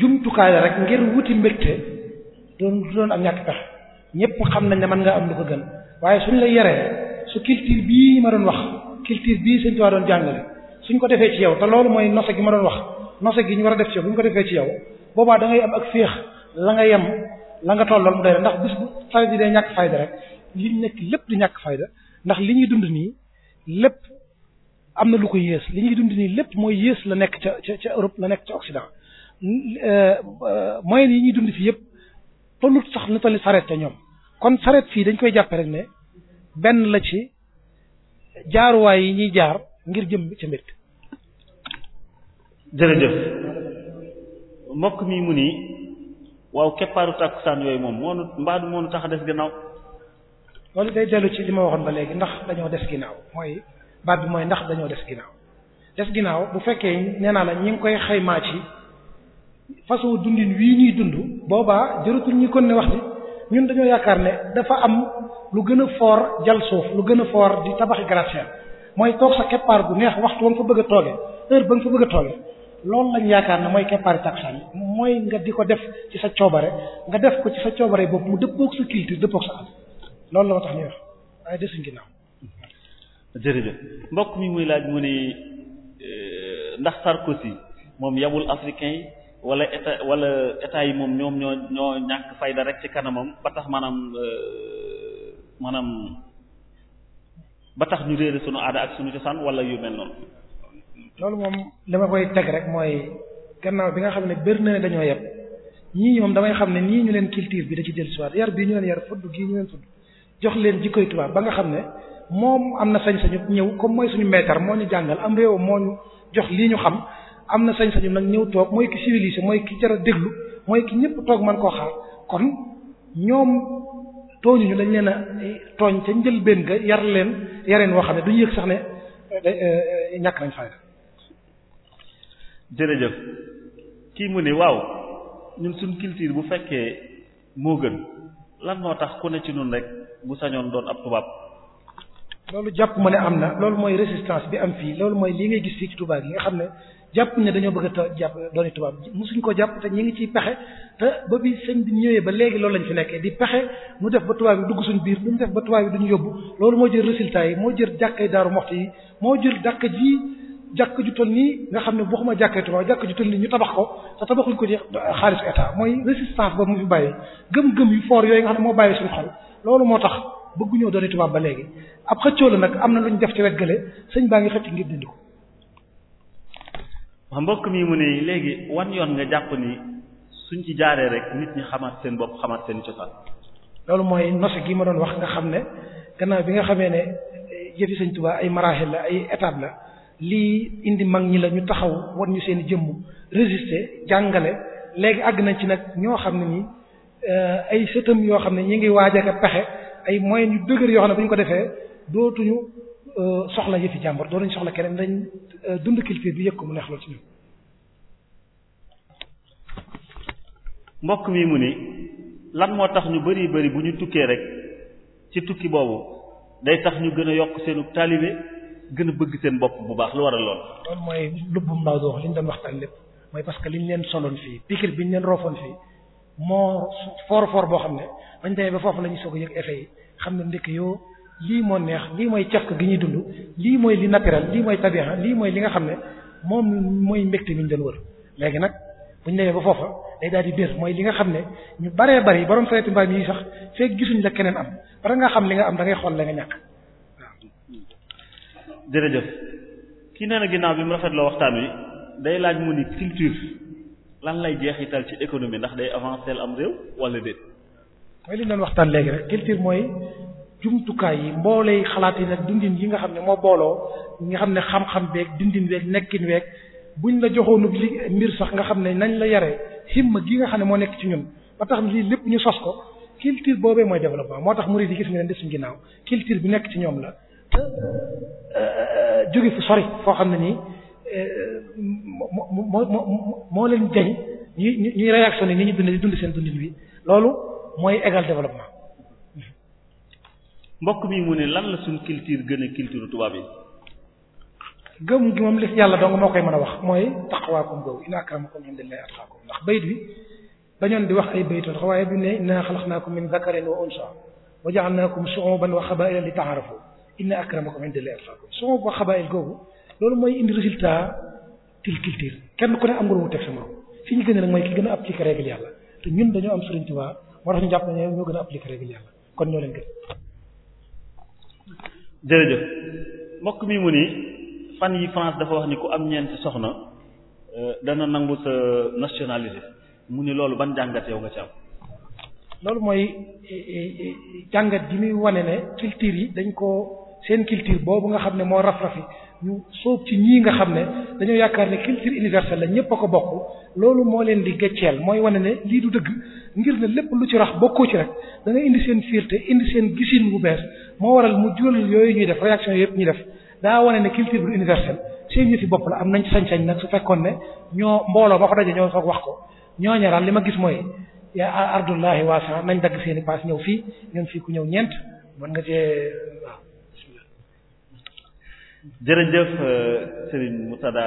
jumtukaay la rek ngir wuti mbégte doon du doon am ñàkk pexe ñëpp xam nañ ne man nga am lu ko gën waaye suñ la yaree su culture bii ma doon wax culture bii suñ tuwaa doon jàngale suñ ko defee ci yow te loolu mooy nose gi ma doon wax nose gi ñu war a def ci yow bu ñu ko defee ci yow boobaa da am ak féex langa yem la nga tollal mu doy ndax bis bu tawet yi day ñàkk fayda rek li nekk lépp di ñàkk fayda ndax li ñuy dund nii lépp am na lu ko yées li ñuy dund nii lépp mooy yées la nekk ca ca ca Europe la nekk ca Occident euh, euh, moyen yi ñuy dund fii yëpp tollut sax lu tolli sareet te ñoom kon sareet fii dañ koy jàppe rek ne benn la ci jaaruwaay yi ñuy jaar ngir jëm ca mbir jërëjëf mbokk mi mu nii waaw keppaaru tàkkusaan yooyu moom moo nu mbaa du moo nu tax a des ginnaaw loolu day dellu ci li ma waxoon ba léegi ndax dañoo des ginnaaw mooy baa bi mooy ndax dañoo des ginnaaw des ginnaaw bu fekkee nee naa la ñi ngi koy xaymaa ci façon dundin wii ñuy dund boobaa jërutul ñi kon ne wax ni ñun dañoo yaakaar ne dafa am lu gën a foor jal suuf lu gën a foor di tabaxi gratte mooy toog sa keppaar gu neex waxtu ba nga fa bëgg a tooge heure ba bëgg a loolu lañ yaakaar na mooy keppaari taxaan yi mooy nga di ko def ci sa coobare nga def ko ci sa coobare bopp mu dëppook sa culture dëppook sa at loolu la ma tax ñuy wax waaye desuñ ginnaaw. mbokk mi muy laaj mu ne eh, ndax Sarkozy moom yabul africain yi wala état wala état yi moom ñoom ñoo ñoo ñàkk fayda rek ci kanamam ba tax maanaam eh, maanaam ba tax ñu réere sunu aada ak sunu cosaan wala yu mel noonu. loolu moom li ma koy teg rek mooy gannaaw bi nga xam ne bér na ne dañoo yeb ñii moom damay xam ne nii ñu leen culture bi da ci jël siwaat yar bii ñu leen yar fudd gii ñu leen fudd jox leen jikkoy tubaab ba nga xam ne moom am na sañ-sañu ñëw comme mooy suñu maître moo ñu jàngal am réew moo ñu jox lii ñu xam am na sañ-sañu nag ñëw toog mooy ki civilisé mooy kii jar déglu mooy kii ñëpp toog man koo xaar kon ñoom tooñuñu dañ leen a eh, tooñ ca njëlbeen ga yar leen yareen woo xam ne duñu yëg sax ne eh, eh, jërëjëf kii mu ne waaw ñun suñ culture bu fekkee moo gën lan moo tax ku ne ci ñun rek bu sañoon doon ab tubaab. loolu jàpp ma ne am na loolu mooy résistance bi am fii loolu mooy li ngay gis fii ci tubaab yi nga xam ne jàpp ne dañoo bëgg a jàpp dooni tubaab suñ ko jàpp te ñu ngi ciy pexe te ba bi sëñ bi ñëwee ba léegi loolu lañ ci nekkee di pexe mu def ba tubaab yi dugg suñ biir lu mu def ba tubaab yi duñu yóbbu loolu moo jël résultat yi moo jël jàkkay daaru moxtu yi moo jël dàkk ji jàkk ju toll nii nga xam ne boo xuma jàkkee jàkk ju toll nii ñu tabax ko te tabaxuñ ko ci xaalis état mooy résistance ba mu fi bàyyi gëm-gëm yu fort yooyu nga xam ne moo bàyyi suñu loolu moo tax bëgguñoo doone tubaab ba léegi ab xëccoo la nag am na luñ def ci wet gële sëñ baa ngi xëcc ngir dindi ko. wax mbokk mi mu ne léegi wan yoon nga jàpp ni suñ ci jaaree rek nit ñi xamaat seen bopp xamaat seen cosaan. loolu mooy noce gi ma doon wax nga xam ne gannaaw bi nga xamee ne yëfi sëñ Tuubaa ay maraaxil la ay étape la lii indi mag ñi la ñu taxaw war ñu seen i jëmm résister jàngale léegi àgg nañ ci nag ñoo xam ne nii eh, ay sëtëm yoo xam ne ñu ngi waaj a pexe ay moyens yu dëgër yoo xam ne bu ñu ko defee dootuñu eh, soxla yëfi jàmbur dootuñu soxla keneen dañ eh, dund culture bi yëg ko mu neex lool ci ñun. mbokk mi mu ni lan moo tax ñu bari bari bu ñu tukkee rek ci tukki boobu day tax ñu gën a yokk seenu taalibe gën a bëgg seen bopp bu baax lu a lool. loolu mooy lubbum ndaw di wax li ñu doon waxtaan lépp mooy parce que ñu leen soloon fii piqûre leen roofoon fii moo foor foor boo xam ne bañ demee ba foofu la ñu soog a yëg effet yi xam ne ndekk yoo lii moo neex lii mooy cafka gi ñuy dund lii mooy li naturel lii mooy tabiha lii mooy li nga xam ne moom mooy mbégte mi ñu doon wër léegi nag buñ demee ba foofa day daal di mooy li nga xam ne ñu baree bari borom sareeti mbaam yi sax fekk gisuñ la keneen am bara nga xam li nga am dangay xool la nga ñàkk jërëjëf kii nee na ginnaaw bi mu rafetloo waxtaan wi day laaj mu ni culture lan lay tal ci économie ndax day avancer am réew wala déet. mooy li ñu doon waxtaan léegi rek culture mooy jumtukaay yi mboole mboolee xalaat yi nag dundin yi nga xam ne moo booloo nga xam ne xam-xam beeg dundin week nekkin weeg buñ la joxoonu li mbir sax nga xam ne nañ la yare himma gi nga xam ne moo nekk ci ñun ba tax lii lépp ñu sos ko culture boobee mooy développement moo tax murid yi gis nga ginnaaw culture bi nekk ci ñoom la te euh, euh, jóge fu sori foo xam ne nii euh, moo moo moo leen jañ ñuy ñuy réactionné ni ñu dund di dund seen dundin bi loolu mooy égal développement. mbokk mi mu ne lan la suñ culture gën a culture tubaab yi. gëm gi moom li yàlla dong moo koy mën a wax mooy taqwaakum boobu inna akramakum indallahi atqaakum ndax bayit bi dañoon di wax ay bayit wax waaye bi ne ko xalaqnaakum min zakarin wa unsa wa ja'alnaakum shu'uban wa qabaa'ila li ta'aarafu inna akramakum indallahi atqakum su ma ko xabaayil googu loolu mooy indi résultat til culture kenn ku ne am nga lu mu teg sama fi ñu gën a nag mooy ki gën a appliquer règle yàlla te ñun dañoo am Serigne Touba moo tax ñu jàpp ne ñoo gën a kon ñoo leen gën. mbokk mi mu ni fan yi France dafa wax ni ku am ñeenti soxna euh, dana nangu sa nationalité mu ni loolu ban jàngat yow nga ci am. loolu mooy eh, eh, eh, jàngat bi muy wane ne culture yi dañ ko seen culture boobu nga xam ne moo raf rafi ñu soob ci ñii nga xam ne dañoo yaakaar ne culture universelle la ñépp a ko bokk loolu moo leen di gëcceel mooy wane ne lii du dëgg ngir lépp lu ci rax bokkoo ci rek da nga indi seen fierté indi seen gisin bu bees moo waral mu jural yooyu ñuy def réaction yëpp ñuy def daa wane ne culture bu universelle seen yëfi bopp la am nañ sañ-sañ nag su fekkoon ne ñoo mbooloo ma fa daje ñoo wax ko ñooñu daal li ma gis mooy yaa ardullahi waasa nañ dagg seeni i ñëw fii ñun fii ku ñëw ñeent mën nga cee waaw jërëjëf mu euh, Moutada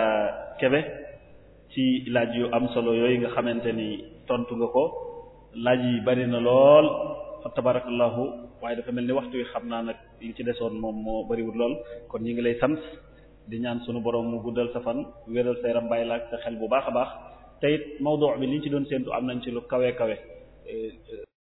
Kebe ci laaj yu am solo yooyu nga xamante ni tontu nga ko laaj yi bari na lool fa tabarakallahu waaye dafa mel ni waxtu wi xam naa nag li ci desoon moom moo bariwul lool kon ñi ngi lay sant di ñaan sunu borom mu guddal sa fan wéral say rambaay laak sa xel bu baax a baax te it mawdu bi liñ ci doon séentu am nañ ci lu kawee kawe euh, euh,